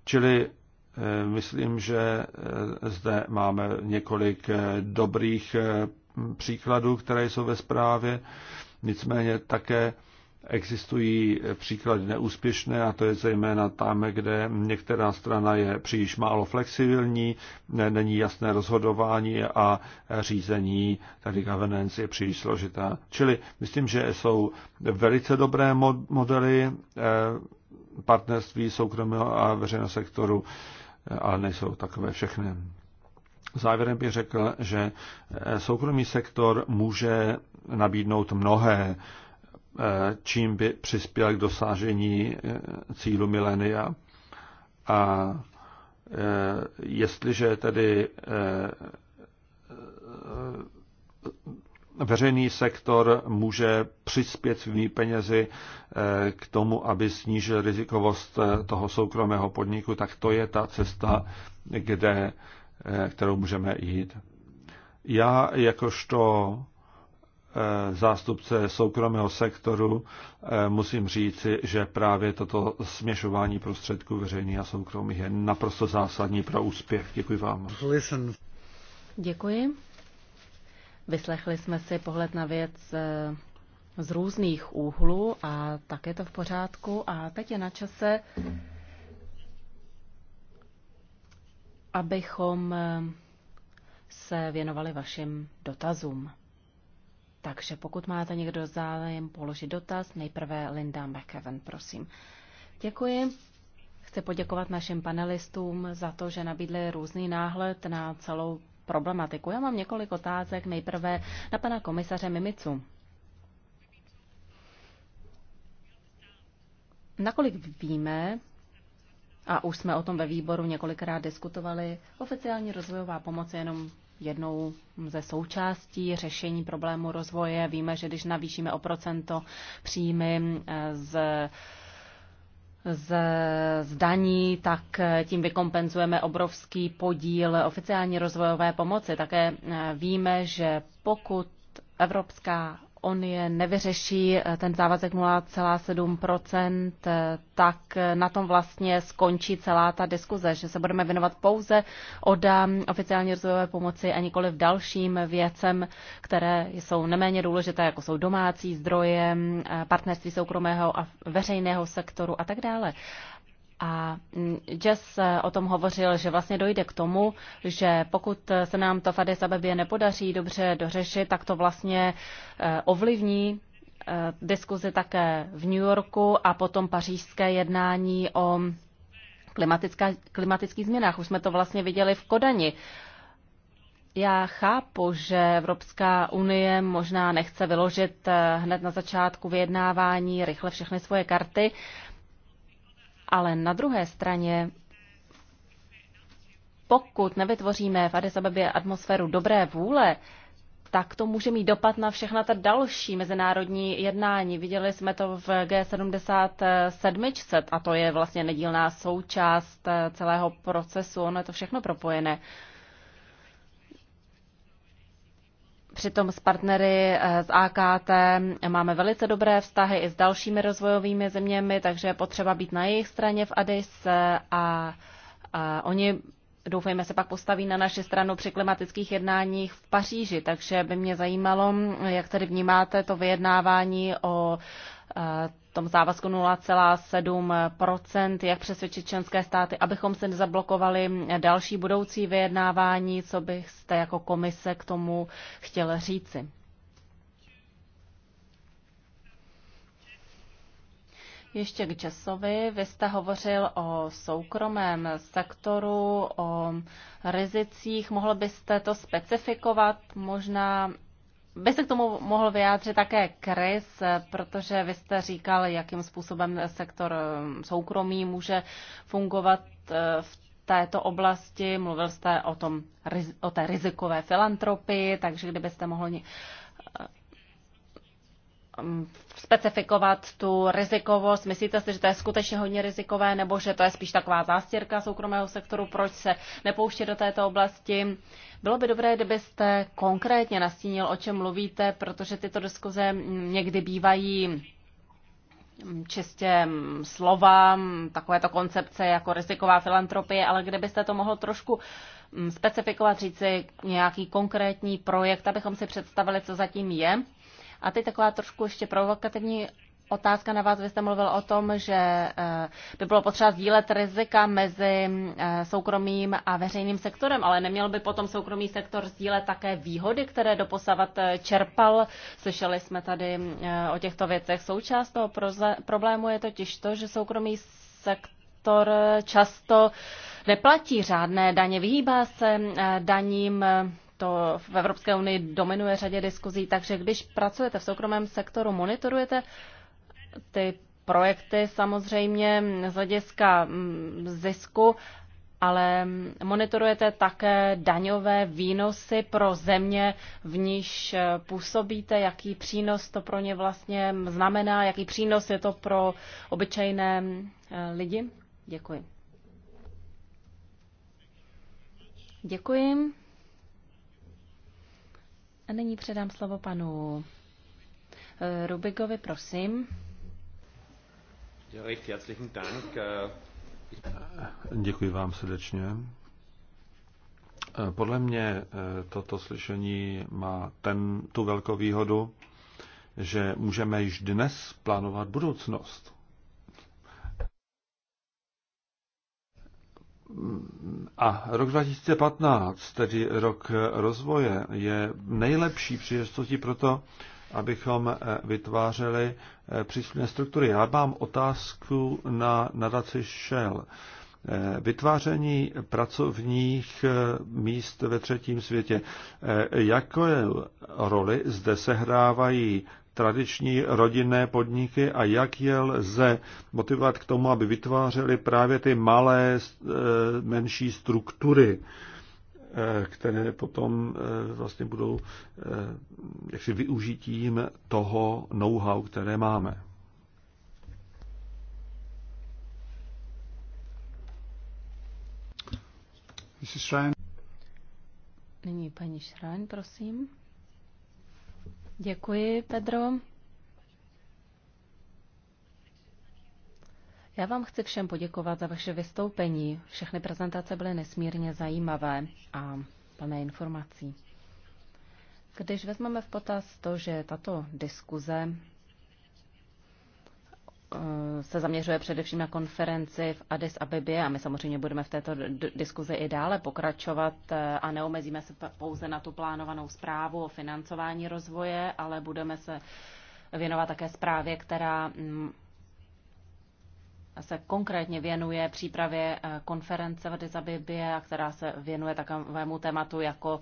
Čili eh, myslím, že eh, zde máme několik eh, dobrých příkladů, které jsou ve zprávě. Nicméně také Existují příklady neúspěšné a to je zejména tam, kde některá strana je příliš málo flexibilní, není jasné rozhodování a řízení, tady governance je příliš složitá. Čili myslím, že jsou velice dobré modely eh, partnerství soukromého a veřejného sektoru, eh, ale nejsou takové všechny. Závěrem bych řekl, že eh, soukromý sektor může nabídnout mnohé čím by přispěl k dosažení eh, cílu milénia. A eh, jestliže tedy eh, veřejný sektor může přispět svými penězi k tomu, aby snížil rizikovost toho soukromého podniku, tak to je ta cesta, kde, kterou můžeme jít. Já jakožto Eh, zástupce soukromého sektoru, eh, musím říci, že právě toto směšování prostředků veřejných a soukromých je naprosto zásadní pro úspěch. Děkuji vám. Listen. Děkuji. Vyslechli jsme si pohled na věc eh, z různých úhlů a tak je to v pořádku. A teď je na čase, abychom se věnovali vašim dotazům. Takže pokud máte někdo zájem položit dotaz, nejprve Linda McEwen, prosím. Děkuji. Chci poděkovat našim panelistům za to, že nabídli různý náhled na celou problematiku. Já mám několik otázek, nejprve na pana komisaře Mimicu. Nakolik víme, a už jsme o tom ve výboru několikrát diskutovali, oficiální rozvojová pomoc je jenom jednou ze součástí řešení problému rozvoje. Víme, že když navýšíme o procento příjmy eh, z z, daní, tak eh, tím vykompenzujeme obrovský podíl oficiální rozvojové pomoci. Také eh, víme, že pokud Evropská On je nevyřeší eh, ten závazek 0,7%, eh, tak eh, na tom vlastně skončí celá ta diskuze, že se budeme věnovat pouze ODA oficiální rozvojové pomoci a nikoli v dalším věcem, které jsou neméně důležité, jako jsou domácí zdroje, partnerství soukromého a veřejného sektoru a tak dále. A mm, Jess eh, o tom hovořil, že vlastně dojde k tomu, že pokud se nám to v Addis Abebě nepodaří dobře dořešit, tak to vlastně eh, ovlivní eh, diskuzi také v New Yorku a potom pařížské jednání o klimatických změnách. Už jsme to vlastně viděli v Kodani. Já chápu, že Evropská unie možná nechce vyložit hned na začátku vyjednávání rychle všechny svoje karty, ale na druhé straně, pokud nevytvoříme v Addis atmosféru dobré vůle, tak to může mít dopad na všechna ta další mezinárodní jednání. Viděli jsme to v G77 a to je vlastně nedílná součást eh, celého procesu, ono je to všechno propojené. Přitom s partnery eh, z AKT máme velice dobré vztahy i s dalšími rozvojovými zeměmi, takže je potřeba být na jejich straně v Addis eh, a, a oni doufejme se pak postaví na naši stranu při klimatických jednáních v Paříži, takže by mě zajímalo, jak tady vnímáte to vyjednávání o Eh, tom závazku 0,7 jak přesvědčit členské státy, abychom se zablokovali další budoucí vyjednávání, co byste jako komise k tomu chtěl říci. Ještě k Česovi. Vy jste hovořil o soukromém sektoru, o rizicích. Mohl byste to specifikovat možná by se k tomu mohl vyjádřit také Chris, protože vy jste říkal, jakým způsobem sektor eh, soukromý může fungovat eh, v této oblasti. Mluvil jste o, tom, o té rizikové filantropii, takže kdybyste mohli eh, specifikovat tu rizikovost? Myslíte si, že to je skutečně hodně rizikové, nebo že to je spíš taková zástěrka soukromého sektoru? Proč se nepouštět do této oblasti? Bylo by dobré, kdybyste konkrétně nastínil, o čem mluvíte, protože tyto diskuze někdy bývají čistě mm, slova, mm, takovéto koncepce jako riziková filantropie, ale kdybyste to mohl trošku mm, specifikovat, říci nějaký konkrétní projekt, abychom si představili, co zatím je. A teď taková trošku ještě provokativní otázka na vás. Vy jste mluvil o tom, že eh, by bylo potřeba sdílet rizika mezi eh, soukromým a veřejným sektorem, ale neměl by potom soukromý sektor sdílet také výhody, které doposavat eh, čerpal. Slyšeli jsme tady o těchto věcech. Součást toho problému je totiž to, že soukromý sektor často neplatí řádné daně, vyhýbá se daním to v Evropské unii dominuje řadě diskuzí, takže když pracujete v soukromém sektoru, monitorujete ty projekty samozřejmě z hlediska mm, zisku, ale monitorujete také daňové výnosy pro země, v níž eh, působíte, jaký přínos to pro ně vlastně znamená, jaký přínos je to pro obyčejné eh, lidi? Děkuji. Děkuji. A nyní předám slovo panu eh, Rubigovi, prosím. Äh, Děkuji vám srdečně. Eh, podle mě eh, toto slyšení má ten, tu velkou výhodu, že můžeme již dnes plánovat budoucnost. A rok 2015, tedy rok rozvoje, je nejlepší příležitostí pro to, abychom eh, vytvářeli eh, příslušné struktury. Já mám otázku na nadaci Shell. Eh, vytváření pracovních míst ve třetím světě. Jakou roli zde sehrávají tradiční rodinné podniky a jak je lze motivovat k tomu, aby vytvářely právě ty malé, eh, menší struktury, eh, které potom eh, vlastně budou jaksi využitím toho know-how, které máme. Nyní paní Šrán, prosím. Děkuji, Pedro. Já vám chci všem poděkovat za vaše vystoupení. Všechny prezentace byly nesmírně zajímavé a plné informací. Když vezmeme v potaz to, že tato diskuze Eh, se zaměřuje především na konferenci v Addis Abebě a my samozřejmě budeme v této diskuzi i dále pokračovat eh, a neomezíme se pouze na tu plánovanou zprávu o financování rozvoje, ale budeme se věnovat také zprávě, která mm, se konkrétně věnuje přípravě eh, konference v Addis Abebě a která se věnuje takovému tématu, jako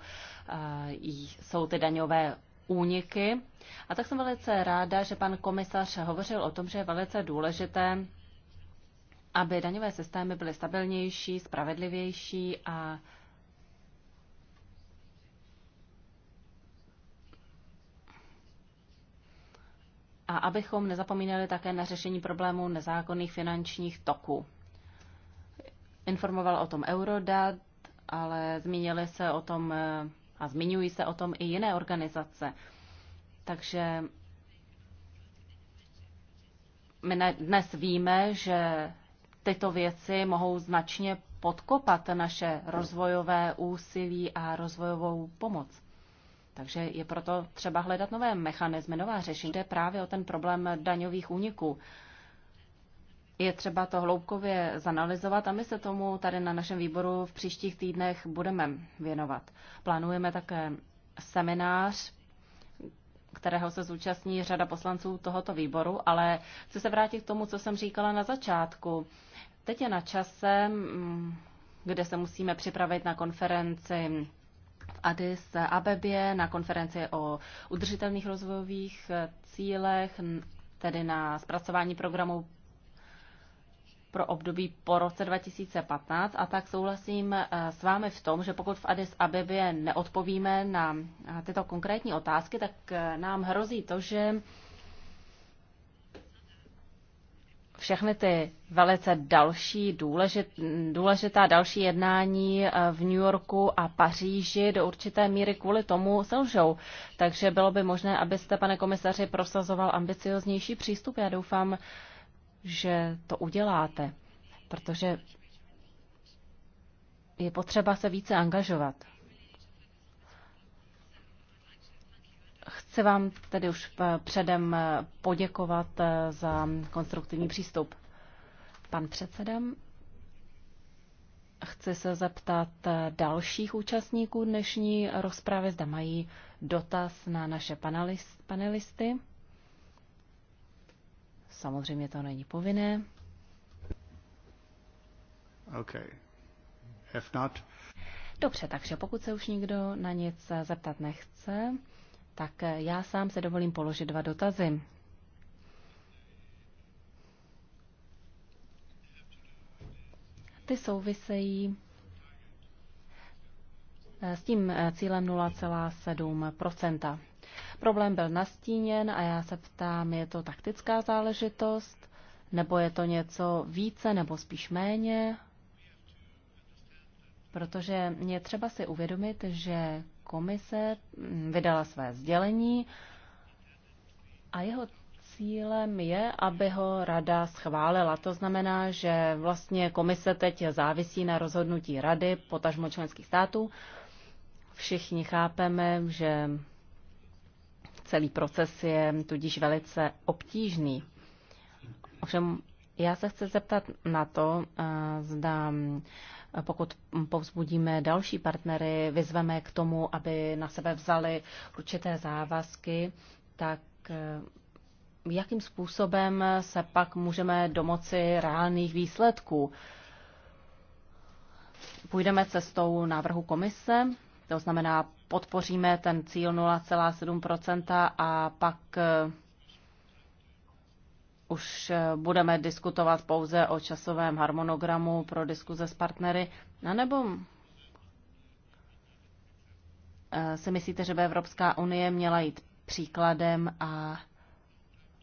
jsou ty daňové úniky. A tak jsem velice ráda, že pan komisař hovořil o tom, že je velice důležité, aby daňové systémy byly stabilnější, spravedlivější a a abychom nezapomínali také na řešení problémů nezákonných finančních toků. Informoval o tom Eurodat, ale zmínili se o tom eh, a zmiňují se o tom i jiné organizace. Takže my dnes víme, že tyto věci mohou značně podkopat naše rozvojové úsilí a rozvojovou pomoc. Takže je proto třeba hledat nové mechanismy, nová řešení. Jde právě o ten problém daňových úniků. Je třeba to hloubkově zanalizovat a my se tomu tady na našem výboru v příštích týdnech budeme věnovat. Plánujeme také seminář kterého se zúčastní řada poslanců tohoto výboru, ale chci se vrátit k tomu, co jsem říkala na začátku. Teď je na čase, mm, kde se musíme připravit na konferenci v Addis Abebě, na konferenci o udržitelných rozvojových cílech, tedy na zpracování programu pro období po roce 2015 a tak souhlasím eh, s vámi v tom, že pokud v Addis Abebě neodpovíme na tyto konkrétní otázky, tak eh, nám hrozí to, že všechny ty velice další důležit, důležitá další jednání eh, v New Yorku a Paříži do určité míry kvůli tomu selžou. Takže bylo by možné, abyste, pane komisaři, prosazoval ambicioznější přístup. Já doufám, že to uděláte, protože je potřeba se více angažovat. Chci vám tedy už eh, předem eh, poděkovat eh, za konstruktivní přístup. Pan předseda, chci se zeptat dalších účastníků dnešní rozprávy, zda mají dotaz na naše panelisty. Samozřejmě to není povinné. Okay. If not... Dobře, takže pokud se už nikdo na nic zeptat nechce, tak já sám se dovolím položit dva dotazy. Ty souvisejí eh, s tím eh, cílem 0,7 Problém byl nastíněn a já se ptám, je to taktická záležitost, nebo je to něco více nebo spíš méně? Protože je třeba si uvědomit, že komise mm, vydala své sdělení a jeho cílem je, aby ho rada schválila. To znamená, že vlastně komise teď závisí na rozhodnutí rady, potažmo členských států. Všichni chápeme, že Celý proces je tudíž velice obtížný. Ovšem, já se chci zeptat na to, eh, zda eh, pokud povzbudíme další partnery, vyzveme k tomu, aby na sebe vzali určité závazky, tak eh, jakým způsobem se pak můžeme domoci reálných výsledků? Půjdeme cestou návrhu komise, to znamená, podpoříme ten cíl 0,7 a pak eh, už eh, budeme diskutovat pouze o časovém harmonogramu pro diskuze s partnery, anebo eh, si myslíte, že by Evropská unie měla jít příkladem a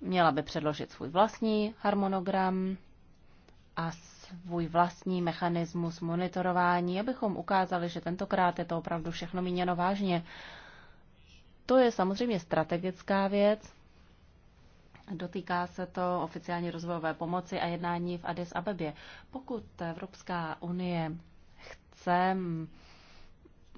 měla by předložit svůj vlastní harmonogram a svůj vlastní mechanismus monitorování, abychom ukázali, že tentokrát je to opravdu všechno míněno vážně. To je samozřejmě strategická věc. Dotýká se to oficiální rozvojové pomoci a jednání v Addis Abebě. Pokud Evropská unie chce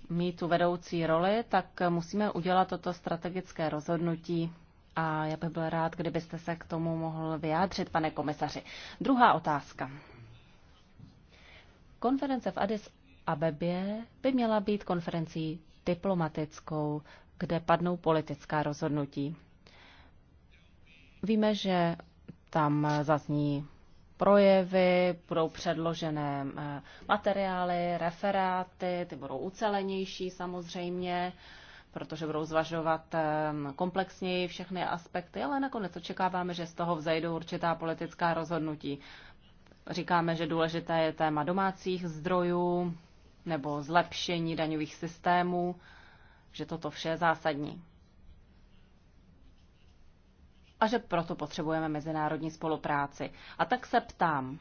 mít tu vedoucí roli, tak musíme udělat toto strategické rozhodnutí a já bych byl rád, kdybyste se k tomu mohl vyjádřit, pane komisaři. Druhá otázka. Konference v Addis Abebě by měla být konferencí diplomatickou, kde padnou politická rozhodnutí. Víme, že tam zazní projevy, budou předložené eh, materiály, referáty, ty budou ucelenější samozřejmě, protože budou zvažovat eh, komplexněji všechny aspekty, ale nakonec očekáváme, že z toho vzejdou určitá politická rozhodnutí. Říkáme, že důležité je téma domácích zdrojů nebo zlepšení daňových systémů, že toto vše je zásadní. A že proto potřebujeme mezinárodní spolupráci. A tak se ptám,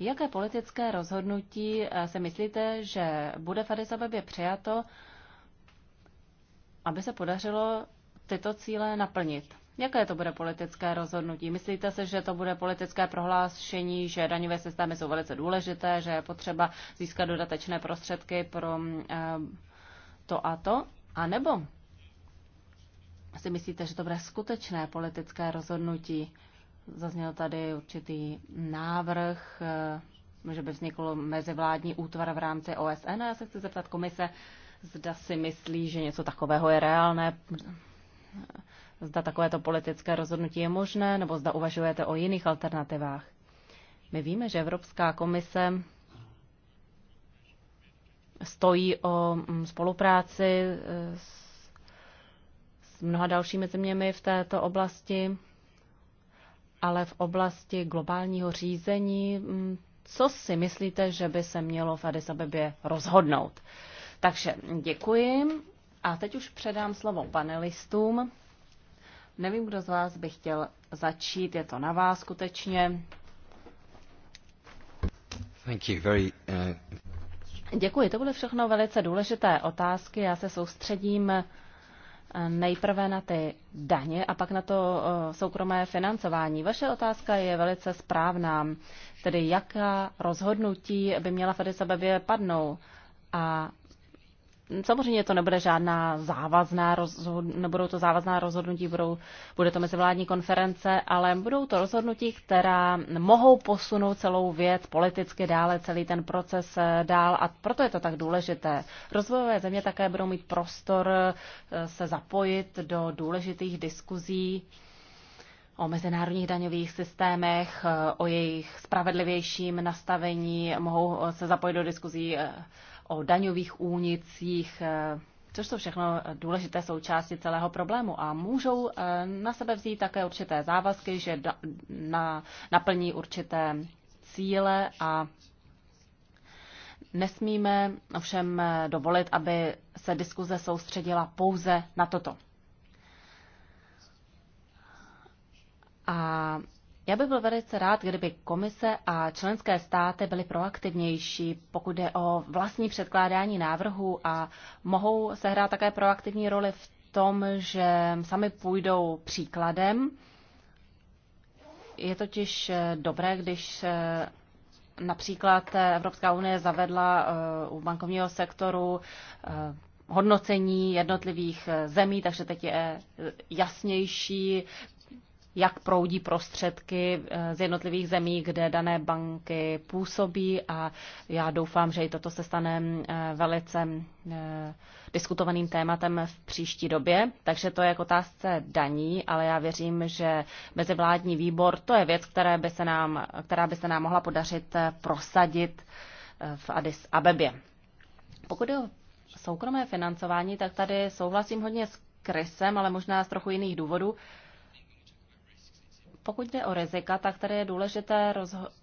jaké politické rozhodnutí eh, se myslíte, že bude v Addis Abebě přijato, aby se podařilo tyto cíle naplnit? Jaké to bude politické rozhodnutí? Myslíte si, že to bude politické prohlášení, že daňové systémy jsou velice důležité, že je potřeba získat dodatečné prostředky pro eh, to a to? A nebo si myslíte, že to bude skutečné politické rozhodnutí? Zazněl tady určitý návrh, eh, že by vznikl mezivládní útvar v rámci OSN. A já se chci zeptat komise, zda si myslí, že něco takového je reálné zda takovéto politické rozhodnutí je možné, nebo zda uvažujete o jiných alternativách. My víme, že Evropská komise stojí o mm, spolupráci e, s, s mnoha dalšími zeměmi v této oblasti, ale v oblasti globálního řízení, mm, co si myslíte, že by se mělo v Addis Abebě rozhodnout? Takže děkuji a teď už předám slovo panelistům. Nevím, kdo z vás by chtěl začít, je to na vás skutečně. Thank you, very, uh... Děkuji, to byly všechno velice důležité otázky. Já se soustředím eh, nejprve na ty daně a pak na to eh, soukromé financování. Vaše otázka je velice správná, tedy jaká rozhodnutí by měla v Addis padnout padnou. A Samozřejmě to nebude žádná závazná rozhodnutí, nebudou to závazná rozhodnutí, budou, bude to mezivládní konference, ale budou to rozhodnutí, která mohou posunout celou věc politicky dále, celý ten proces eh, dál a proto je to tak důležité. Rozvojové země také budou mít prostor eh, se zapojit do důležitých diskuzí o mezinárodních daňových systémech, eh, o jejich spravedlivějším nastavení, mohou se zapojit do diskuzí o daňových únicích, eh, což jsou všechno důležité součásti celého problému a můžou eh, na sebe vzít také určité závazky, že na, naplní určité cíle a nesmíme ovšem eh, dovolit, aby se diskuze soustředila pouze na toto. A já bych byl velice rád, kdyby komise a členské státy byly proaktivnější, pokud jde o vlastní předkládání návrhu a mohou sehrát také proaktivní roli v tom, že sami půjdou příkladem. Je totiž eh, dobré, když eh, například eh, Evropská unie zavedla u bankovního sektoru hodnocení jednotlivých zemí, takže teď je jasnější, jak proudí prostředky eh, z jednotlivých zemí, kde dané banky působí a já doufám, že i toto se stane mm, eh, velice mm, eh, diskutovaným tématem v příští době. Takže to je k otázce daní, ale já věřím, že mezivládní výbor to je věc, která by se nám, která by se nám mohla podařit prosadit v Addis Abebě. Pokud je o soukromé financování, tak tady souhlasím hodně s Krysem, ale možná z trochu jiných důvodů. Pokud jde o rizika, tak tady je důležité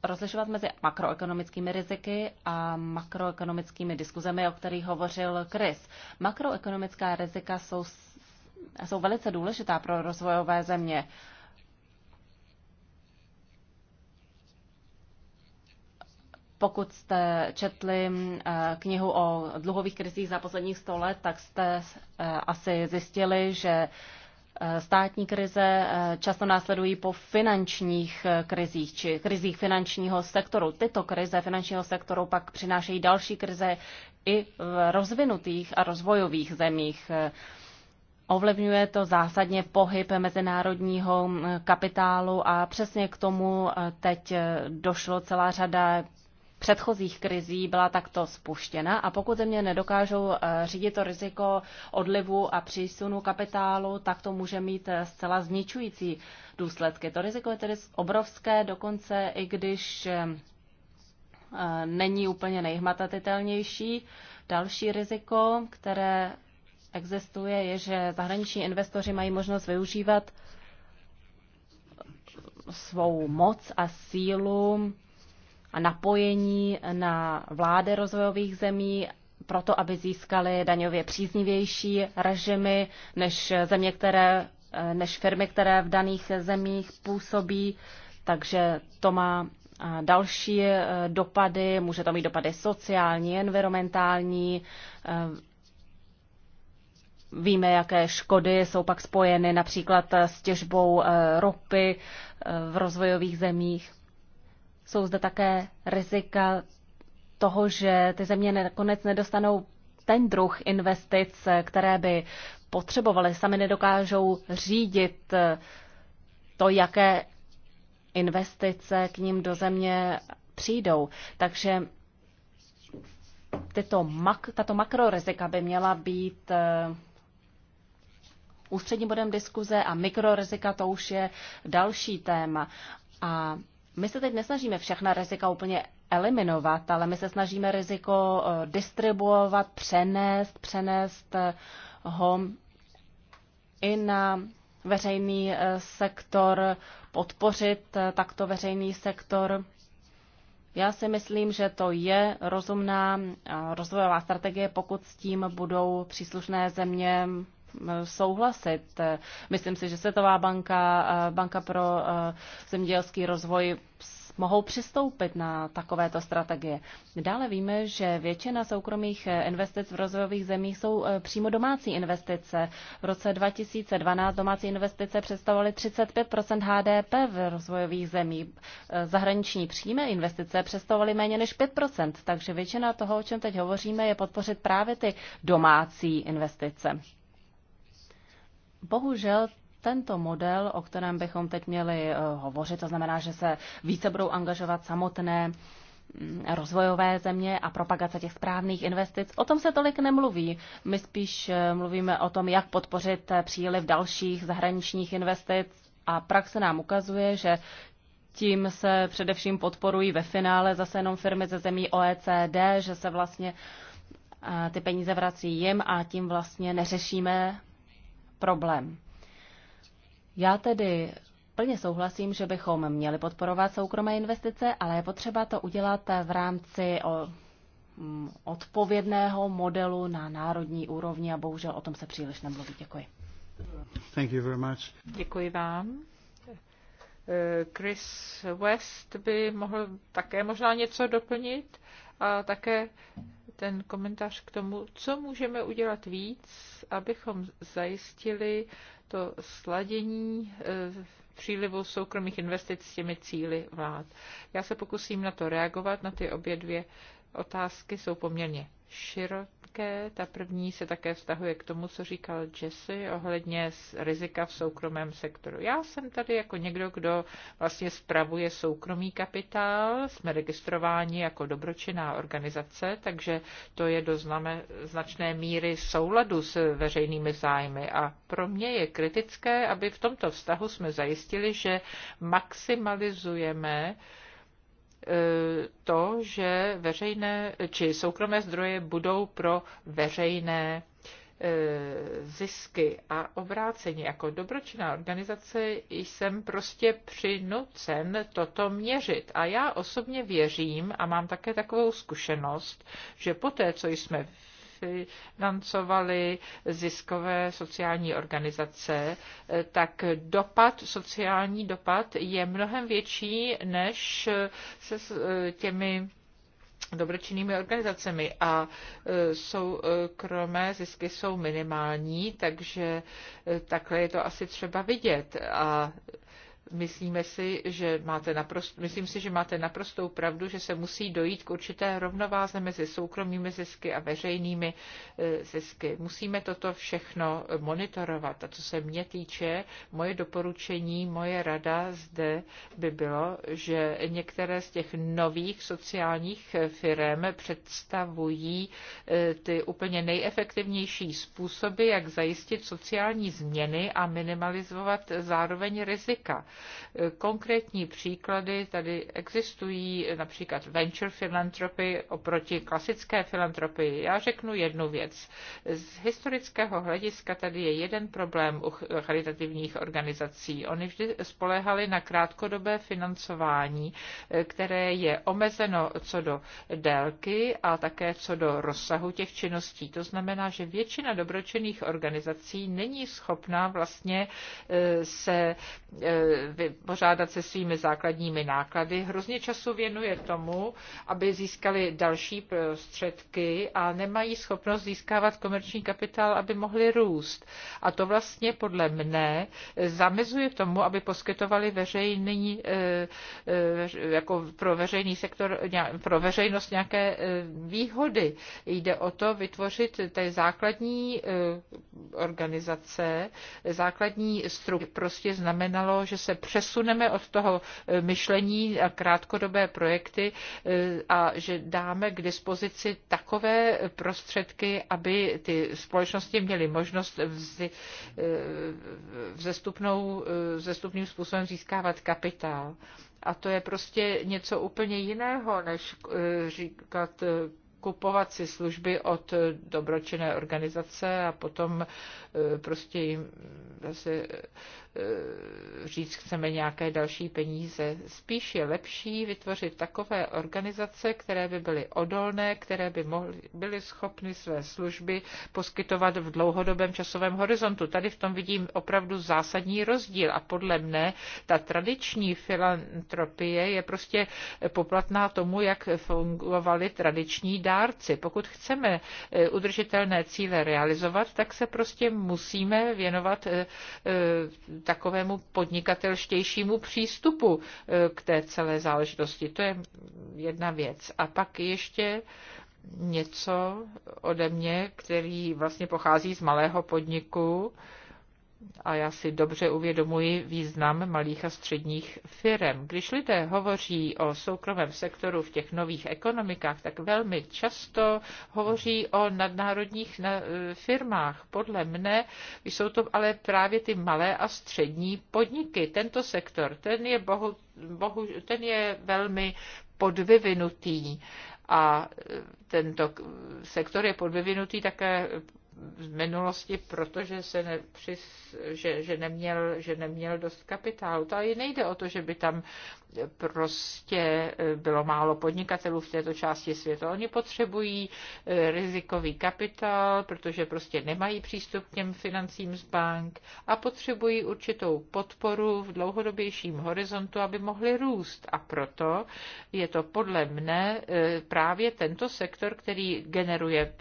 rozlišovat mezi makroekonomickými riziky a makroekonomickými diskuzemi, o kterých hovořil Chris. Makroekonomická rizika jsou, jsou velice důležitá pro rozvojové země. Pokud jste četli eh, knihu o dluhových krizích za posledních 100 let, tak jste eh, asi zjistili, že státní krize eh, často následují po finančních eh, krizích či krizích finančního sektoru. Tyto krize finančního sektoru pak přinášejí další krize i v rozvinutých a rozvojových zemích. Ovlivňuje to zásadně pohyb mezinárodního mm, kapitálu a přesně k tomu eh, teď došlo celá řada předchozích krizí byla takto spuštěna a pokud země nedokážou eh, řídit to riziko odlivu a přísunu kapitálu, tak to může mít eh, zcela zničující důsledky. To riziko je tedy obrovské, dokonce i když eh, není úplně nejhmatatitelnější. Další riziko, které existuje, je, že zahraniční investoři mají možnost využívat svou moc a sílu a napojení na vlády rozvojových zemí proto, aby získali daňově příznivější režimy než země, které, než firmy, které v daných zemích působí. Takže to má další e, dopady, může to mít dopady sociální, environmentální. E, víme, jaké škody jsou pak spojeny například s těžbou e, ropy v rozvojových zemích. Jsou zde také rizika toho, že ty země nakonec nedostanou ten druh investic, které by potřebovaly. Sami nedokážou řídit to, jaké investice k ním do země přijdou. Takže tyto mak, tato makrorizika by měla být eh, ústředním bodem diskuze a mikrorizika to už je další téma. A my se teď nesnažíme všechna rizika úplně eliminovat, ale my se snažíme riziko eh, distribuovat, přenést, přenést eh, ho i na veřejný eh, sektor, podpořit takto veřejný sektor. Já si myslím, že to je rozumná rozvojová strategie, pokud s tím budou příslušné země souhlasit. Myslím si, že Světová banka, eh, Banka pro eh, zemědělský rozvoj mohou přistoupit na takovéto strategie. Dále víme, že většina soukromých eh, investic v rozvojových zemích jsou přímo domácí investice. V roce 2012 domácí investice představovaly 35 HDP v rozvojových zemích. Zahraniční přímé investice představovaly méně než 5 takže většina toho, o čem teď hovoříme, je podpořit právě ty domácí investice. Bohužel tento model, o kterém bychom teď měli eh, hovořit, to znamená, že se více budou angažovat samotné mm, rozvojové země a propagace těch správných investic. O tom se tolik nemluví. My spíš eh, mluvíme o tom, jak podpořit eh, příliv dalších zahraničních investic a praxe nám ukazuje, že tím se především podporují ve finále zase jenom firmy ze zemí OECD, že se vlastně ty peníze vrací jim a tím vlastně neřešíme problém. Já tedy plně souhlasím, že bychom měli podporovat soukromé investice, ale je potřeba to udělat v rámci mm, odpovědného modelu na národní úrovni a bohužel o tom se příliš nemluví. Děkuji. Thank you very much. Děkuji vám. Eh, Chris West by mohl také možná něco doplnit a také ten komentář k tomu, co můžeme udělat víc abychom zajistili to sladění eh, přílivu soukromých investic s těmi cíly vlád. Já se pokusím na to reagovat, na ty obě dvě otázky jsou poměrně široké také. Ta první se také vztahuje k tomu, co říkal Jesse ohledně rizika v soukromém sektoru. Já jsem tady jako někdo, kdo vlastně spravuje soukromý kapitál. Jsme registrováni jako dobročinná organizace, takže to je do značné míry souladu s veřejnými zájmy. A pro mě je kritické, aby v tomto vztahu jsme zajistili, že maximalizujeme E, to, že veřejné či soukromé zdroje budou pro veřejné e, zisky a obrácení. Jako dobročinná organizace jsem prostě přinucen toto měřit. A já osobně věřím a mám také takovou zkušenost, že poté, co jsme financovaly ziskové sociální organizace, tak dopad, sociální dopad je mnohem větší než se eh, těmi dobročinnými organizacemi a eh, jsou eh, kromé zisky jsou minimální, takže takhle je to asi třeba vidět. A Myslíme si, že máte naprost, myslím si, že máte naprostou pravdu, že se musí dojít k určité rovnováze mezi soukromými zisky a veřejnými eh, zisky. Musíme toto všechno monitorovat. A co se mě týče, moje doporučení, moje rada zde by bylo, že některé z těch nových sociálních firm představují eh, ty úplně nejefektivnější způsoby, jak zajistit sociální změny a minimalizovat zároveň rizika Konkrétní příklady tady existují, například venture philanthropy oproti klasické filantropii. Já řeknu jednu věc. Z historického hlediska tady je jeden problém u charitativních organizací. Oni vždy spolehali na krátkodobé financování, eh, které je omezeno co do délky a také co do rozsahu těch činností. To znamená, že většina dobročinných organizací není schopná vlastně eh, se eh, vypořádat se svými základními náklady, hrozně času věnuje tomu, aby získali další prostředky a nemají schopnost získávat komerční kapitál, aby mohli růst. A to vlastně podle mne zamezuje tomu, aby poskytovali veřejný, eh, eh, jako pro veřejný sektor, pro veřejnost nějaké eh, výhody. Jde o to vytvořit té základní organizace, základní struktury. Prostě znamenalo, že se přesuneme od toho eh, myšlení a krátkodobé projekty eh, a že dáme k dispozici takové prostředky, aby ty společnosti měly možnost eh, vzestupnou, vzestupným způsobem získávat kapitál. A to je prostě něco úplně jiného, než říkat kupovat si služby od dobročinné organizace a potom prostě jim zase Eh, říct, chceme nějaké další peníze. Spíš je lepší vytvořit takové organizace, které by byly odolné, které by mohly, byly schopny své služby poskytovat v dlouhodobém časovém horizontu. Tady v tom vidím opravdu zásadní rozdíl a podle mne ta tradiční filantropie je prostě poplatná tomu, jak fungovali tradiční dárci. Pokud chceme eh, udržitelné cíle realizovat, tak se prostě musíme věnovat eh, takovému podnikatelštějšímu přístupu eh, k té celé záležitosti. To je jedna věc. A pak ještě něco ode mě, který vlastně pochází z malého podniku, a já si dobře uvědomuji význam malých a středních firm. Když lidé hovoří o soukromém sektoru v těch nových ekonomikách, tak velmi často hovoří o nadnárodních e, firmách. Podle mne jsou to ale právě ty malé a střední podniky. Tento sektor, ten je, bohu, bohu, ten je velmi podvyvinutý a e, tento sektor je podvyvinutý také v minulosti, protože se nepřis, že, že, neměl, že neměl dost kapitálu. To i nejde o to, že by tam prostě eh, bylo málo podnikatelů v této části světa. Oni potřebují eh, rizikový kapitál, protože prostě nemají přístup k těm financím z bank a potřebují určitou podporu v dlouhodobějším horizontu, aby mohli růst. A proto je to podle mne eh, právě tento sektor, který generuje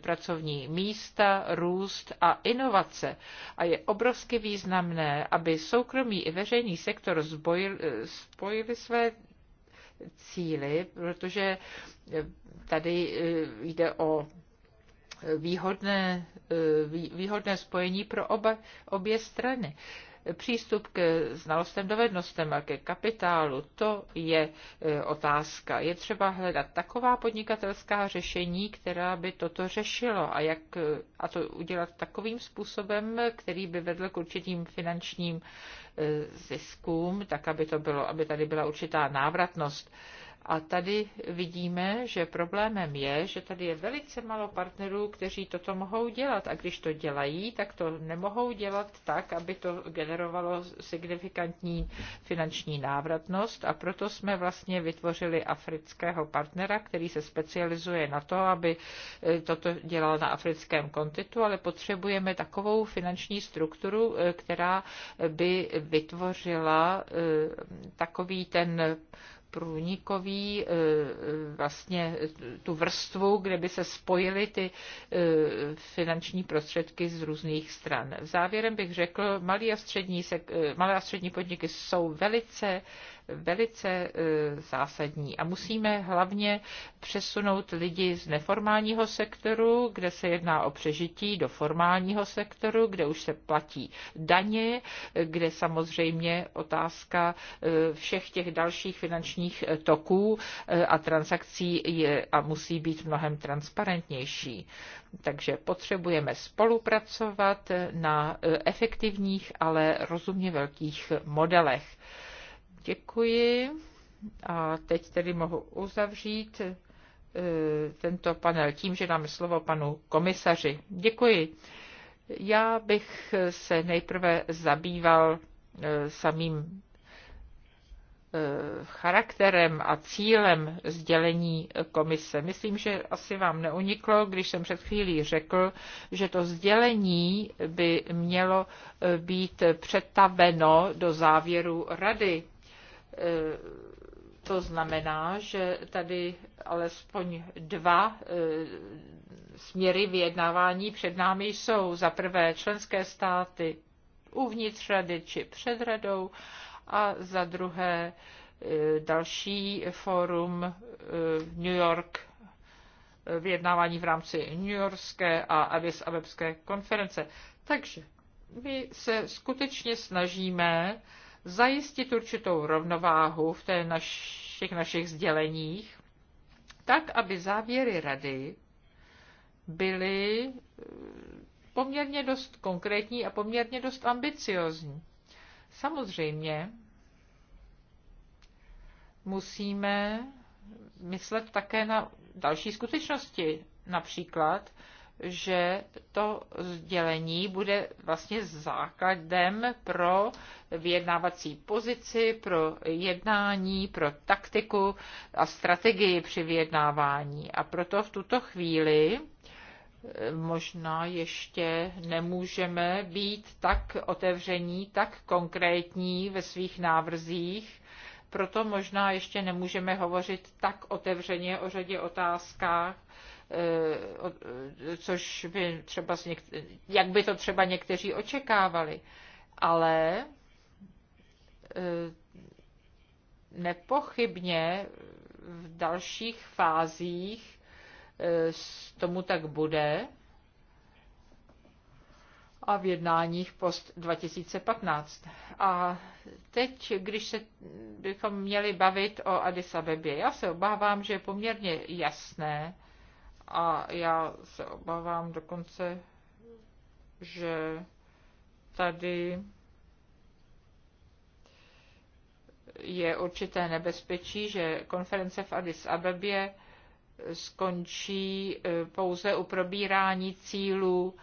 pracovní místa, cesta, růst a inovace. A je obrovsky významné, aby soukromý i veřejný sektor zbojil, eh, spojili své cíly, protože eh, tady eh, jde o výhodné, výhodné spojení pro oba, obě strany. Přístup k znalostem, dovednostem a ke kapitálu, to je e, otázka. Je třeba hledat taková podnikatelská řešení, která by toto řešilo a, jak, e, a to udělat takovým způsobem, který by vedl k určitým finančním e, ziskům, tak aby to bylo, aby tady byla určitá návratnost a tady vidíme, že problémem je, že tady je velice málo partnerů, kteří toto mohou dělat. A když to dělají, tak to nemohou dělat tak, aby to generovalo signifikantní finanční návratnost. A proto jsme vlastně vytvořili afrického partnera, který se specializuje na to, aby eh, toto dělal na africkém kontitu, ale potřebujeme takovou finanční strukturu, eh, která by vytvořila eh, takový ten průnikový, e, e, vlastně tu vrstvu, kde by se spojily ty e, finanční prostředky z různých stran. Závěrem bych řekl, malé a střední, malé a střední podniky jsou velice velice e, zásadní. A musíme hlavně přesunout lidi z neformálního sektoru, kde se jedná o přežití, do formálního sektoru, kde už se platí daně, e, kde samozřejmě otázka e, všech těch dalších finančních toků a transakcí je a musí být mnohem transparentnější. Takže potřebujeme spolupracovat na efektivních, ale rozumně velkých modelech. Děkuji. A teď tedy mohu uzavřít e, tento panel tím, že dám slovo panu komisaři. Děkuji. Já bych se nejprve zabýval e, samým e, charakterem a cílem sdělení komise. Myslím, že asi vám neuniklo, když jsem před chvílí řekl, že to sdělení by mělo být přetaveno do závěru rady Eh, to znamená, že tady alespoň dva eh, směry vyjednávání před námi jsou. Za prvé členské státy uvnitř rady či před radou a za druhé eh, další fórum New York vyjednávání v rámci New Yorkské a avis Abebské konference. Takže my se skutečně snažíme zajistit určitou rovnováhu v té našich, těch našich sděleních, tak, aby závěry rady byly eh, poměrně dost konkrétní a poměrně dost ambiciozní. Samozřejmě musíme myslet také na další skutečnosti, například, že to sdělení bude vlastně základem pro vyjednávací pozici, pro jednání, pro taktiku a strategii při vyjednávání. A proto v tuto chvíli eh, možná ještě nemůžeme být tak otevření, tak konkrétní ve svých návrzích, proto možná ještě nemůžeme hovořit tak otevřeně o řadě otázkách, Eh, eh, což by třeba, jak by to třeba někteří očekávali. Ale eh, nepochybně v dalších fázích tomu tak bude a v jednáních post 2015. A teď, když se bychom měli bavit o Addis Abebě, já se obávám, že je poměrně jasné, a já se obávám dokonce, že tady je určité nebezpečí, že konference v Addis Abebě skončí e, pouze u probírání cílů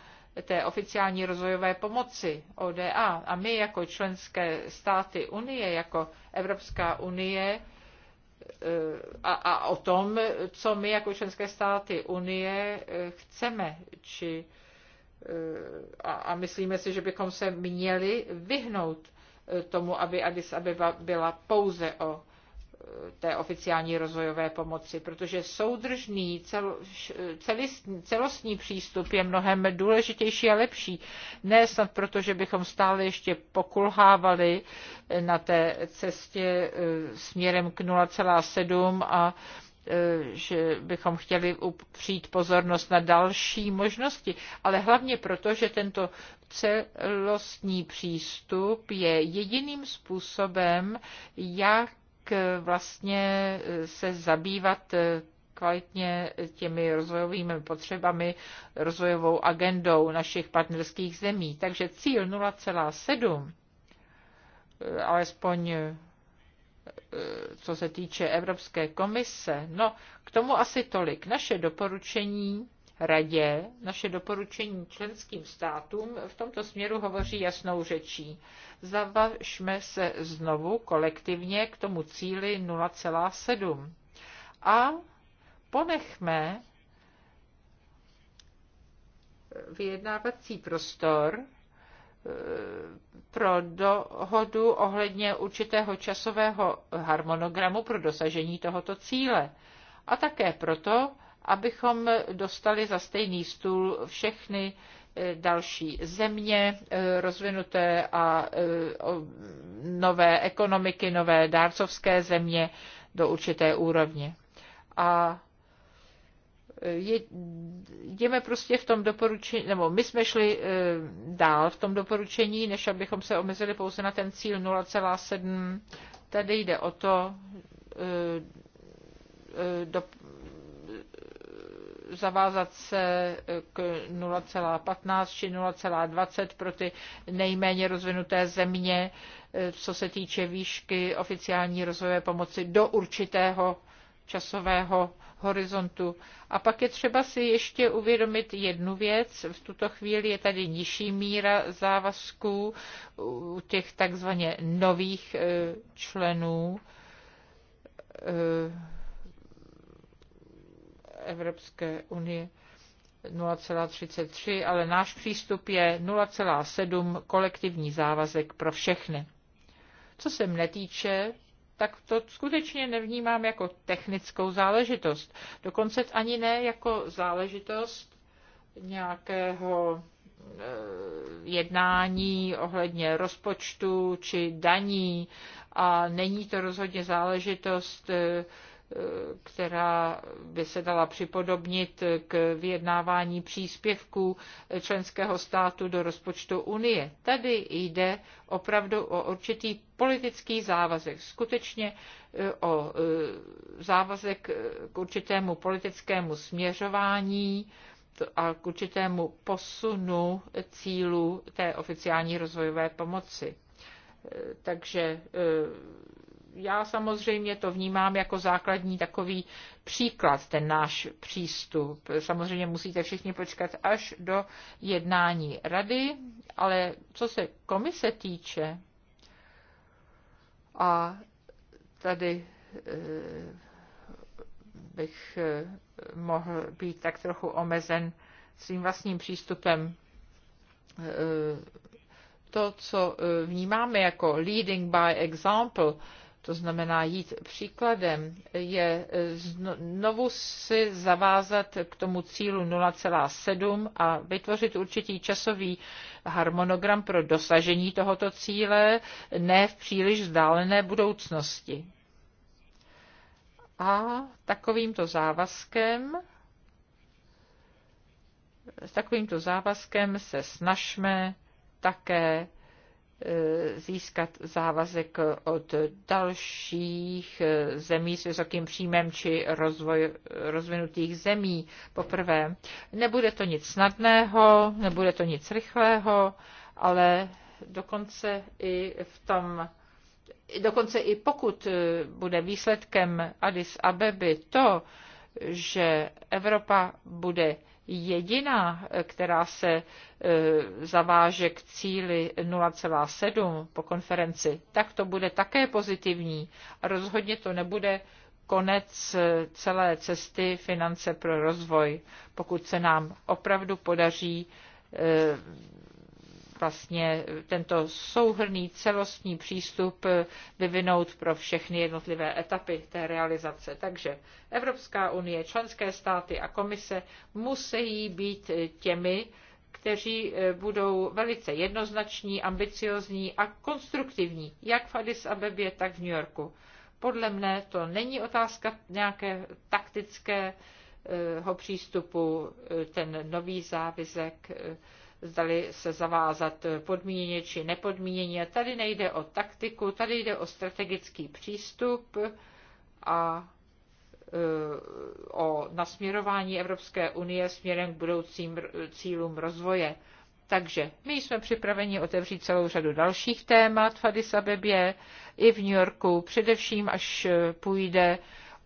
té oficiální rozvojové pomoci ODA. A my jako členské státy Unie, jako Evropská unie, a, a o tom, co my jako členské státy Unie eh, chceme, či eh, a, a myslíme si, že bychom se měli vyhnout eh, tomu, aby Addis Abeba byla pouze o té oficiální rozvojové pomoci, protože soudržný cel, celist, celostní přístup je mnohem důležitější a lepší. Ne snad proto, že bychom stále ještě pokulhávali na té cestě e, směrem k 0,7 a e, že bychom chtěli upřít pozornost na další možnosti, ale hlavně proto, že tento celostní přístup je jediným způsobem, jak vlastně e, se zabývat kvalitně těmi rozvojovými potřebami, rozvojovou agendou našich partnerských zemí. Takže cíl Eh, alespoň eh, co se týče Evropské komise. No, k tomu asi tolik. Naše doporučení radě, naše doporučení členským státům v tomto směru hovoří jasnou řečí. Zavažme se znovu kolektivně k tomu cíli 0,7 a ponechme vyjednávací prostor Eh, pro dohodu ohledně určitého časového harmonogramu pro dosažení tohoto cíle. A také proto, abychom dostali za stejný stůl všechny eh, další země eh, rozvinuté a nové ekonomiky, nové dárcovské země do určité úrovně. A jdeme prostě v tom doporučení, nebo my jsme šli eh, dál v tom doporučení, než abychom se omezili pouze na ten cíl 0,7. Tady jde o to eh, eh, do, zavázat se k 0,15 či 0,20 pro ty nejméně rozvinuté země, co se týče výšky oficiální rozvojové pomoci do určitého časového horizontu. A pak je třeba si ještě uvědomit jednu věc. V tuto chvíli je tady nižší míra závazků u těch takzvaně nových eh, členů eh, Evropské unie. 0,33, ale náš přístup je 0,7 kolektivní závazek pro všechny. Co se mne týče, tak to skutečně nevnímám jako technickou záležitost. Dokonce ani ne jako záležitost nějakého e, jednání ohledně rozpočtu či daní a není to rozhodně záležitost e, která by se dala připodobnit k vyjednávání příspěvků členského státu do rozpočtu Unie. Tady jde opravdu o určitý politický závazek, skutečně eh, o eh, závazek k určitému politickému směřování a k určitému posunu cílu té oficiální rozvojové pomoci. Eh, takže já samozřejmě to vnímám jako základní takový příklad, ten náš přístup. Samozřejmě musíte všichni počkat až do jednání rady, ale co se komise týče, a tady eh, bych eh, mohl být tak trochu omezen svým vlastním přístupem. Eh, to, co vnímáme jako leading by example, to znamená jít příkladem, je eh, znovu si zavázat k tomu cílu 0,7 a vytvořit určitý časový harmonogram pro dosažení tohoto cíle, ne v příliš vzdálené budoucnosti. A takovýmto závazkem s takovýmto závazkem se snažme také Eh, získat závazek od dalších eh, zemí s vysokým příjmem či rozvoj, rozvinutých zemí poprvé. Nebude to nic snadného, nebude to nic rychlého, ale dokonce i v tom dokonce i pokud eh, bude výsledkem Addis Abeby to, že Evropa bude jediná, která se e, zaváže k cíli 0,7 po konferenci, tak to bude také pozitivní. A rozhodně to nebude konec e, celé cesty finance pro rozvoj, pokud se nám opravdu podaří e, vlastně tento souhrný celostní přístup vyvinout pro všechny jednotlivé etapy té realizace. Takže Evropská unie, členské státy a komise musí být těmi, kteří eh, budou velice jednoznační, ambiciozní a konstruktivní, jak v Addis Abebě, tak v New Yorku. Podle mne to není otázka nějaké taktického přístupu, eh, ten nový závizek, eh, zdali se zavázat podmíněně či nepodmíněně. Tady nejde o taktiku, tady jde o strategický přístup a e, o nasměrování Evropské unie směrem k budoucím cílům rozvoje. Takže my jsme připraveni otevřít celou řadu dalších témat v Addis Abebě i v New Yorku, především až e, půjde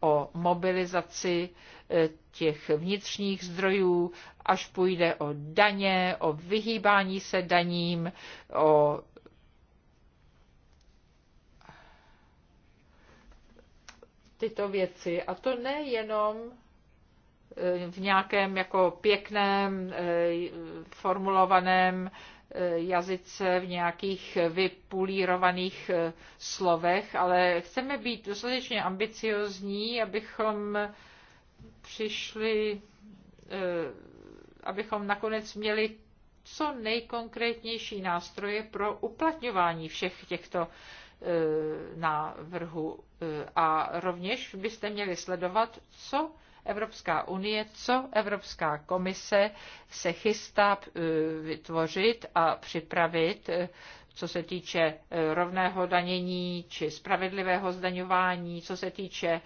o mobilizaci e, těch vnitřních zdrojů, až půjde o daně, o vyhýbání se daním, o tyto věci. A to nejenom e, v nějakém jako pěkném e, formulovaném jazyce, v nějakých vypulírovaných eh, slovech, ale chceme být dostatečně ambiciozní, abychom přišli, eh, abychom nakonec měli co nejkonkrétnější nástroje pro uplatňování všech těchto eh, návrhů. A rovněž byste měli sledovat, co Evropská unie, co Evropská komise se chystá eh, vytvořit a připravit eh, co se týče eh, rovného danění či spravedlivého zdaňování, co se týče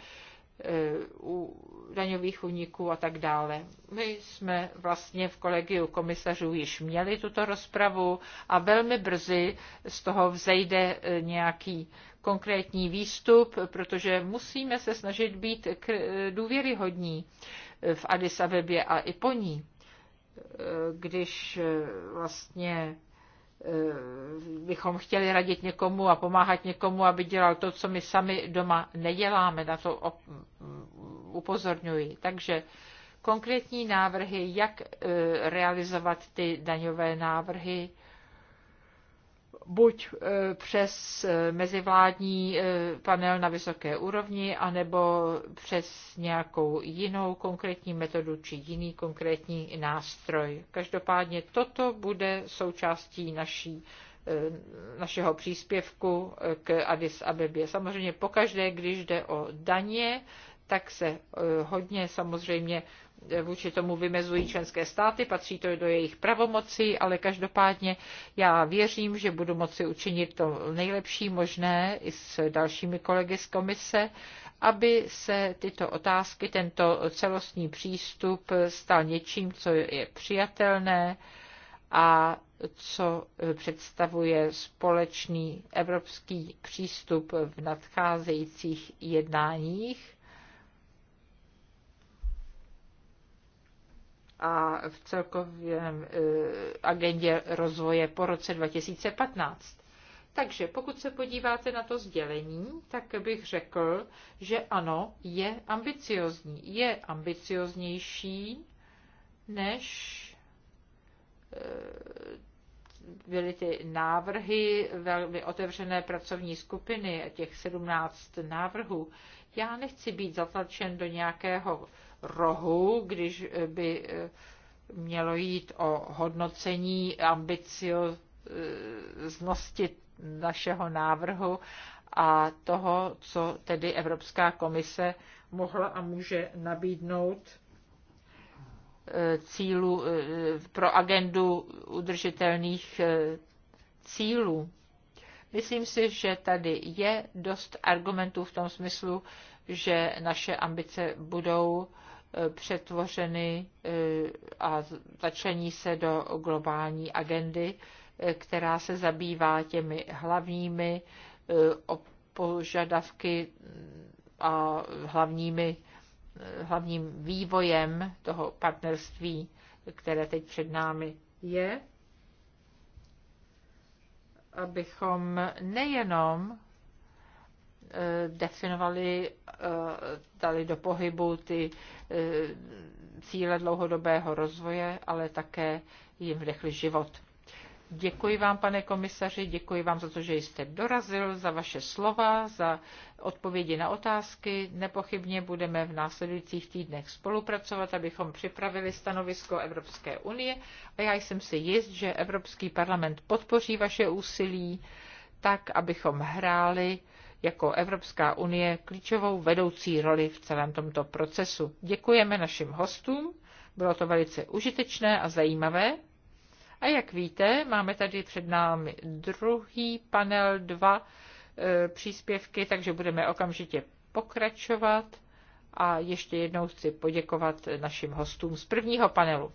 u daňových uniků a tak dále. My jsme vlastně v kolegiu komisařů již měli tuto rozpravu a velmi brzy z toho vzejde nějaký konkrétní výstup, protože musíme se snažit být důvěryhodní v Addis Abebě a i po ní. Když eh, vlastně eh, bychom chtěli radit někomu a pomáhat někomu, aby dělal to, co my sami doma neděláme. Na to mm, upozorňuji. Takže konkrétní návrhy, jak eh, realizovat ty daňové návrhy, buď e, přes e, mezivládní e, panel na vysoké úrovni, anebo přes nějakou jinou konkrétní metodu či jiný konkrétní nástroj. Každopádně toto bude součástí naší našeho příspěvku k Addis Abebě. Samozřejmě pokaždé, když jde o daně, tak se hodně samozřejmě vůči tomu vymezují členské státy, patří to do jejich pravomocí, ale každopádně já věřím, že budu moci učinit to nejlepší možné i s dalšími kolegy z komise, aby se tyto otázky, tento celostní přístup stal něčím, co je přijatelné a co představuje společný evropský přístup v nadcházejících jednáních a v celkovém e, agendě rozvoje po roce 2015. Takže pokud se podíváte na to sdělení, tak bych řekl, že ano, je ambiciozní. Je ambicioznější než e, byly ty návrhy velmi otevřené pracovní skupiny, těch 17 návrhů. Já nechci být zatlačen do nějakého rohu, když eh, by eh, mělo jít o hodnocení ambicioznosti našeho návrhu a toho, co tedy Evropská komise mohla a může nabídnout eh, cílu, pro agendu udržitelných cílů. Myslím si, že tady je dost argumentů v tom smyslu, že naše ambice budou uh, přetvořeny eh, a začlení se do globální agendy, eh, která se zabývá těmi hlavními eh, požadavky mm, a hlavními, hlavním vývojem toho partnerství, které teď před námi je, abychom nejenom Eh, definovali, eh, dali do pohybu ty eh, cíle dlouhodobého rozvoje, ale také jim vdechli život. Děkuji vám, pane komisaři, děkuji vám za to, že jste dorazil, za vaše slova, za odpovědi na otázky. Nepochybně budeme v následujících týdnech spolupracovat, abychom připravili stanovisko Evropské unie a já jsem si jist, že Evropský parlament podpoří vaše úsilí tak, abychom hráli jako Evropská unie klíčovou vedoucí roli v celém tomto procesu. Děkujeme našim hostům, bylo to velice užitečné a zajímavé. A jak víte, máme tady před námi druhý panel, dva e, příspěvky, takže budeme okamžitě pokračovat. A ještě jednou chci poděkovat našim hostům z prvního panelu.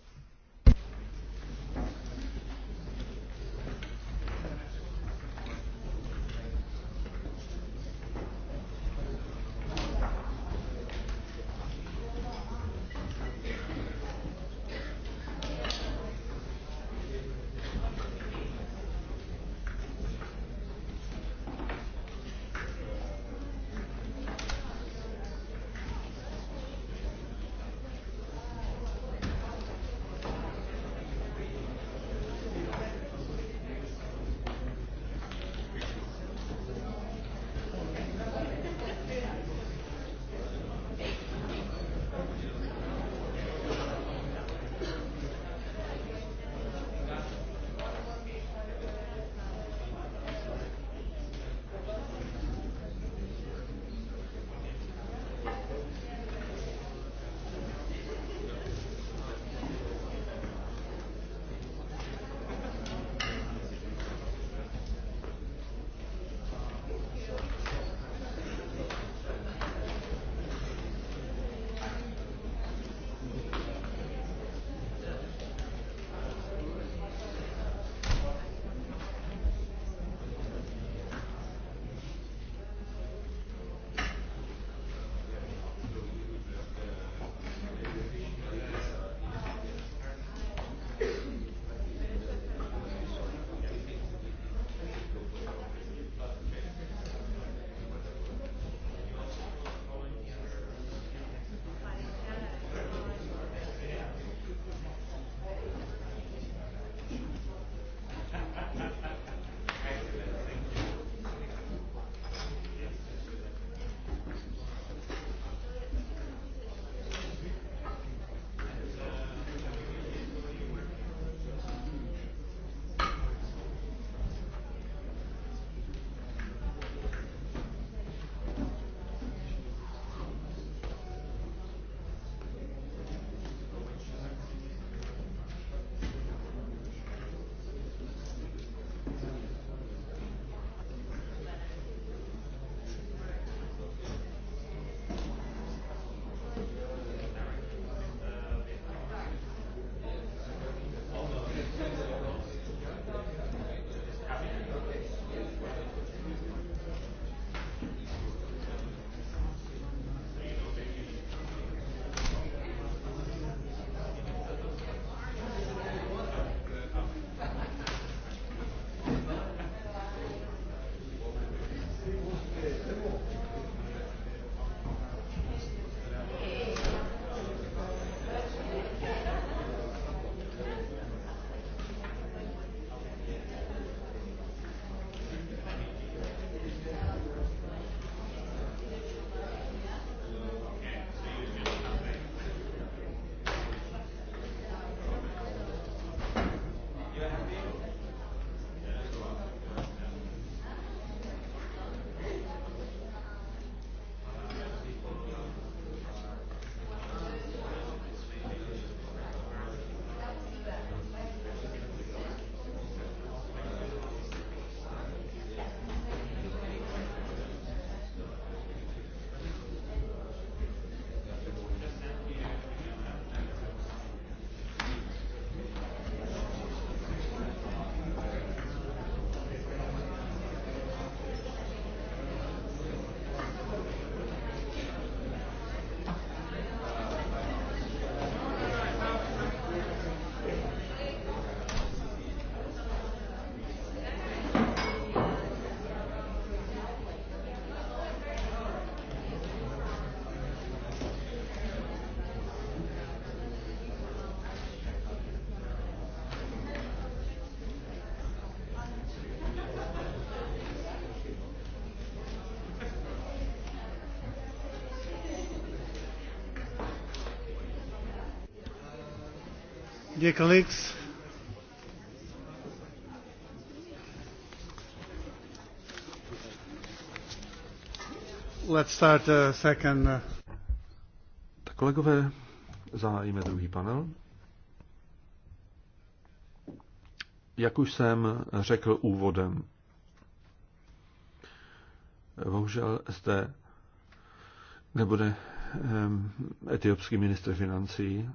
Dear colleagues, let's start a second. Uh, tak kolegové, zahájíme druhý panel. Jak už jsem řekl úvodem, bohužel zde nebude ehm, etiopský ministr financí,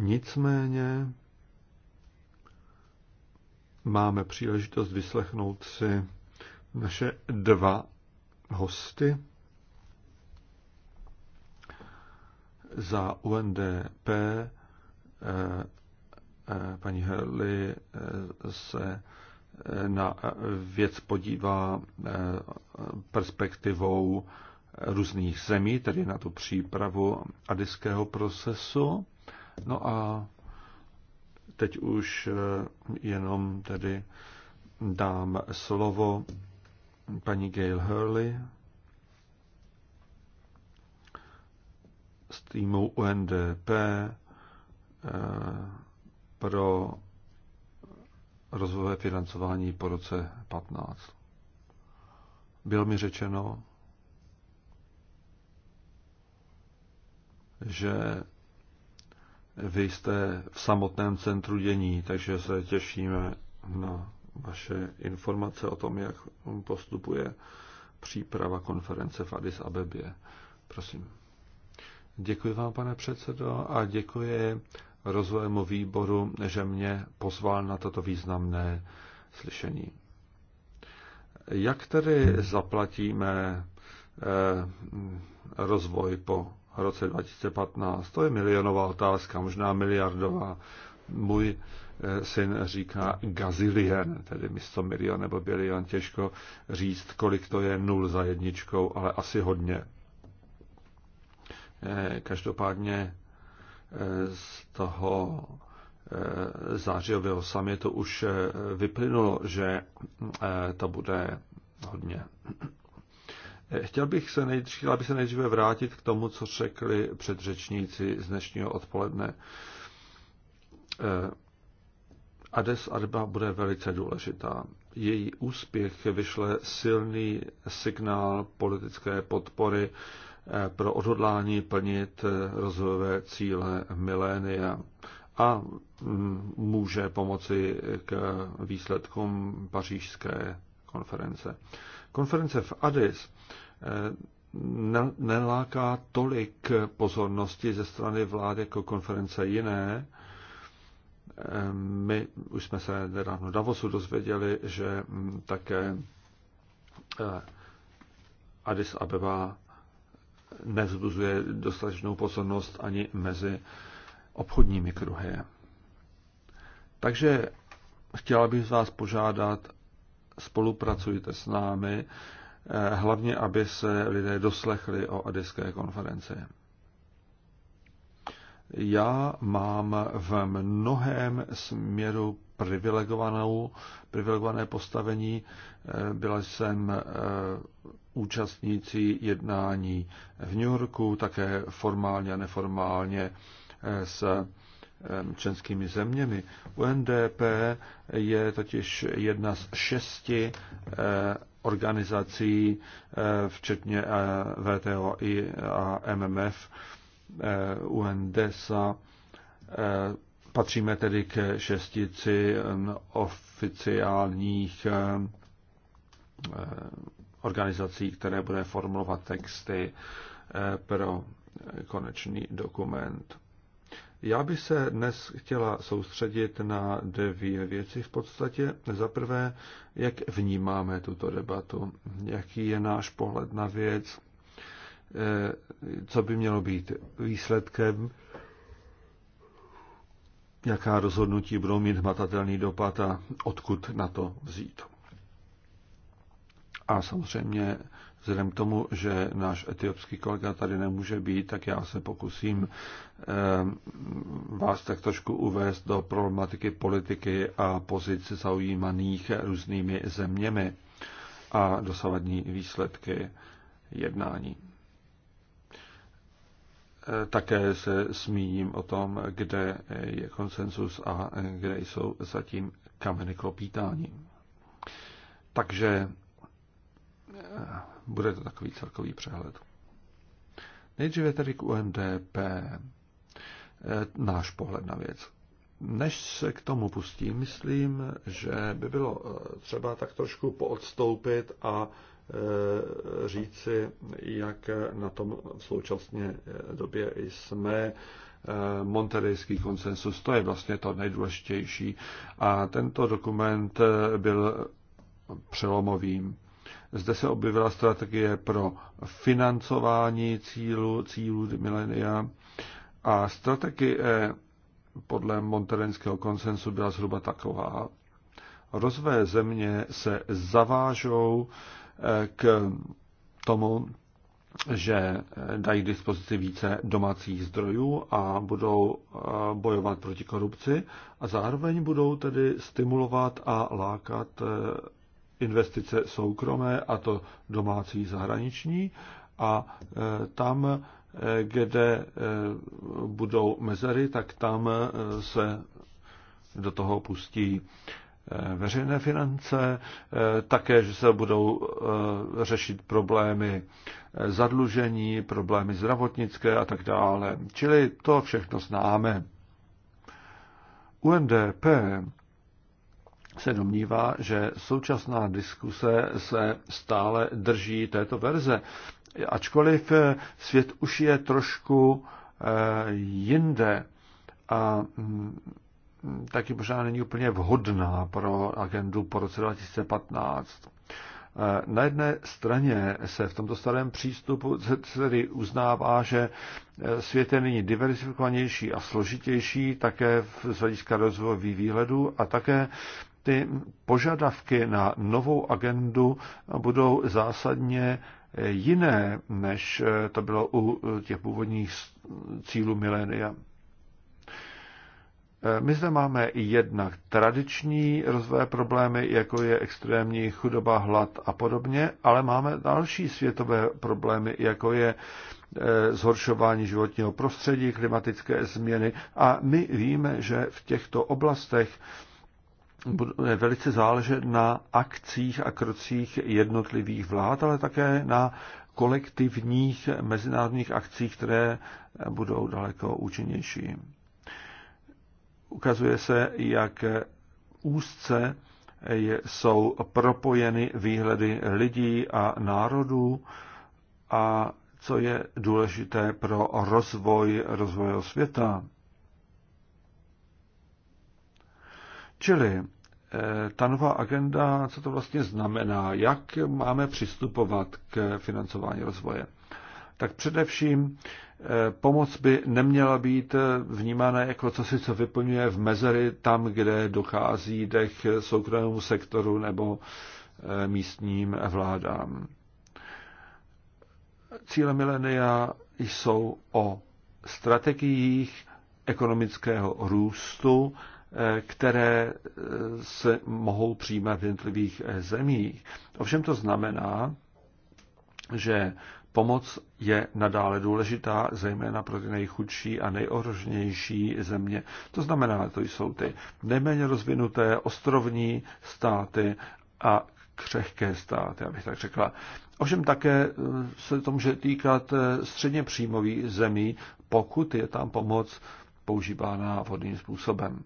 Nicméně máme příležitost vyslechnout si naše dva hosty za UNDP eh, eh, paní Herli eh, se na věc podívá perspektivou různých zemí, tedy na tu přípravu adiského procesu. No a teď už eh, jenom tedy dám slovo paní Gail Hurley z týmu UNDP eh, pro rozvojové financování po roce 15. Bylo mi řečeno, že vy jste v samotném centru dění, takže se těšíme na vaše informace o tom, jak postupuje příprava konference v Addis Abebě. Prosím. Děkuji vám, pane předsedo, a děkuji rozvojovému výboru, že mě pozval na toto významné slyšení. Jak tedy zaplatíme eh, rozvoj po roce 2015. To je milionová otázka, možná miliardová. Můj eh, syn říká gazilien, tedy místo milion nebo bilion, těžko říct, kolik to je nul za jedničkou, ale asi hodně. Eh, každopádně eh, z toho zářijového samitu už vyplynulo, že to bude hodně. Chtěl bych se nejdříve, aby se nejdříve vrátit k tomu, co řekli předřečníci z dnešního odpoledne. Eh, Ades Arba bude velice důležitá. Její úspěch vyšle silný signál politické podpory eh, pro odhodlání plnit eh, rozvojové cíle milénia a mm, může pomoci k výsledkům pařížské konference. Konference v Addis eh, neláká tolik pozornosti ze strany vlád jako konference jiné. Eh, my už jsme se nedávno Davosu dozvěděli, že mm, také eh, Addis Abeba nevzbuzuje dostatečnou pozornost ani mezi obchodními kruhy. Takže chtěla bych z vás požádat, spolupracujte s námi, eh, hlavně aby se lidé doslechli o adiské konferenci. Já mám v mnohém směru privilegovanou, privilegované postavení. Eh, byla jsem eh, účastnící jednání v New Yorku, také formálně a neformálně s členskými zeměmi. UNDP je totiž jedna z šesti eh, organizací, eh, včetně eh, VTO a MMF, UNDESA. Patříme tedy k šestici oficiálních organizací, které bude formulovat texty pro konečný dokument. Já bych se dnes chtěla soustředit na dvě věci v podstatě. Za prvé, jak vnímáme tuto debatu, jaký je náš pohled na věc, eh, co by mělo být výsledkem, jaká rozhodnutí budou mít hmatatelný dopad a odkud na to vzít. A samozřejmě Vzhledem k tomu, že náš etiopský kolega tady nemůže být, tak já se pokusím eh, vás tak trošku uvést do problematiky politiky a pozic zaujímaných různými zeměmi a dosavadní výsledky jednání. Eh, také se zmíním o tom, kde je konsensus a kde jsou zatím kameny klopítání. Takže eh, bude to takový celkový přehled. Nejdříve tedy k UNDP e, náš pohled na věc. Než se k tomu pustím, myslím, že by bylo e, třeba tak trošku poodstoupit a e, říci, jak na tom v současné době jsme. Monterejský konsensus, to je vlastně to nejdůležitější. A tento dokument byl přelomovým. Zde se objevila strategie pro financování cílu, cílů milenia a strategie eh, podle monterenského konsensu byla zhruba taková. Rozvé země se zavážou eh, k tomu, že eh, dají k dispozici více domácích zdrojů a budou bojovat proti korupci a zároveň budou tedy stimulovat a lákat investice soukromé, a to domácí zahraniční, a e, tam, e, kde e, budou mezery, tak tam se do toho pustí veřejné finance, také, že se budou řešit problémy zadlužení, problémy zdravotnické a tak dále. Čili to všechno známe. UNDP se domnívá, že současná diskuse se stále drží této verze. Ačkoliv svět už je trošku eh, jinde a mm, taky možná není úplně vhodná pro agendu po roce 2015. Eh, na jedné straně se v tomto starém přístupu tedy uznává, že eh, svět je nyní diversifikovanější a složitější také z hlediska rozvojových výhledů a také ty požadavky na novou agendu budou zásadně jiné, než to bylo u těch původních cílů milénia. My zde máme jednak tradiční rozvoje problémy, jako je extrémní chudoba, hlad a podobně, ale máme další světové problémy, jako je eh, zhoršování životního prostředí, klimatické změny a my víme, že v těchto oblastech bude velice záležet na akcích a krocích jednotlivých vlád, ale také na kolektivních mezinárodních akcích, které budou daleko účinnější. Ukazuje se, jak úzce jsou propojeny výhledy lidí a národů a co je důležité pro rozvoj rozvoje světa. Čili eh, ta nová agenda, co to vlastně znamená, jak máme přistupovat k financování rozvoje. Tak především eh, pomoc by neměla být eh, vnímána jako co si co vyplňuje v mezery tam, kde dochází dech soukromému sektoru nebo místním vládám. Cíle milenia jsou o strategiích ekonomického růstu, Eh, které eh, se mohou přijímat v jednotlivých eh, zemích. Ovšem to znamená, že pomoc je nadále důležitá, zejména pro ty nejchudší a nejohroženější země. To znamená, to jsou ty nejméně rozvinuté ostrovní státy a křehké státy, abych tak řekla. Ovšem také se to může týkat středně příjmových zemí, pokud je tam pomoc používána vhodným způsobem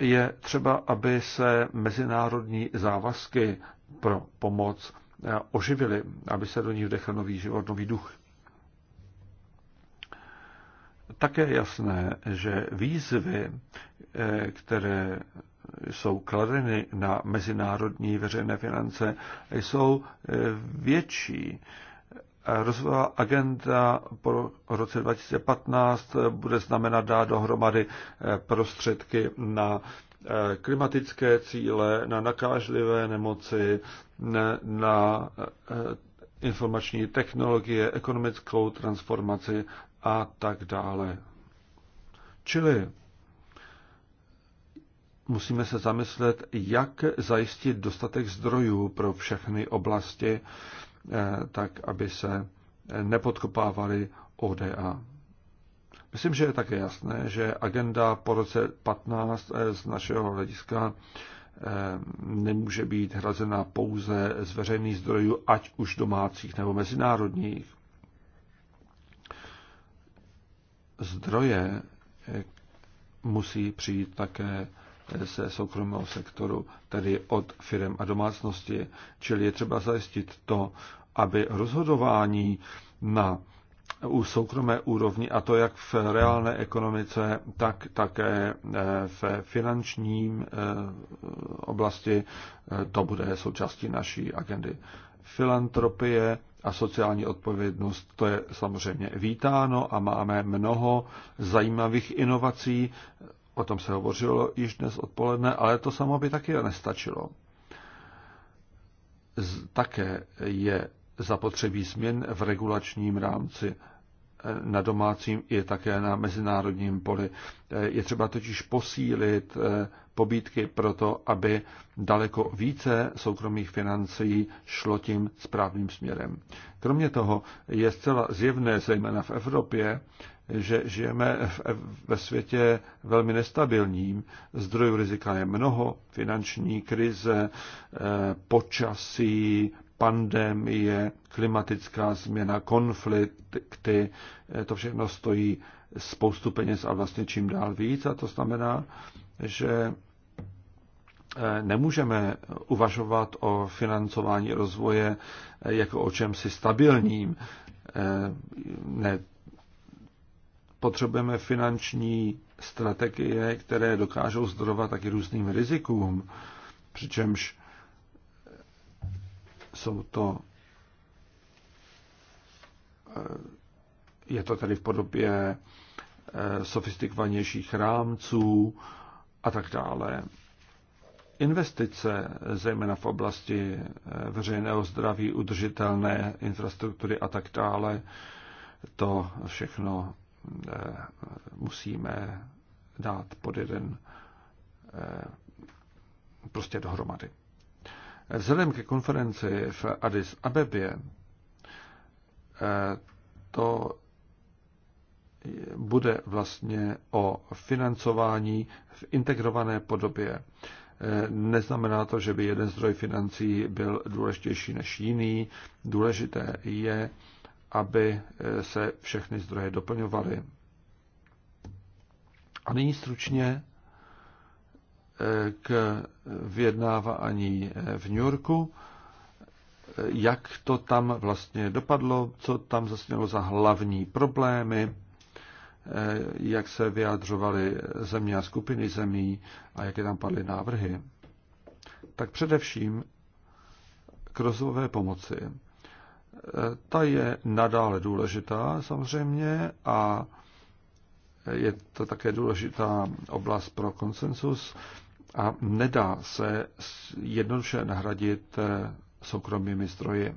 je třeba, aby se mezinárodní závazky pro pomoc eh, oživily, aby se do nich vdechl nový život, nový duch. Také je jasné, že výzvy, eh, které jsou kladeny na mezinárodní veřejné finance, jsou eh, větší rozvojová agenda po roce 2015 bude znamenat dát dohromady eh, prostředky na eh, klimatické cíle, na nakážlivé nemoci, na eh, informační technologie, ekonomickou transformaci a tak dále. Čili musíme se zamyslet, jak zajistit dostatek zdrojů pro všechny oblasti, Eh, tak aby se nepodkopávaly ODA. Myslím, že je také jasné, že agenda po roce 15 eh, z našeho hlediska eh, nemůže být hrazena pouze z veřejných zdrojů, ať už domácích nebo mezinárodních. Zdroje musí přijít také ze soukromého sektoru, tedy od firm a domácnosti. Čili je třeba zajistit to, aby rozhodování na u soukromé úrovni, a to jak v reálné ekonomice, tak také eh, v finančním eh, oblasti, eh, to bude součástí naší agendy. Filantropie a sociální odpovědnost, to je samozřejmě vítáno a máme mnoho zajímavých inovací O tom se hovořilo již dnes odpoledne, ale to samo by taky nestačilo. Také je zapotřebí změn v regulačním rámci eh, na domácím i také na mezinárodním poli. Eh, je třeba totiž posílit eh, pobídky pro to, aby daleko více soukromých financí šlo tím správným směrem. Kromě toho je zcela zjevné, zejména v Evropě, že žijeme v, ve světě velmi nestabilním. Zdrojů rizika je mnoho, finanční krize, eh, počasí, pandemie, klimatická změna, konflikty, eh, to všechno stojí spoustu peněz a vlastně čím dál víc. A to znamená, že eh, nemůžeme uvažovat o financování rozvoje jako o čemsi stabilním. Ne, potřebujeme finanční strategie, které dokážou zdrovat taky různým rizikům, přičemž jsou to eh, je to tady v podobě eh, sofistikovanějších rámců a tak dále. Investice, zejména v oblasti eh, veřejného zdraví, udržitelné infrastruktury a tak dále, to všechno Eh, musíme dát pod jeden eh, prostě dohromady. Vzhledem ke konferenci v Addis Abebě eh, to bude vlastně o financování v integrované podobě. Neznamená to, že by jeden zdroj financí byl důležitější než jiný. Důležité je, aby eh, se všechny zdroje doplňovaly. A nyní stručně eh, k vyjednávání eh, v New Yorku, jak to tam vlastně dopadlo, co tam zasnělo za hlavní problémy, jak se vyjadřovaly země a skupiny zemí a jaké tam padly návrhy. Tak především k rozvojové pomoci ta je nadále důležitá samozřejmě a je to také důležitá oblast pro konsensus a nedá se jednoduše nahradit soukromými zdroji.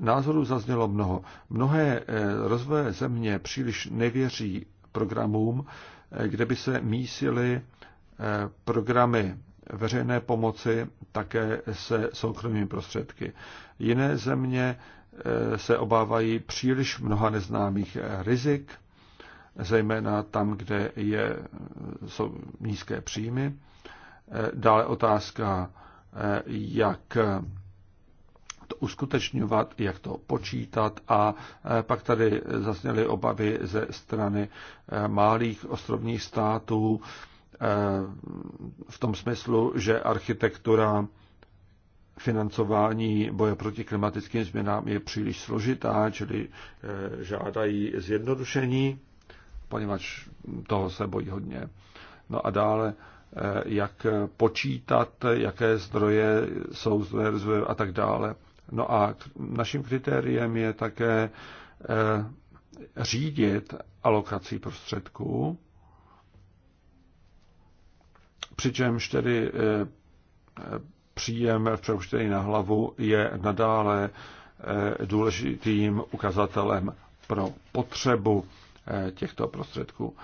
Názorů zaznělo mnoho. Mnohé eh, rozvoje země příliš nevěří programům, eh, kde by se mísily eh, programy veřejné pomoci také se soukromými prostředky. Jiné země eh, se obávají příliš mnoha neznámých eh, rizik, zejména tam, kde je, eh, jsou nízké příjmy. Dále otázka, jak to uskutečňovat, jak to počítat a pak tady zazněly obavy ze strany malých ostrovních států, v tom smyslu, že architektura financování boje proti klimatickým změnám je příliš složitá, čili eh, žádají zjednodušení, poněvadž toho se bojí hodně. No a dále, eh, jak počítat, jaké zdroje jsou zdroje rozvoje a tak dále. No a naším kritériem je také eh, řídit alokací prostředků Přičemž tedy eh, eh, příjem v přepočtení na hlavu je nadále eh, důležitým ukazatelem pro potřebu těchto prostředků.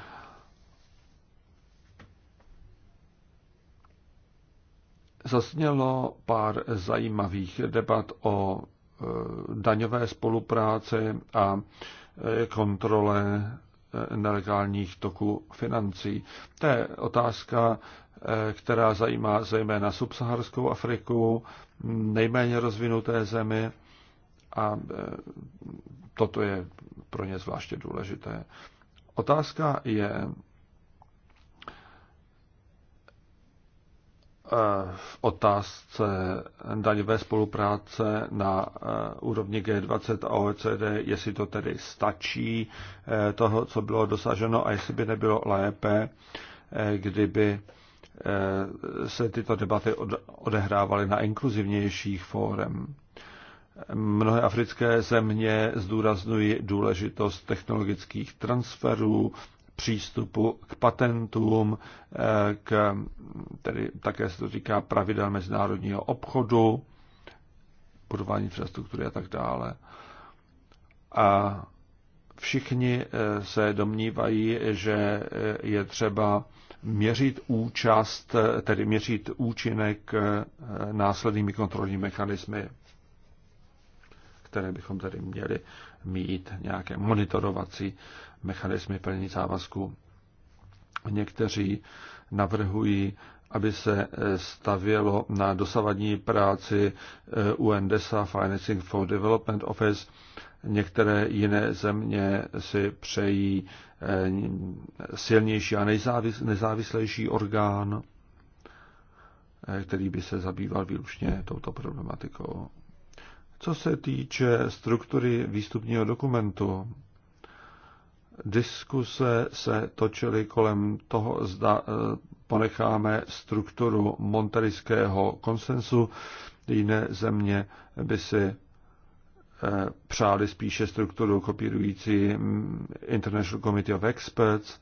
Zasnělo pár zajímavých debat o daňové spolupráci a kontrole nelegálních toků financí. To je otázka, eh, která zajímá zejména subsaharskou Afriku, nejméně rozvinuté zemi a eh, toto je pro ně zvláště důležité. Otázka je, Eh, v otázce daňové spolupráce na eh, úrovni G20 a OECD, jestli to tedy stačí eh, toho, co bylo dosaženo a jestli by nebylo lépe, kdyby se tyto debaty odehrávaly na inkluzivnějších fórem. Mnohé africké země zdůraznují důležitost technologických transferů, přístupu k patentům, eh, k, tedy také se to říká pravidel mezinárodního obchodu, budování infrastruktury a tak dále. A všichni eh, se domnívají, že eh, je třeba měřit účast, tedy měřit účinek následnými kontrolními mechanismy, které bychom tady měli mít nějaké monitorovací mechanismy plnění závazku. Někteří navrhují, aby se eh, stavělo na dosavadní práci eh, UNDESA, Financing for Development Office. Některé jiné země si přejí eh, silnější a nezávislejší orgán, který by se zabýval výlučně touto problematikou. Co se týče struktury výstupního dokumentu, diskuse se točily kolem toho, zda e, ponecháme strukturu monterického konsensu. Jiné země by si e, přáli spíše strukturu kopírující International Committee of Experts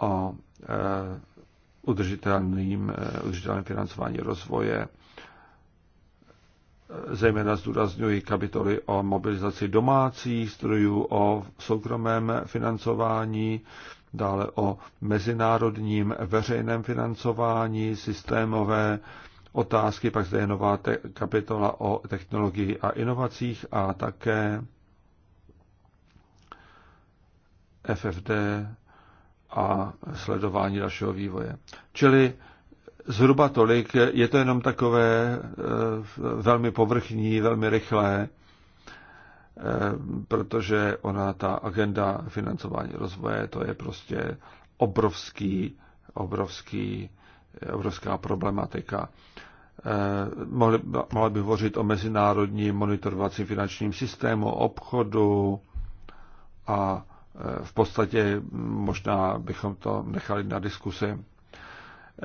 o e, udržitelným, udržitelném financování rozvoje zejména zdůrazňuji kapitoly o mobilizaci domácích strojů, o soukromém financování, dále o mezinárodním veřejném financování, systémové otázky, pak zde je nová kapitola o technologii a inovacích a také FFD a sledování dalšího vývoje. Čili zhruba tolik. Je to jenom takové eh, velmi povrchní, velmi rychlé, eh, protože ona, ta agenda financování rozvoje, to je prostě obrovský, obrovský, obrovská problematika. Eh, mohla bych hovořit o mezinárodním monitorovacím finančním systému, obchodu a v podstatě možná bychom to nechali na diskusi.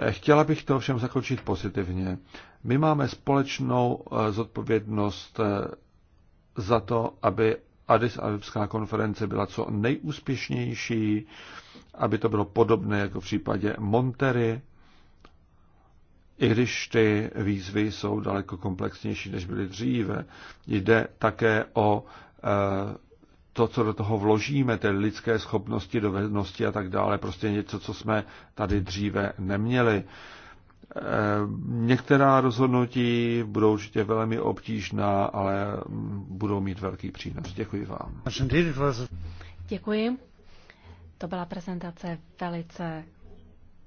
Chtěla bych to všem zakončit pozitivně. My máme společnou eh, zodpovědnost eh, za to, aby Addis Abebská konference byla co nejúspěšnější, aby to bylo podobné jako v případě Montery, i když ty výzvy jsou daleko komplexnější, než byly dříve. Jde také o eh, to, co do toho vložíme, ty lidské schopnosti, dovednosti a tak dále, prostě něco, co jsme tady dříve neměli. E, některá rozhodnutí budou určitě velmi obtížná, ale budou mít velký přínos. Děkuji vám. Děkuji. To byla prezentace velice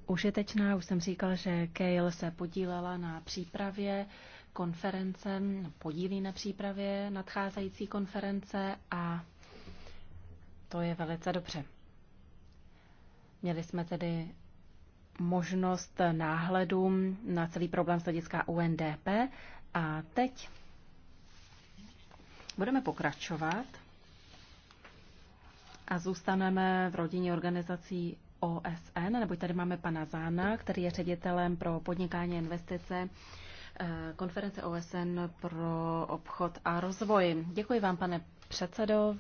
užitečná. Už jsem říkal, že Kale se podílela na přípravě konference, podílí na přípravě nadcházející konference a to je velice dobře. Měli jsme tedy možnost náhledu na celý problém z hlediska UNDP a teď budeme pokračovat a zůstaneme v rodině organizací OSN, neboť tady máme pana Zána, který je ředitelem pro podnikání investice eh, konference OSN pro obchod a rozvoj. Děkuji vám, pane předsedo,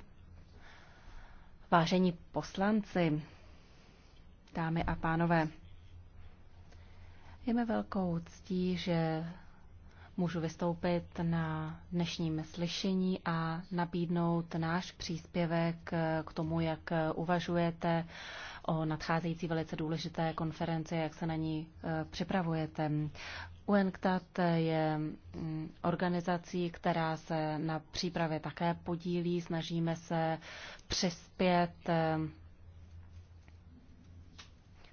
Vážení poslanci, dámy a pánové, je mi velkou ctí, že můžu vystoupit na dnešním slyšení a nabídnout náš příspěvek k tomu, jak uvažujete o nadcházející velice důležité konferenci, jak se na ní eh, připravujete. UNCTAD je mm, organizací, která se na přípravě také podílí. Snažíme se přispět eh,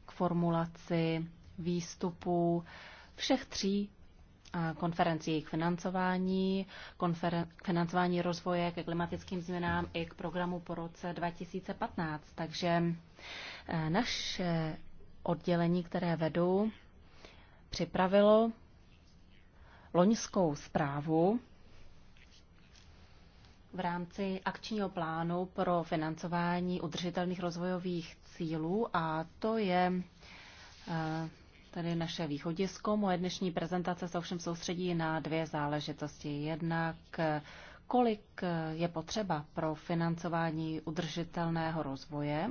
k formulaci výstupů všech tří eh, konferencí k financování, konferen- k financování rozvoje, ke klimatickým změnám i k programu po roce 2015. Takže eh, naše oddělení, které vedu, připravilo loňskou zprávu v rámci akčního plánu pro financování udržitelných rozvojových cílů a to je eh, tady naše východisko. Moje dnešní prezentace se ovšem soustředí na dvě záležitosti. Jednak eh, kolik eh, je potřeba pro financování udržitelného rozvoje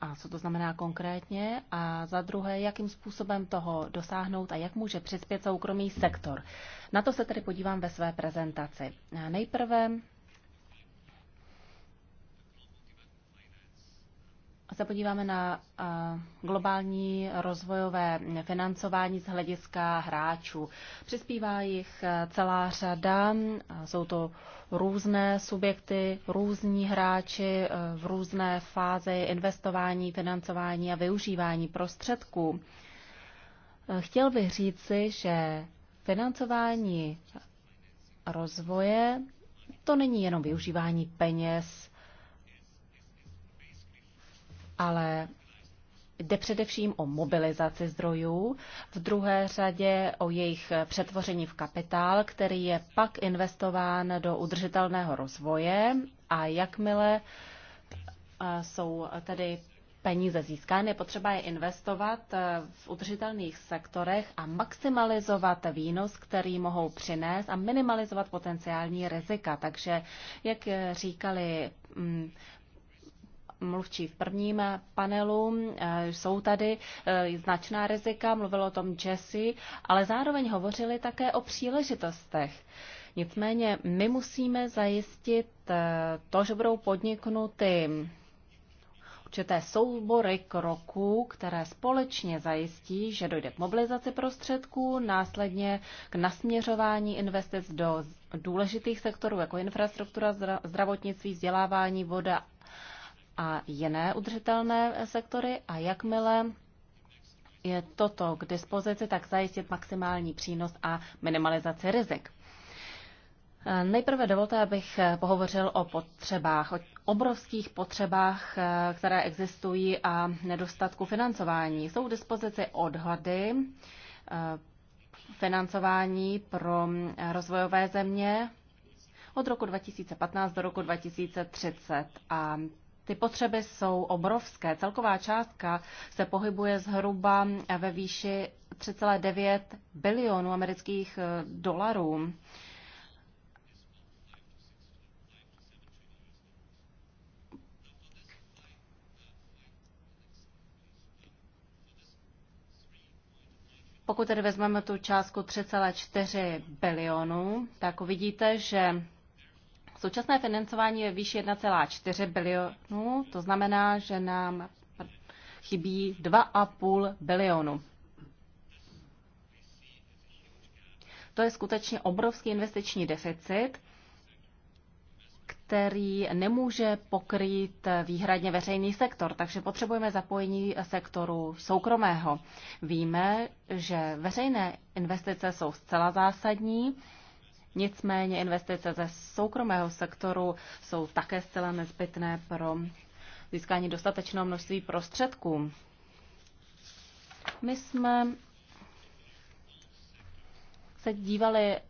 a co to znamená konkrétně a za druhé, jakým způsobem toho dosáhnout a jak může přispět soukromý sektor. Na to se tedy podívám ve své prezentaci. Nejprve se podíváme na globální rozvojové financování z hlediska hráčů. Přispívá jich e, celá řada, jsou to různé subjekty, různí hráči e, v různé fázi investování, financování a využívání prostředků. E, chtěl bych říci, že financování rozvoje to není jenom využívání peněz ale Jde především o mobilizaci zdrojů, v druhé řadě o jejich přetvoření v kapitál, který je pak investován do udržitelného rozvoje a jakmile eh, jsou tedy peníze získány, je potřeba je investovat eh, v udržitelných sektorech a maximalizovat výnos, který mohou přinést a minimalizovat potenciální rizika. Takže, jak eh, říkali mm, mluvčí v prvním panelu. Eh, jsou tady eh, značná rizika, Mluvilo o tom Jesse, ale zároveň hovořili také o příležitostech. Nicméně my musíme zajistit eh, to, že budou podniknuty určité soubory kroků, které společně zajistí, že dojde k mobilizaci prostředků, následně k nasměřování investic do důležitých sektorů, jako infrastruktura, zdravotnictví, vzdělávání, voda a jiné udržitelné eh, sektory a jakmile je toto k dispozici, tak zajistit maximální přínos a minimalizaci rizik. Eh, nejprve dovolte, abych eh, pohovořil o potřebách, o obrovských potřebách, které existují a nedostatku financování. Jsou k dispozici odhady financování pro rozvojové země od roku 2015 do roku 2030 a ty potřeby jsou obrovské. Celková částka se pohybuje zhruba ve výši 3,9 bilionů amerických eh, dolarů. Pokud tedy vezmeme tu částku 3,4 bilionů, tak vidíte, že Současné financování je výši 1,4 bilionu, to znamená, že nám chybí 2,5 bilionu. To je skutečně obrovský investiční deficit, který nemůže pokrýt výhradně veřejný sektor, takže potřebujeme zapojení sektoru soukromého. Víme, že veřejné investice jsou zcela zásadní, Nicméně investice ze soukromého sektoru jsou také zcela nezbytné pro získání dostatečného množství prostředků. My jsme se dívali eh,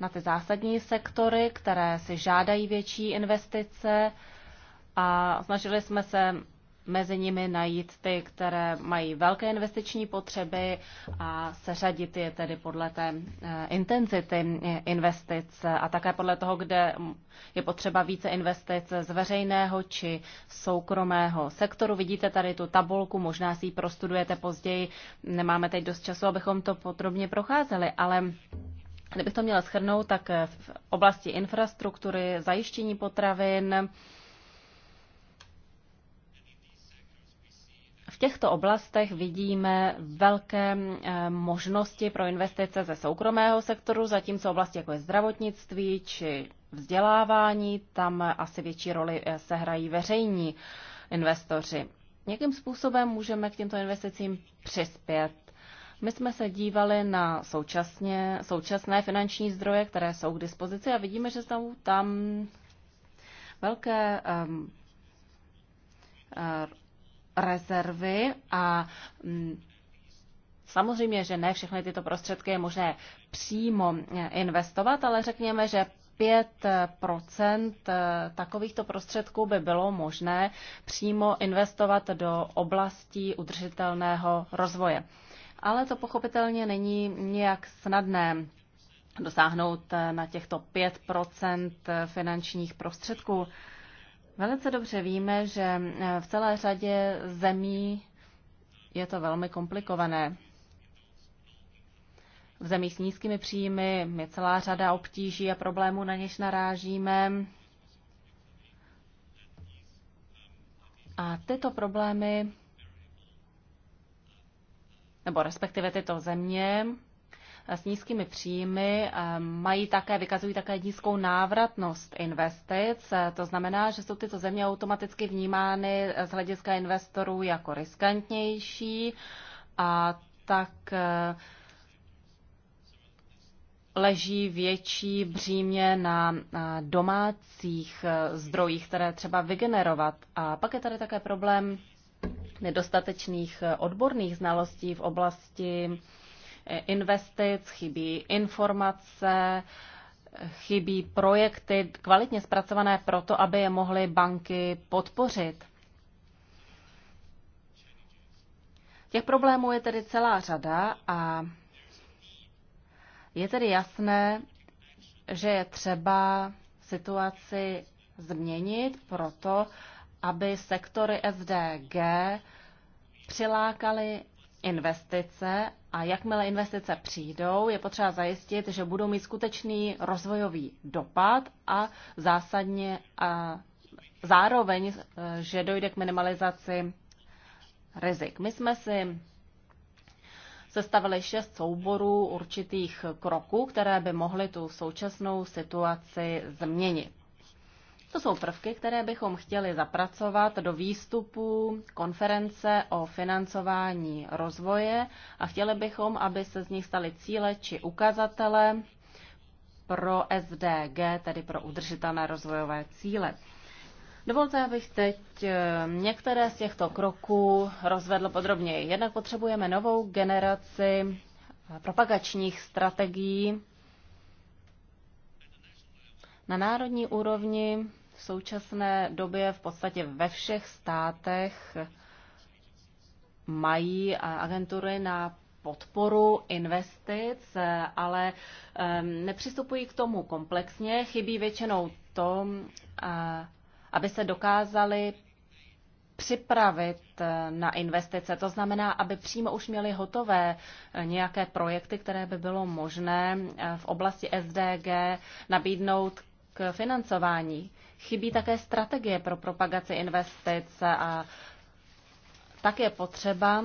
na ty zásadní sektory, které si žádají větší investice a snažili jsme se mezi nimi najít ty, které mají velké investiční potřeby a seřadit je tedy podle té eh, intenzity investic a také podle toho, kde je potřeba více investic z veřejného či soukromého sektoru. Vidíte tady tu tabulku, možná si ji prostudujete později, nemáme teď dost času, abychom to podrobně procházeli, ale kdybych to měla schrnout, tak v oblasti infrastruktury, zajištění potravin, těchto oblastech vidíme velké eh, možnosti pro investice ze soukromého sektoru, zatímco oblasti jako je zdravotnictví či vzdělávání, tam asi větší roli eh, sehrají veřejní investoři. Jakým způsobem můžeme k těmto investicím přispět? My jsme se dívali na současně, současné finanční zdroje, které jsou k dispozici a vidíme, že jsou tam velké um, rezervy a mm, samozřejmě, že ne všechny tyto prostředky je možné přímo eh, investovat, ale řekněme, že 5 eh, eh, takovýchto prostředků by bylo možné přímo investovat do oblastí udržitelného rozvoje. Ale to pochopitelně není nějak snadné dosáhnout na těchto 5 finančních prostředků. Velice dobře víme, že eh, v celé řadě zemí je to velmi komplikované. V zemích s nízkými příjmy je celá řada obtíží a problémů, na něž narážíme. A tyto problémy, nebo respektive tyto země, s nízkými příjmy mají také, vykazují také nízkou návratnost investic. To znamená, že jsou tyto země automaticky vnímány z hlediska investorů jako riskantnější a tak e, leží větší břímě na e, domácích e, zdrojích, které třeba vygenerovat. A pak je tady také problém nedostatečných odborných znalostí v oblasti investic, chybí informace, chybí projekty kvalitně zpracované proto, aby je mohly banky podpořit. Těch problémů je tedy celá řada a je tedy jasné, že je třeba situaci změnit proto, aby sektory SDG přilákaly investice a jakmile investice přijdou, je potřeba zajistit, že budou mít skutečný rozvojový dopad a zásadně a zároveň, eh, že dojde k minimalizaci rizik. My jsme si sestavili šest souborů určitých kroků, které by mohly tu současnou situaci změnit. To jsou prvky, které bychom chtěli zapracovat do výstupu konference o financování rozvoje a chtěli bychom, aby se z nich staly cíle či ukazatele pro SDG, tedy pro udržitelné rozvojové cíle. Dovolte, abych teď eh, některé z těchto kroků rozvedl podrobněji. Jednak potřebujeme novou generaci eh, propagačních strategií na národní úrovni současné době v podstatě ve všech státech mají eh, agentury na podporu investic, eh, ale ehm, nepřistupují k tomu komplexně. Chybí většinou to, eh, aby se dokázali připravit na investice. To znamená, aby přímo už měli hotové nějaké projekty, které by bylo možné v oblasti SDG nabídnout k financování. Chybí také strategie pro propagaci investic a tak je potřeba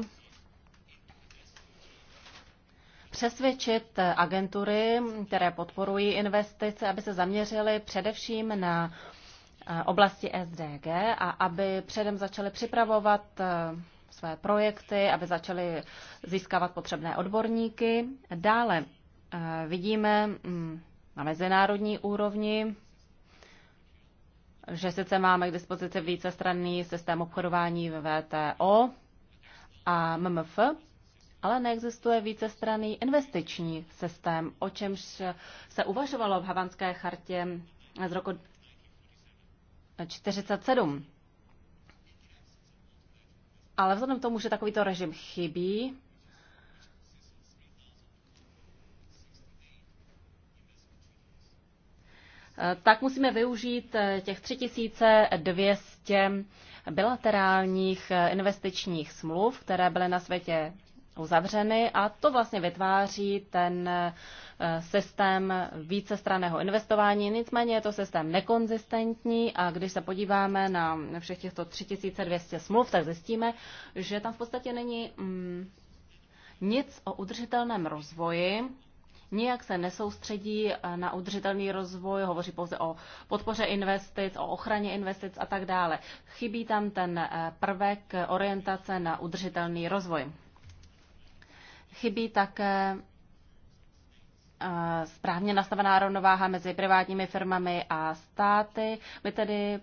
přesvědčit agentury, které podporují investice, aby se zaměřily především na eh, oblasti SDG a aby předem začaly připravovat eh, své projekty, aby začaly získávat potřebné odborníky. Dále eh, vidíme mm, na mezinárodní úrovni že sice máme k dispozici vícestranný systém obchodování ve VTO a MMF, ale neexistuje vícestranný investiční systém, o čemž se uvažovalo v Havanské chartě z roku 1947. Ale vzhledem k tomu, že takovýto režim chybí, tak musíme využít eh, těch 3200 bilaterálních eh, investičních smluv, které byly na světě uzavřeny a to vlastně vytváří ten eh, systém vícestraného investování. Nicméně je to systém nekonzistentní a když se podíváme na všech těchto 3200 smluv, tak zjistíme, že tam v podstatě není mm, nic o udržitelném rozvoji, nijak se nesoustředí eh, na udržitelný rozvoj, hovoří pouze o podpoře investic, o ochraně investic a tak dále. Chybí tam ten eh, prvek orientace na udržitelný rozvoj. Chybí také eh, správně nastavená rovnováha mezi privátními firmami a státy. My tedy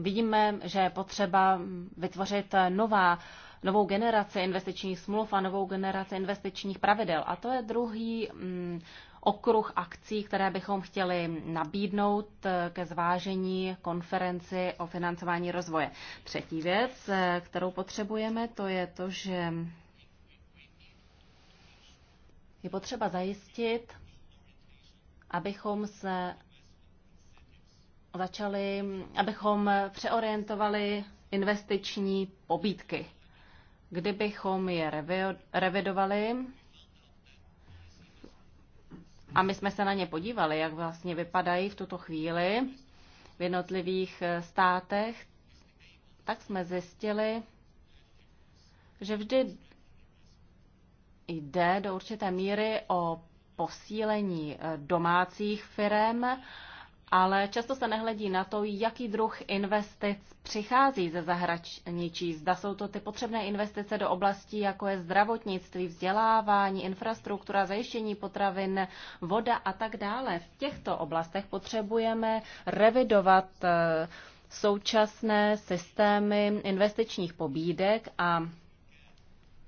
vidíme, že je potřeba vytvořit nová novou generaci investičních smluv a novou generaci investičních pravidel. A to je druhý mm, okruh akcí, které bychom chtěli nabídnout eh, ke zvážení konferenci o financování rozvoje. Třetí věc, eh, kterou potřebujeme, to je to, že je potřeba zajistit, abychom se začali, abychom přeorientovali investiční pobídky kdybychom je revidovali a my jsme se na ně podívali, jak vlastně vypadají v tuto chvíli v jednotlivých eh, státech, tak jsme zjistili, že vždy jde do určité míry o posílení eh, domácích firm, ale často se nehledí na to, jaký druh investic přichází ze zahraničí. Zda jsou to ty potřebné investice do oblastí, jako je zdravotnictví, vzdělávání, infrastruktura, zajištění potravin, voda a tak dále. V těchto oblastech potřebujeme revidovat eh, současné systémy investičních pobídek a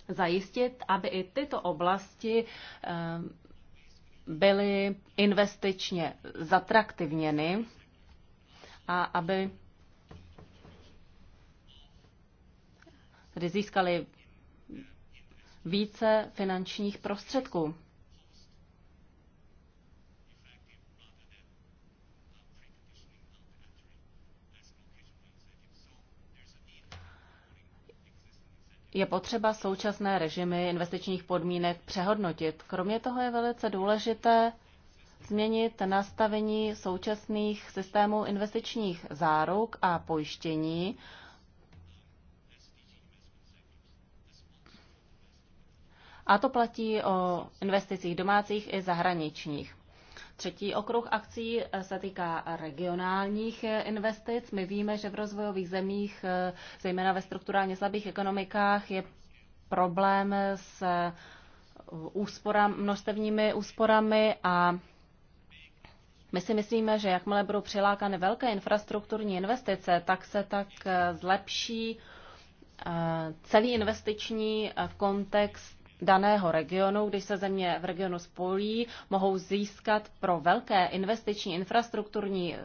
zajistit, aby i tyto oblasti eh, byly investičně zatraktivněny a aby tedy získali více finančních prostředků. je potřeba současné režimy investičních podmínek přehodnotit. Kromě toho je velice důležité změnit nastavení současných systémů investičních záruk a pojištění, A to platí o investicích domácích i zahraničních. Třetí okruh akcí eh, se týká regionálních eh, investic. My víme, že v rozvojových zemích, eh, zejména ve strukturálně slabých ekonomikách, je problém s úsporami, množstevními úsporami a my si myslíme, že jakmile budou přilákány velké infrastrukturní investice, tak se tak zlepší celý investiční kontext daného regionu, když se země v regionu spojí, mohou získat pro velké investiční infrastrukturní eh,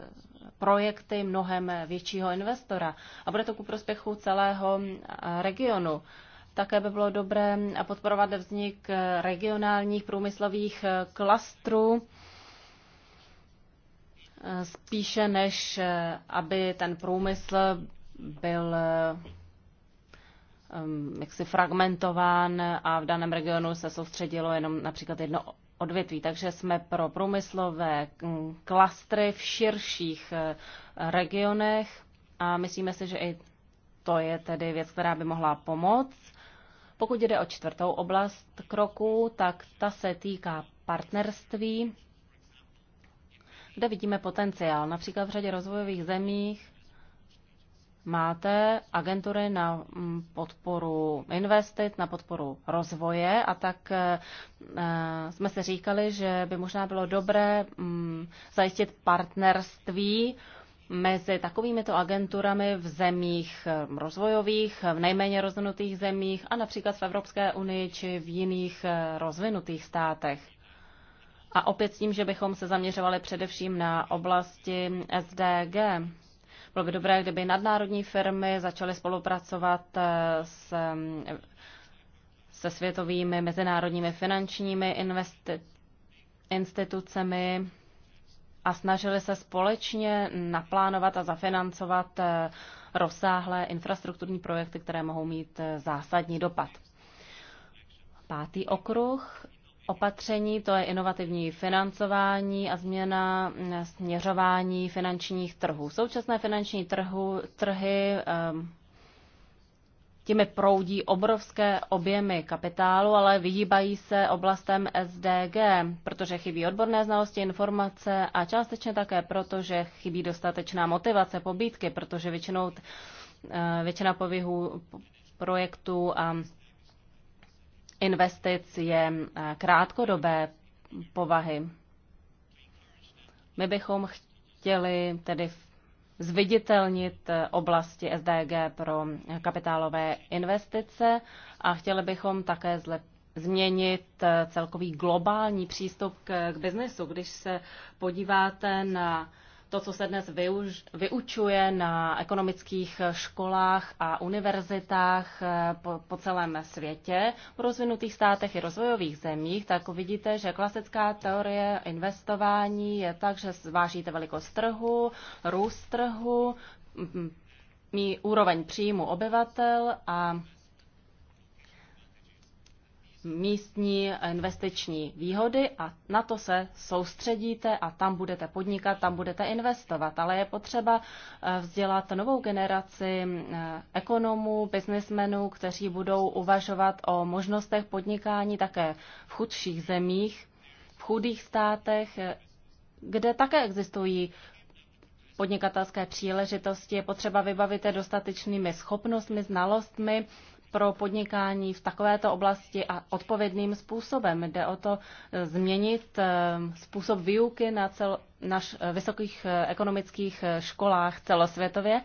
projekty mnohem většího investora a bude to ku prospěchu celého eh, regionu. Také by bylo dobré podporovat vznik eh, regionálních průmyslových klastrů, spíše než aby ten průmysl byl Um, jaksi fragmentován a v daném regionu se soustředilo jenom například jedno odvětví. Takže jsme pro průmyslové mm, klastry v širších eh, regionech a myslíme si, že i to je tedy věc, která by mohla pomoct. Pokud jde o čtvrtou oblast kroku, tak ta se týká partnerství, kde vidíme potenciál. Například v řadě rozvojových zemích máte agentury na mm, podporu investic, na podporu rozvoje a tak eh, eh, jsme se říkali, že by možná bylo dobré mm, zajistit partnerství mezi takovýmito agenturami v zemích eh, rozvojových, v nejméně rozvinutých zemích a například v Evropské unii či v jiných rozvinutých státech. A opět s tím, že bychom se zaměřovali především na oblasti SDG. Bylo by dobré, kdyby nadnárodní firmy začaly spolupracovat eh, s se světovými mezinárodními finančními investi- institucemi a snažili se společně naplánovat a zafinancovat eh, rozsáhlé infrastrukturní projekty, které mohou mít eh, zásadní dopad. Pátý okruh opatření, to je inovativní financování a změna mm, směřování finančních trhů. Současné finanční trhu, trhy ehm, těmi proudí obrovské objemy kapitálu, ale vyhýbají se oblastem SDG, protože chybí odborné znalosti, informace a částečně také proto, že chybí dostatečná motivace, pobídky, protože většinou eh, většina pověhů projektů a investic je eh, krátkodobé povahy. My bychom chtěli tedy zviditelnit eh, oblasti SDG pro kapitálové investice a chtěli bychom také zlep změnit eh, celkový globální přístup k, k biznesu. Když se podíváte na to, co se dnes využ, vyučuje na ekonomických školách a univerzitách eh, po, po celém světě, v rozvinutých státech i rozvojových zemích, tak vidíte, že klasická teorie investování je tak, že zvážíte velikost trhu, růst trhu, mý úroveň příjmu obyvatel a místní investiční výhody a na to se soustředíte a tam budete podnikat, tam budete investovat. Ale je potřeba eh, vzdělat novou generaci eh, ekonomů, biznismenů, kteří budou uvažovat o možnostech podnikání také v chudších zemích, v chudých státech, eh, kde také existují podnikatelské příležitosti. Je potřeba vybavit je dostatečnými schopnostmi, znalostmi pro podnikání v takovéto oblasti a odpovědným způsobem. Jde o to eh, změnit eh, způsob výuky na, cel, na eh, vysokých ekonomických školách celosvětově.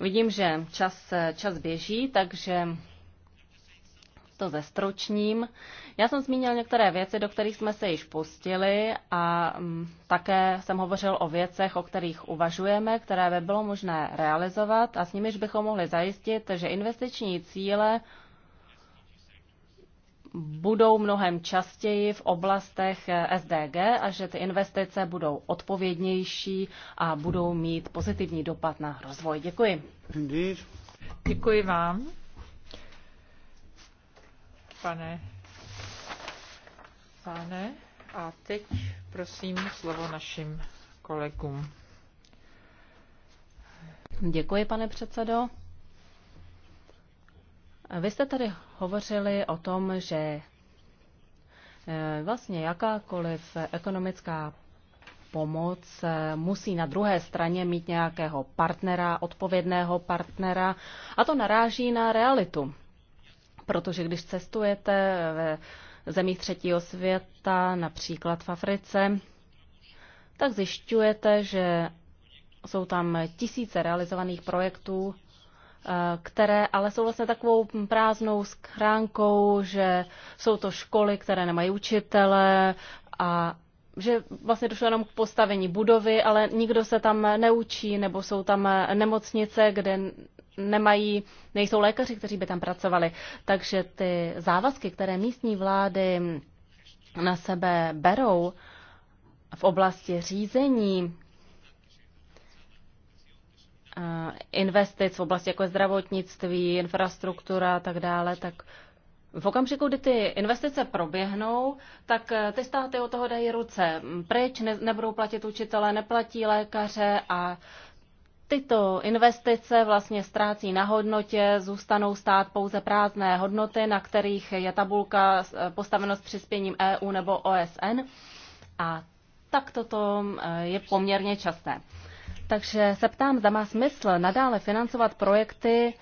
Vidím, že čas, čas běží, takže to zestručním. Já jsem zmínil některé věci, do kterých jsme se již pustili a mm, také jsem hovořil o věcech, o kterých uvažujeme, které by bylo možné realizovat a s nimiž bychom mohli zajistit, že investiční cíle budou mnohem častěji v oblastech eh, SDG a že ty investice budou odpovědnější a budou mít pozitivní dopad na rozvoj. Děkuji. Děkuji vám pane pane, A teď prosím slovo našim kolegům. Děkuji, pane předsedo. Vy jste tady hovořili o tom, že eh, vlastně jakákoliv ekonomická pomoc eh, musí na druhé straně mít nějakého partnera, odpovědného partnera, a to naráží na realitu protože když cestujete ve zemích třetího světa, například v Africe, tak zjišťujete, že jsou tam tisíce realizovaných projektů, eh, které ale jsou vlastně takovou prázdnou schránkou, že jsou to školy, které nemají učitele a že vlastně došlo jenom k postavení budovy, ale nikdo se tam neučí, nebo jsou tam nemocnice, kde nemají, nejsou lékaři, kteří by tam pracovali. Takže ty závazky, které místní vlády na sebe berou v oblasti řízení investic v oblasti jako zdravotnictví, infrastruktura a tak dále, tak v okamžiku, kdy ty investice proběhnou, tak e, ty státy od toho dají ruce pryč, ne, nebudou platit učitele, neplatí lékaře a tyto investice vlastně ztrácí na hodnotě, zůstanou stát pouze prázdné hodnoty, na kterých je tabulka eh, postavena s přispěním EU nebo OSN. A tak toto eh, je poměrně časté. Takže se ptám, zda má smysl nadále financovat projekty,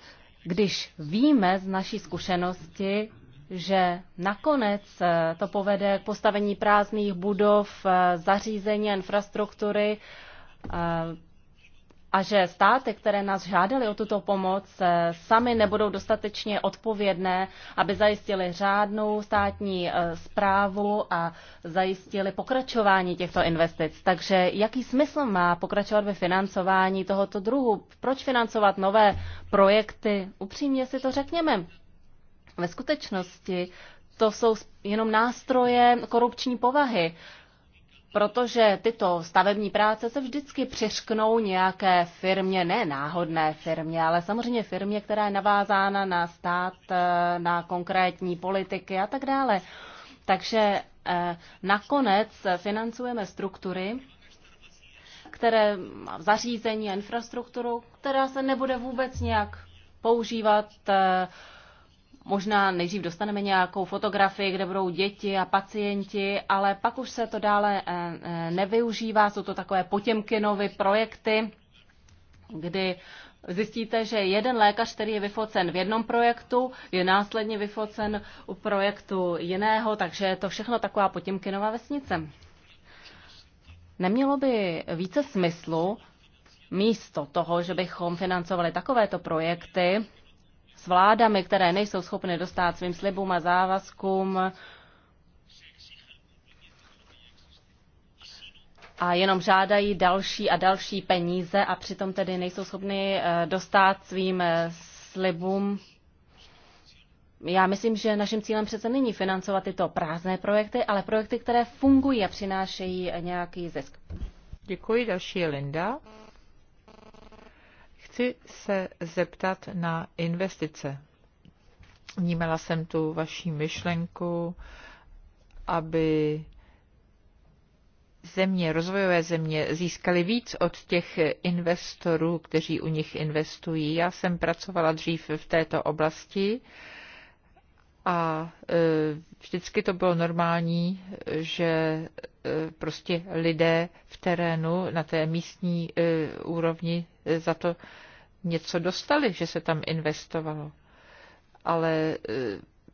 když víme z naší zkušenosti, že nakonec eh, to povede k postavení prázdných budov, zařízení infrastruktury, a že státy, které nás žádaly o tuto pomoc, eh, sami nebudou dostatečně odpovědné, aby zajistili řádnou státní zprávu eh, a zajistili pokračování těchto investic. Takže jaký smysl má pokračovat ve financování tohoto druhu? Proč financovat nové projekty? Upřímně si to řekněme. Ve skutečnosti to jsou jenom nástroje korupční povahy protože tyto stavební práce se vždycky přišknou nějaké firmě, ne náhodné firmě, ale samozřejmě firmě, která je navázána na stát, eh, na konkrétní politiky a tak dále. Takže eh, nakonec financujeme struktury, které zařízení a infrastrukturu, která se nebude vůbec nějak používat eh, Možná nejdřív dostaneme nějakou fotografii, kde budou děti a pacienti, ale pak už se to dále eh, eh, nevyužívá. Jsou to takové potěmkinovy projekty, kdy zjistíte, že jeden lékař, který je vyfocen v jednom projektu, je následně vyfocen u projektu jiného, takže je to všechno taková potěmkinová vesnice. Nemělo by více smyslu místo toho, že bychom financovali takovéto projekty, vládami, které nejsou schopny dostat svým slibům a závazkům a jenom žádají další a další peníze a přitom tedy nejsou schopny eh, dostat svým eh, slibům. Já myslím, že naším cílem přece není financovat tyto prázdné projekty, ale projekty, které fungují a přinášejí nějaký zisk. Děkuji, další je Linda. Chci se zeptat na investice. Vnímala jsem tu vaši myšlenku, aby země, rozvojové země získaly víc od těch investorů, kteří u nich investují. Já jsem pracovala dřív v této oblasti a e, vždycky to bylo normální, že e, prostě lidé v terénu na té místní e, úrovni za to něco dostali, že se tam investovalo. Ale e,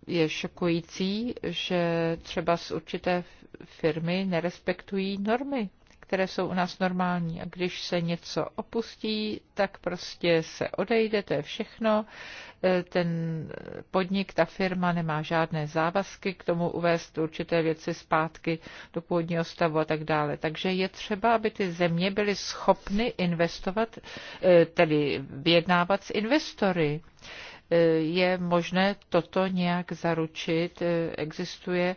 je šokující, že třeba z určité firmy nerespektují normy které jsou u nás normální. A když se něco opustí, tak prostě se odejde, to je všechno. E, ten podnik, ta firma nemá žádné závazky k tomu uvést určité věci zpátky do původního stavu a tak dále. Takže je třeba, aby ty země byly schopny investovat, e, tedy vyjednávat s investory e, je možné toto nějak zaručit? Existuje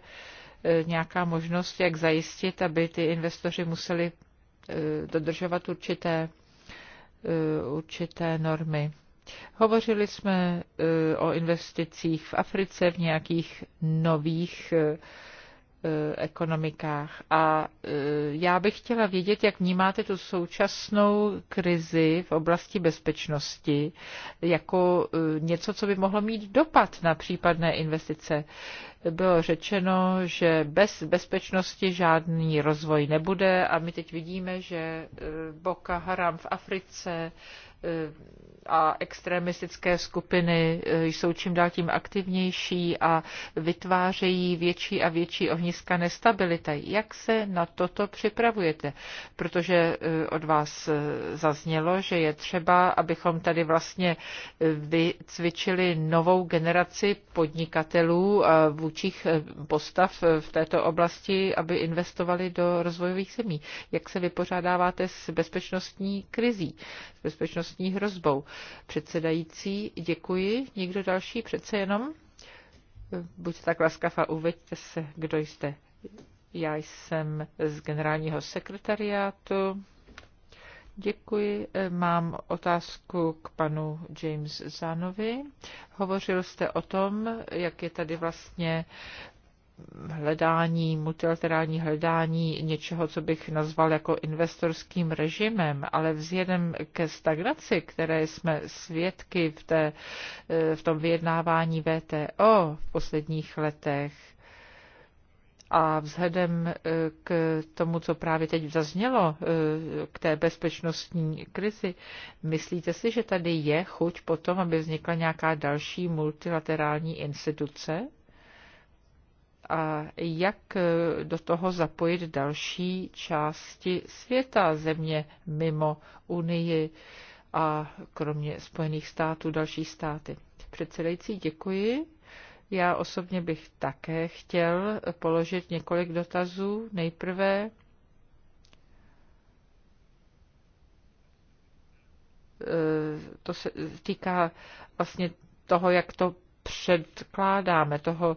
E, nějaká možnost, jak zajistit, aby ty investoři museli e, dodržovat určité, e, určité normy. Hovořili jsme o investicích v Africe, v nějakých nových Eh, ekonomikách. A eh, já bych chtěla vědět, jak vnímáte tu současnou krizi v oblasti bezpečnosti jako eh, něco, co by mohlo mít dopad na případné investice. Bylo řečeno, že bez bezpečnosti žádný rozvoj nebude a my teď vidíme, že Boka Haram v Africe, a extremistické skupiny eh, jsou čím dál tím aktivnější a vytvářejí větší a větší ohniska nestability. Jak se na toto připravujete? Protože eh, od vás eh, zaznělo, že je třeba, abychom tady vlastně vycvičili novou generaci podnikatelů a vůčích postav v této oblasti, aby investovali do rozvojových zemí. Jak se vypořádáváte s bezpečnostní krizí, s bezpečnostní bezpečnostní hrozbou. Předsedající, děkuji. Někdo další? Přece jenom? Buďte tak laskav a uveďte se, kdo jste. Já jsem z generálního sekretariátu. Děkuji. Mám otázku k panu James Zanovi. Hovořil jste o tom, jak je tady vlastně hledání, multilaterální hledání něčeho, co bych nazval jako investorským režimem, ale vzhledem ke stagnaci, které jsme svědky v, té, v tom vyjednávání VTO v posledních letech, a vzhledem eh, k tomu, co právě teď zaznělo, eh, k té bezpečnostní krizi, myslíte si, že tady je chuť potom, aby vznikla nějaká další multilaterální instituce? a jak eh, do toho zapojit další části světa, země mimo Unii a kromě Spojených států další státy. Předsedající, děkuji. Já osobně bych také chtěl položit několik dotazů. Nejprve eh, to se týká vlastně toho, jak to předkládáme, toho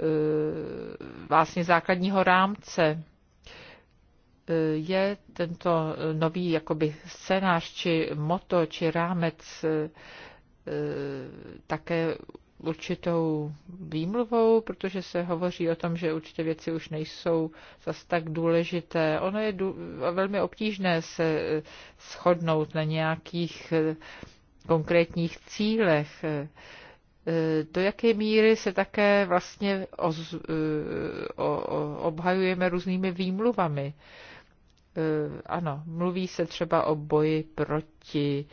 Eh, vlastně základního rámce eh, je tento nový jakoby scénář, či moto, či rámec eh, také určitou výmluvou, protože se hovoří o tom, že určité věci už nejsou zas tak důležité. Ono je dů, velmi obtížné se shodnout na nějakých konkrétních cílech. E, do jaké míry se také vlastně oz, e, o, o, obhajujeme různými výmluvami. E, ano, mluví se třeba o boji proti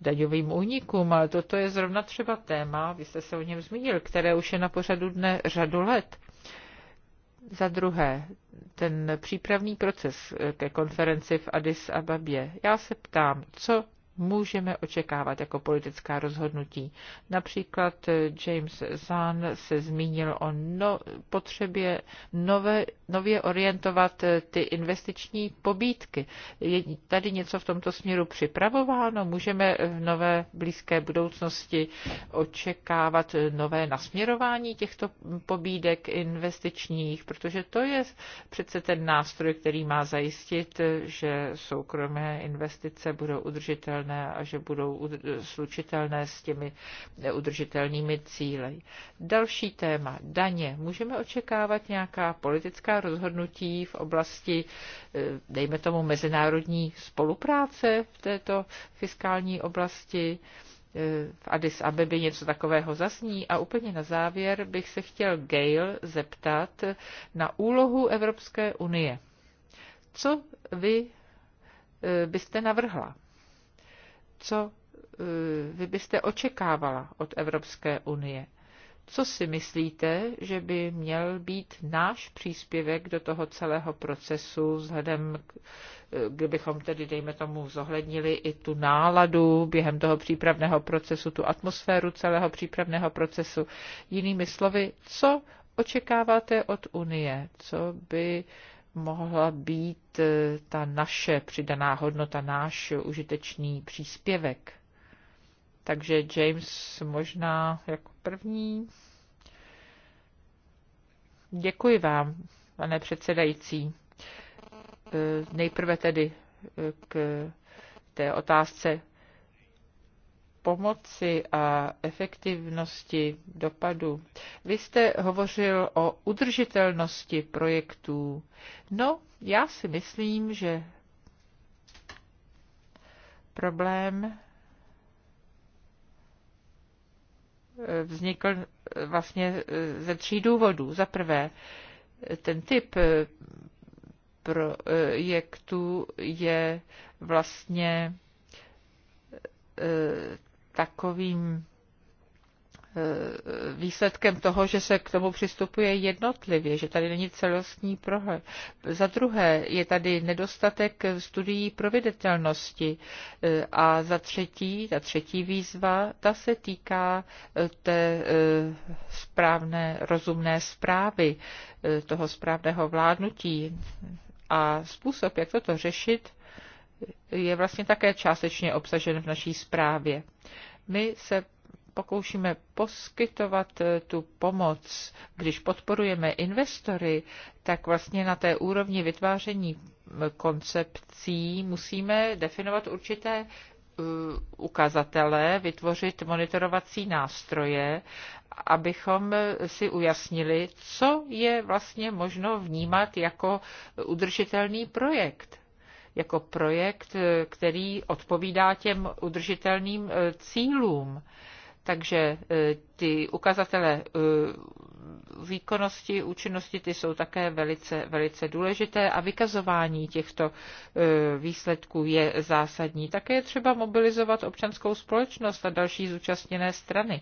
daňovým únikům, ale toto je zrovna třeba téma, vy jste se o něm zmínil, které už je na pořadu dne řadu let. Za druhé, ten přípravný proces ke konferenci v Addis Ababě. Já se ptám, co můžeme očekávat jako politická rozhodnutí. Například eh, James Zahn se zmínil o no, potřebě nové, nově orientovat eh, ty investiční pobídky. Je tady něco v tomto směru připravováno? Můžeme v nové blízké budoucnosti očekávat eh, nové nasměrování těchto pobídek investičních, protože to je přece ten nástroj, který má zajistit, že soukromé investice budou udržitelné udržitelné a že budou slučitelné s těmi udržitelnými cíly. Další téma, daně. Můžeme očekávat nějaká politická rozhodnutí v oblasti, eh, dejme tomu, mezinárodní spolupráce v této fiskální oblasti? Eh, v Addis Abeby něco takového zasní. A úplně na závěr bych se chtěl Gail zeptat na úlohu Evropské unie. Co vy eh, byste navrhla co eh, vy byste očekávala od Evropské unie? Co si myslíte, že by měl být náš příspěvek do toho celého procesu, vzhledem, eh, kdybychom tedy, dejme tomu, zohlednili i tu náladu během toho přípravného procesu, tu atmosféru celého přípravného procesu? Jinými slovy, co očekáváte od Unie? Co by mohla být e, ta naše přidaná hodnota, náš užitečný příspěvek. Takže James možná jako první. Děkuji vám, pane předsedající. E, nejprve tedy e, k té otázce pomoci a efektivnosti dopadu. Vy jste hovořil o udržitelnosti projektů. No, já si myslím, že problém vznikl vlastně ze tří důvodů. Za prvé, ten typ projektu je vlastně eh, takovým eh, výsledkem toho, že se k tomu přistupuje jednotlivě, že tady není celostní prohled. Za druhé, je tady nedostatek studií proveditelnosti. Eh, a za třetí, ta třetí výzva, ta se týká eh, té správné, rozumné zprávy, toho správného vládnutí. A způsob, jak toto řešit, je vlastně také částečně obsažen v naší zprávě. My se pokoušíme poskytovat eh, tu pomoc, když podporujeme investory, tak vlastně na té úrovni vytváření koncepcí musíme definovat určité eh, ukazatele, vytvořit monitorovací nástroje, abychom eh, si ujasnili, co je vlastně možno vnímat jako udržitelný projekt jako projekt, který odpovídá těm udržitelným eh, cílům. Takže eh, ty ukazatele eh, výkonnosti, účinnosti, ty jsou také velice, velice důležité a vykazování těchto výsledků je zásadní. Také je třeba mobilizovat občanskou společnost a další zúčastněné strany.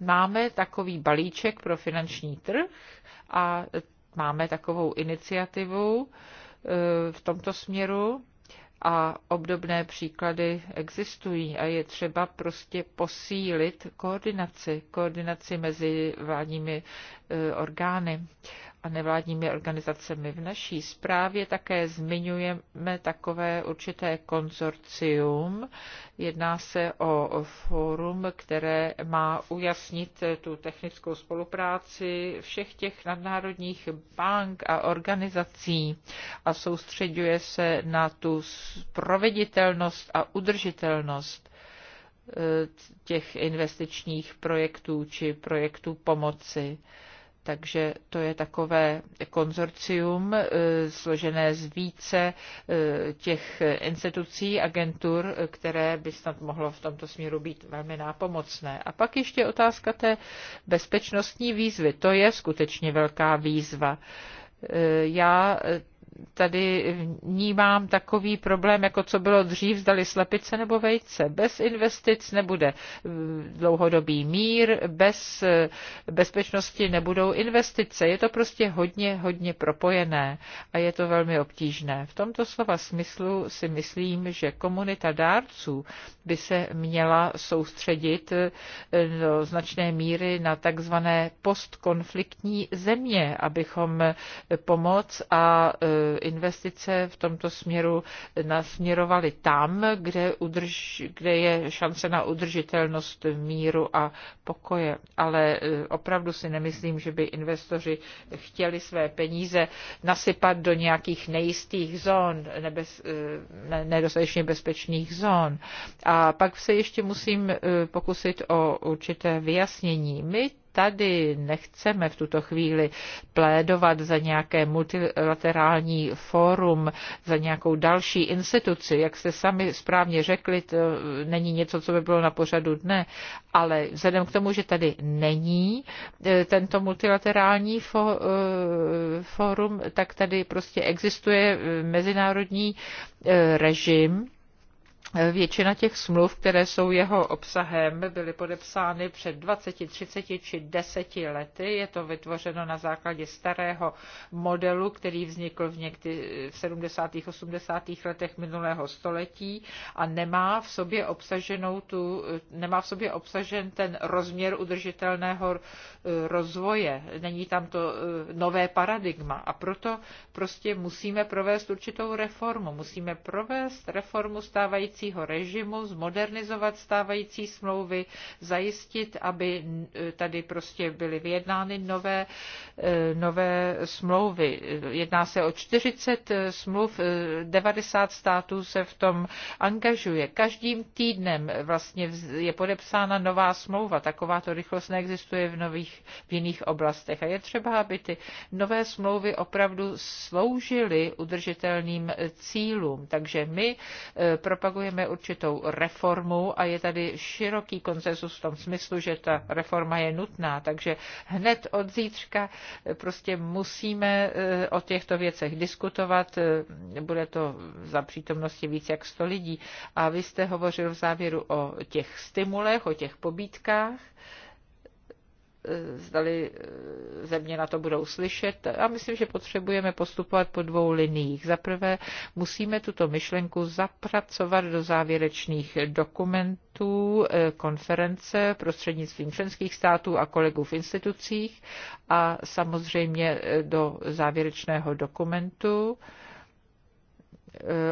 Máme takový balíček pro finanční trh a máme takovou iniciativu, Eh, v tomto směru a obdobné příklady existují a je třeba prostě posílit koordinaci, koordinaci mezi vládními eh, orgány a nevládními organizacemi. V naší zprávě také zmiňujeme takové určité konzorcium. Jedná se o fórum, které má ujasnit tu technickou spolupráci všech těch nadnárodních bank a organizací a soustředuje se na tu proveditelnost a udržitelnost eh, těch investičních projektů či projektů pomoci. Takže to je takové konzorcium eh, složené z více eh, těch institucí, agentur, které by snad mohlo v tomto směru být velmi nápomocné. A pak ještě otázka té bezpečnostní výzvy. To je skutečně velká výzva. Eh, já tady vnímám takový problém, jako co bylo dřív, zdali slepice nebo vejce. Bez investic nebude eh, dlouhodobý mír, bez eh, bezpečnosti nebudou investice. Je to prostě hodně, hodně propojené a je to velmi obtížné. V tomto slova smyslu si myslím, že komunita dárců by se měla soustředit eh, do značné míry na takzvané postkonfliktní země, abychom pomoc a investice v tomto směru nasměrovaly tam, kde, udrž, kde je šance na udržitelnost míru a pokoje. Ale e, opravdu si nemyslím, že by investoři chtěli své peníze nasypat do nějakých nejistých zón, nebez, e, ne, nedostatečně bezpečných zón. A pak se ještě musím e, pokusit o určité vyjasnění. My tady nechceme v tuto chvíli plédovat za nějaké multilaterální fórum, za nějakou další instituci. Jak jste sami správně řekli, to není něco, co by bylo na pořadu dne, ale vzhledem k tomu, že tady není e, tento multilaterální e, fórum, tak tady prostě existuje e, mezinárodní režim, Většina těch smluv, které jsou jeho obsahem, byly podepsány před 20, 30 či 10 lety. Je to vytvořeno na základě starého modelu, který vznikl v, někdy, v 70. 80. letech minulého století a nemá v sobě obsaženou tu, nemá v sobě obsažen ten rozměr udržitelného eh, rozvoje. Není tam to eh, nové paradigma a proto prostě musíme provést určitou reformu. Musíme provést reformu stávající stávajícího režimu, zmodernizovat stávající smlouvy, zajistit, aby eh, tady prostě byly vyjednány nové, eh, nové smlouvy. Jedná se o 40 eh, smluv, 90 států se v tom angažuje. Každým týdnem vlastně je podepsána nová smlouva. Takováto rychlost neexistuje v, nových, v jiných oblastech. A je třeba, aby ty nové smlouvy opravdu sloužily udržitelným cílům. Takže my propagujeme potřebujeme určitou reformu a je tady široký konsenzus v tom smyslu, že ta reforma je nutná, takže hned od zítřka prostě musíme eh, o těchto věcech diskutovat, eh, bude to za přítomnosti víc jak 100 lidí a vy jste hovořil v závěru o těch stimulech, o těch pobítkách, Eh, zdali eh, země na to budou slyšet. A myslím, že potřebujeme postupovat po dvou liniích. Za prvé musíme tuto myšlenku zapracovat do závěrečných dokumentů eh, konference prostřednictvím členských států a kolegů v institucích a samozřejmě do závěrečného dokumentu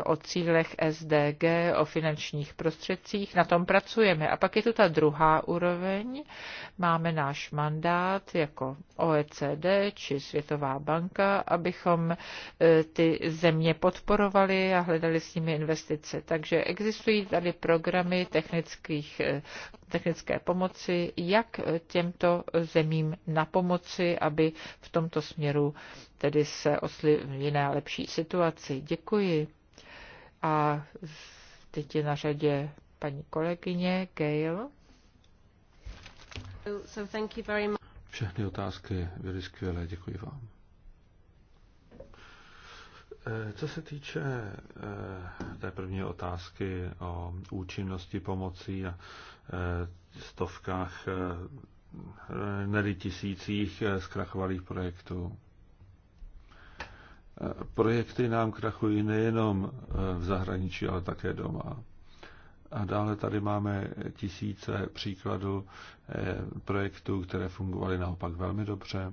o cílech SDG, o finančních prostředcích. Na tom pracujeme. A pak je tu ta druhá úroveň. Máme náš mandát jako OECD či Světová banka, abychom e, ty země podporovali a hledali s nimi investice. Takže existují tady programy technických, e, technické pomoci, jak těmto zemím na pomoci, aby v tomto směru tedy se osli v jiné lepší situaci. Děkuji. A teď je na řadě paní kolegyně Gail. So thank you very much. Všechny otázky byly skvělé, děkuji vám. Eh, co se týče eh, té první otázky o účinnosti pomocí a eh, stovkách, ne tisících zkrachovalých projektů, projekty nám krachují nejenom eh, v zahraničí, ale také doma. A dále tady máme tisíce příkladů eh, projektů, které fungovaly naopak velmi dobře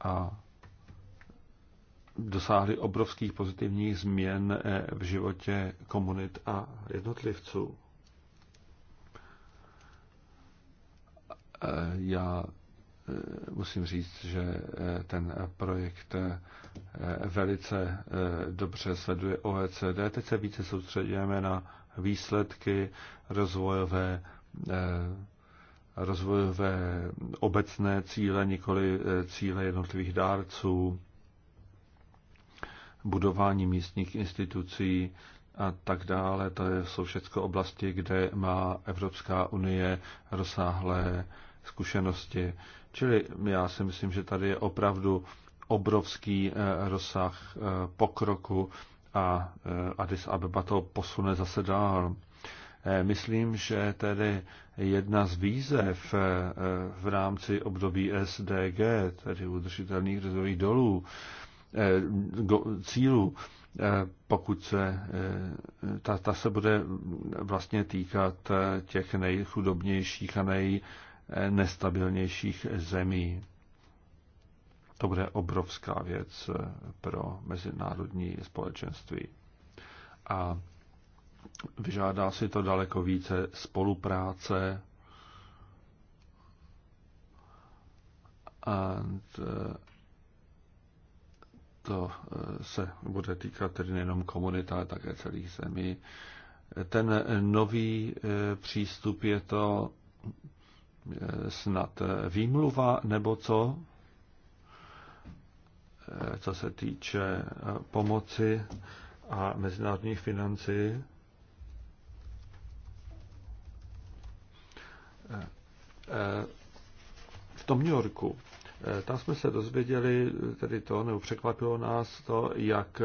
a dosáhly obrovských pozitivních změn eh, v životě komunit a jednotlivců. Já musím říct, že eh, ten projekt eh, velice eh, dobře sleduje OECD. Teď se více soustředíme na výsledky rozvojové rozvojové obecné cíle, nikoli cíle jednotlivých dárců, budování místních institucí a tak dále. To jsou všechno oblasti, kde má Evropská unie rozsáhlé zkušenosti. Čili já si myslím, že tady je opravdu obrovský eh, rozsah eh, pokroku a eh, Addis Abeba to posune zase dál. Myslím, že tedy jedna z výzev v rámci období SDG, tedy udržitelných rozvojových dolů, cílů, pokud se, ta, ta se bude vlastně týkat těch nejchudobnějších a nej, nestabilnějších zemí. To bude obrovská věc eh, pro mezinárodní společenství. A vyžádá si to daleko více spolupráce a to eh, se bude týkat tedy nejenom komunita, ale také celých zemí. Ten nový eh, přístup je to Eh, snad eh, výmluva nebo co, eh, co se týče pomoci a mezinárodních financí. V tom New Yorku tam jsme se dozvěděli, tedy to, nebo překvapilo nás to, jak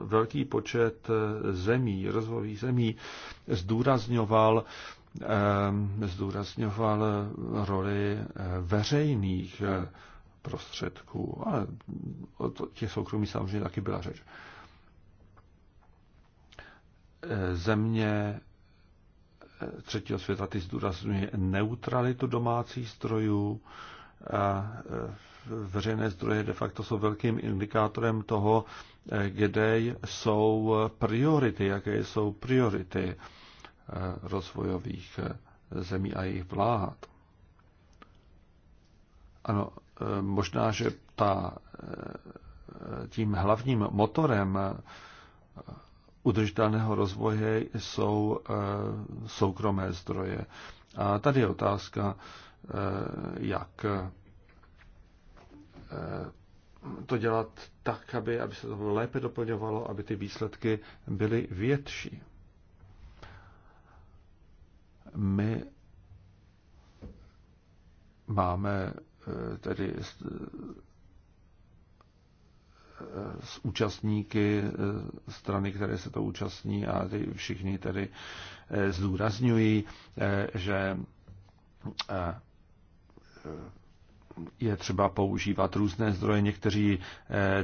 velký počet zemí, rozvojových zemí, zdůrazňoval Ehm, zdůrazňoval roli eh, veřejných eh, prostředků, ale o těch soukromí samozřejmě taky byla řeč. Eh, země třetího světa ty zdůrazňuje neutralitu domácích strojů. A veřejné zdroje de facto jsou velkým indikátorem toho, kde jsou priority, jaké jsou priority Eh, rozvojových eh, zemí a jejich vlád. Ano, eh, možná, že ta, tím hlavním motorem udržitelného rozvoje jsou soukromé zdroje. A tady je otázka, jak to dělat tak, aby, aby se to lépe doplňovalo, aby ty výsledky byly větší. My máme eh, tedy s eh, účastníky eh, strany, které se to účastní a ty všichni tedy zdůrazňují, že je třeba používat různé zdroje. Někteří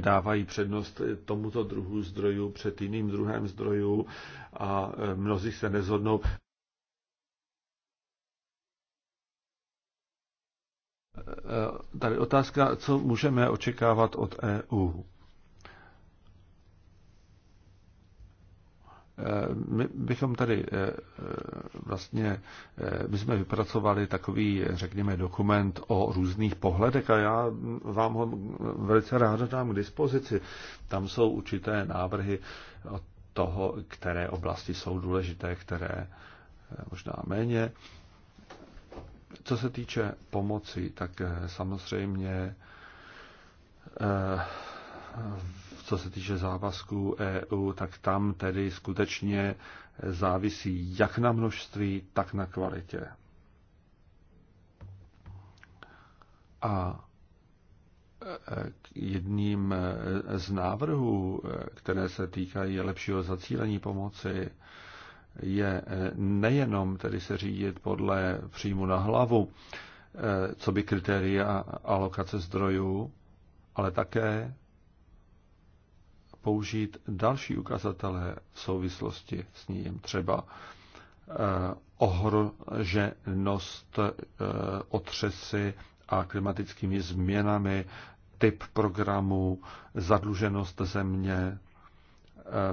dávají přednost tomuto druhu zdrojů před jiným druhem zdrojů a mnozí se nezhodnou. Eh, tady otázka, co můžeme očekávat od EU. Eh, my bychom tady eh, vlastně, my jsme vypracovali takový, řekněme, dokument o různých pohledech a já vám ho velice rád dám k dispozici. Tam jsou určité návrhy toho, které oblasti jsou důležité, které možná méně. Co se týče pomoci, tak eh, samozřejmě eh, co se týče závazků EU, tak tam tedy skutečně závisí jak na množství, tak na kvalitě. A eh, jedním z návrhů, které se týkají lepšího zacílení pomoci, je eh, nejenom tedy se řídit podle příjmu na hlavu, eh, co by kritéria alokace zdrojů, ale také použít další ukazatele v souvislosti s ním, třeba eh, ohroženost otřesy a klimatickými změnami, typ programu, zadluženost země,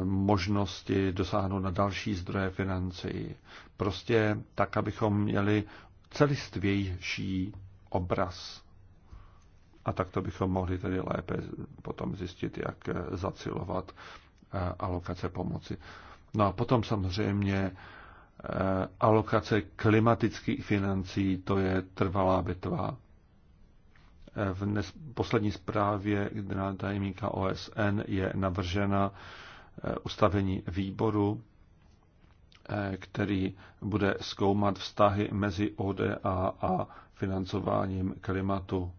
možnosti dosáhnout na další zdroje financí. Prostě tak, abychom měli celistvější obraz. A tak to bychom mohli tedy lépe potom zjistit, jak eh, zacilovat eh, alokace pomoci. No a potom samozřejmě eh, alokace klimatických financí, to je trvalá bitva. V poslední zprávě generální tajemníka OSN je navržena Eh, ustavení výboru, eh, který bude zkoumat vztahy mezi ODA a financováním klimatu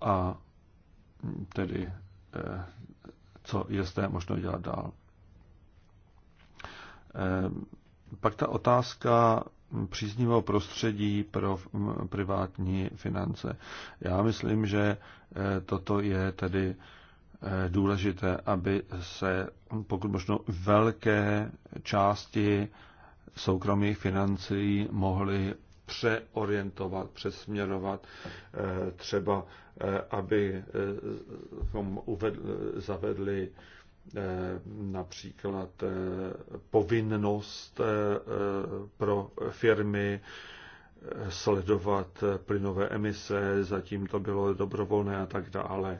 a tedy eh, co je zde možno dělat dál. Pak ta otázka příznivého prostředí pro mm, privátní finance. Já myslím, že toto je tedy důležité, aby se pokud možno velké části soukromých financí mohly přeorientovat, přesměrovat, eh, třeba eh, aby eh, zavedli například povinnost pro firmy sledovat plynové emise, zatím to bylo dobrovolné a tak dále.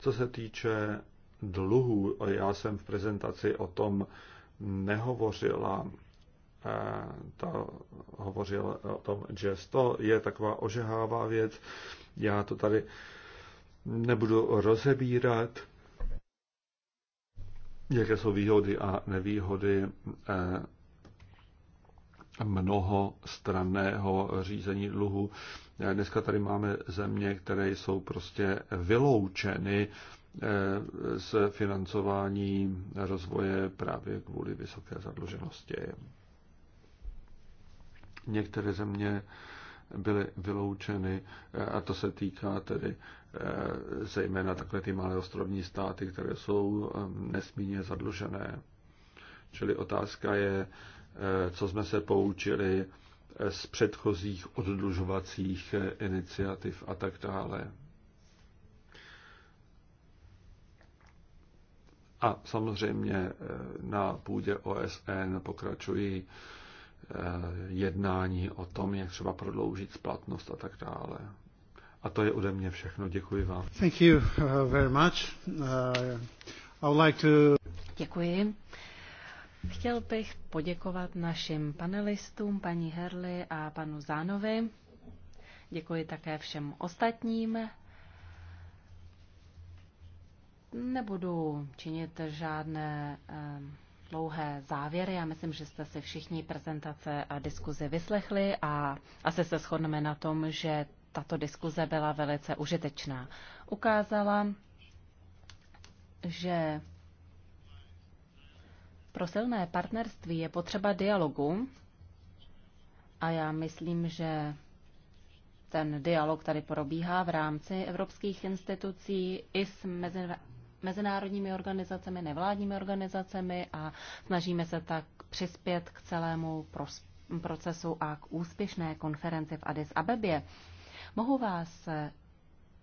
Co se týče dluhů, já jsem v prezentaci o tom nehovořila, eh, ta hovořil o tom že To je taková ožehává věc, já to tady nebudu rozebírat, jaké jsou výhody a nevýhody eh, mnoho straného řízení dluhu. Dneska tady máme země, které jsou prostě vyloučeny eh, z financování rozvoje právě kvůli vysoké zadluženosti. Některé země byly vyloučeny eh, a to se týká tedy eh, zejména takhle ty malé ostrovní státy, které jsou nesmírně zadlužené. Čili otázka je, Eh, co jsme se poučili eh, z předchozích oddlužovacích eh, iniciativ a tak dále. A samozřejmě na půdě OSN pokračují jednání o tom, jak třeba prodloužit splatnost a tak dále. A to je ode mě všechno. Děkuji vám. Thank you uh, very much. Uh, I would like to... Děkuji. Chtěl bych poděkovat našim panelistům, paní Herli a panu Zánovi. Děkuji také všem ostatním. Nebudu činit žádné eh, dlouhé závěry. Já myslím, že jste si všichni prezentace a diskuzi vyslechli a asi se shodneme na tom, že tato diskuze byla velice užitečná. Ukázala, že pro silné partnerství je potřeba dialogu a já myslím, že ten dialog tady probíhá v rámci evropských institucí i s mezinárodními organizacemi, nevládními organizacemi a snažíme se tak přispět k celému procesu a k úspěšné konferenci v Addis Abebě. Mohu vás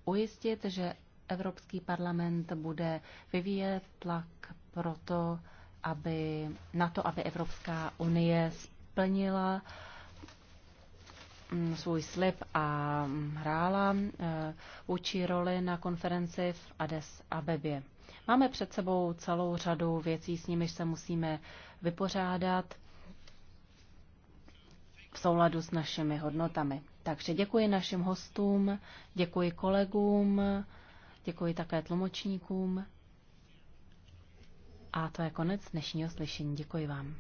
ujistit, že Evropský parlament bude vyvíjet tlak proto, to, aby, na to, aby Evropská unie splnila mm, svůj slib a mm, hrála e, vůči roli na konferenci v a Abebě. Máme před sebou celou řadu věcí, s nimiž se musíme vypořádat v souladu s našimi hodnotami. Takže děkuji našim hostům, děkuji kolegům, děkuji také tlumočníkům. A to je konec dnešního slyšení. Děkuji vám.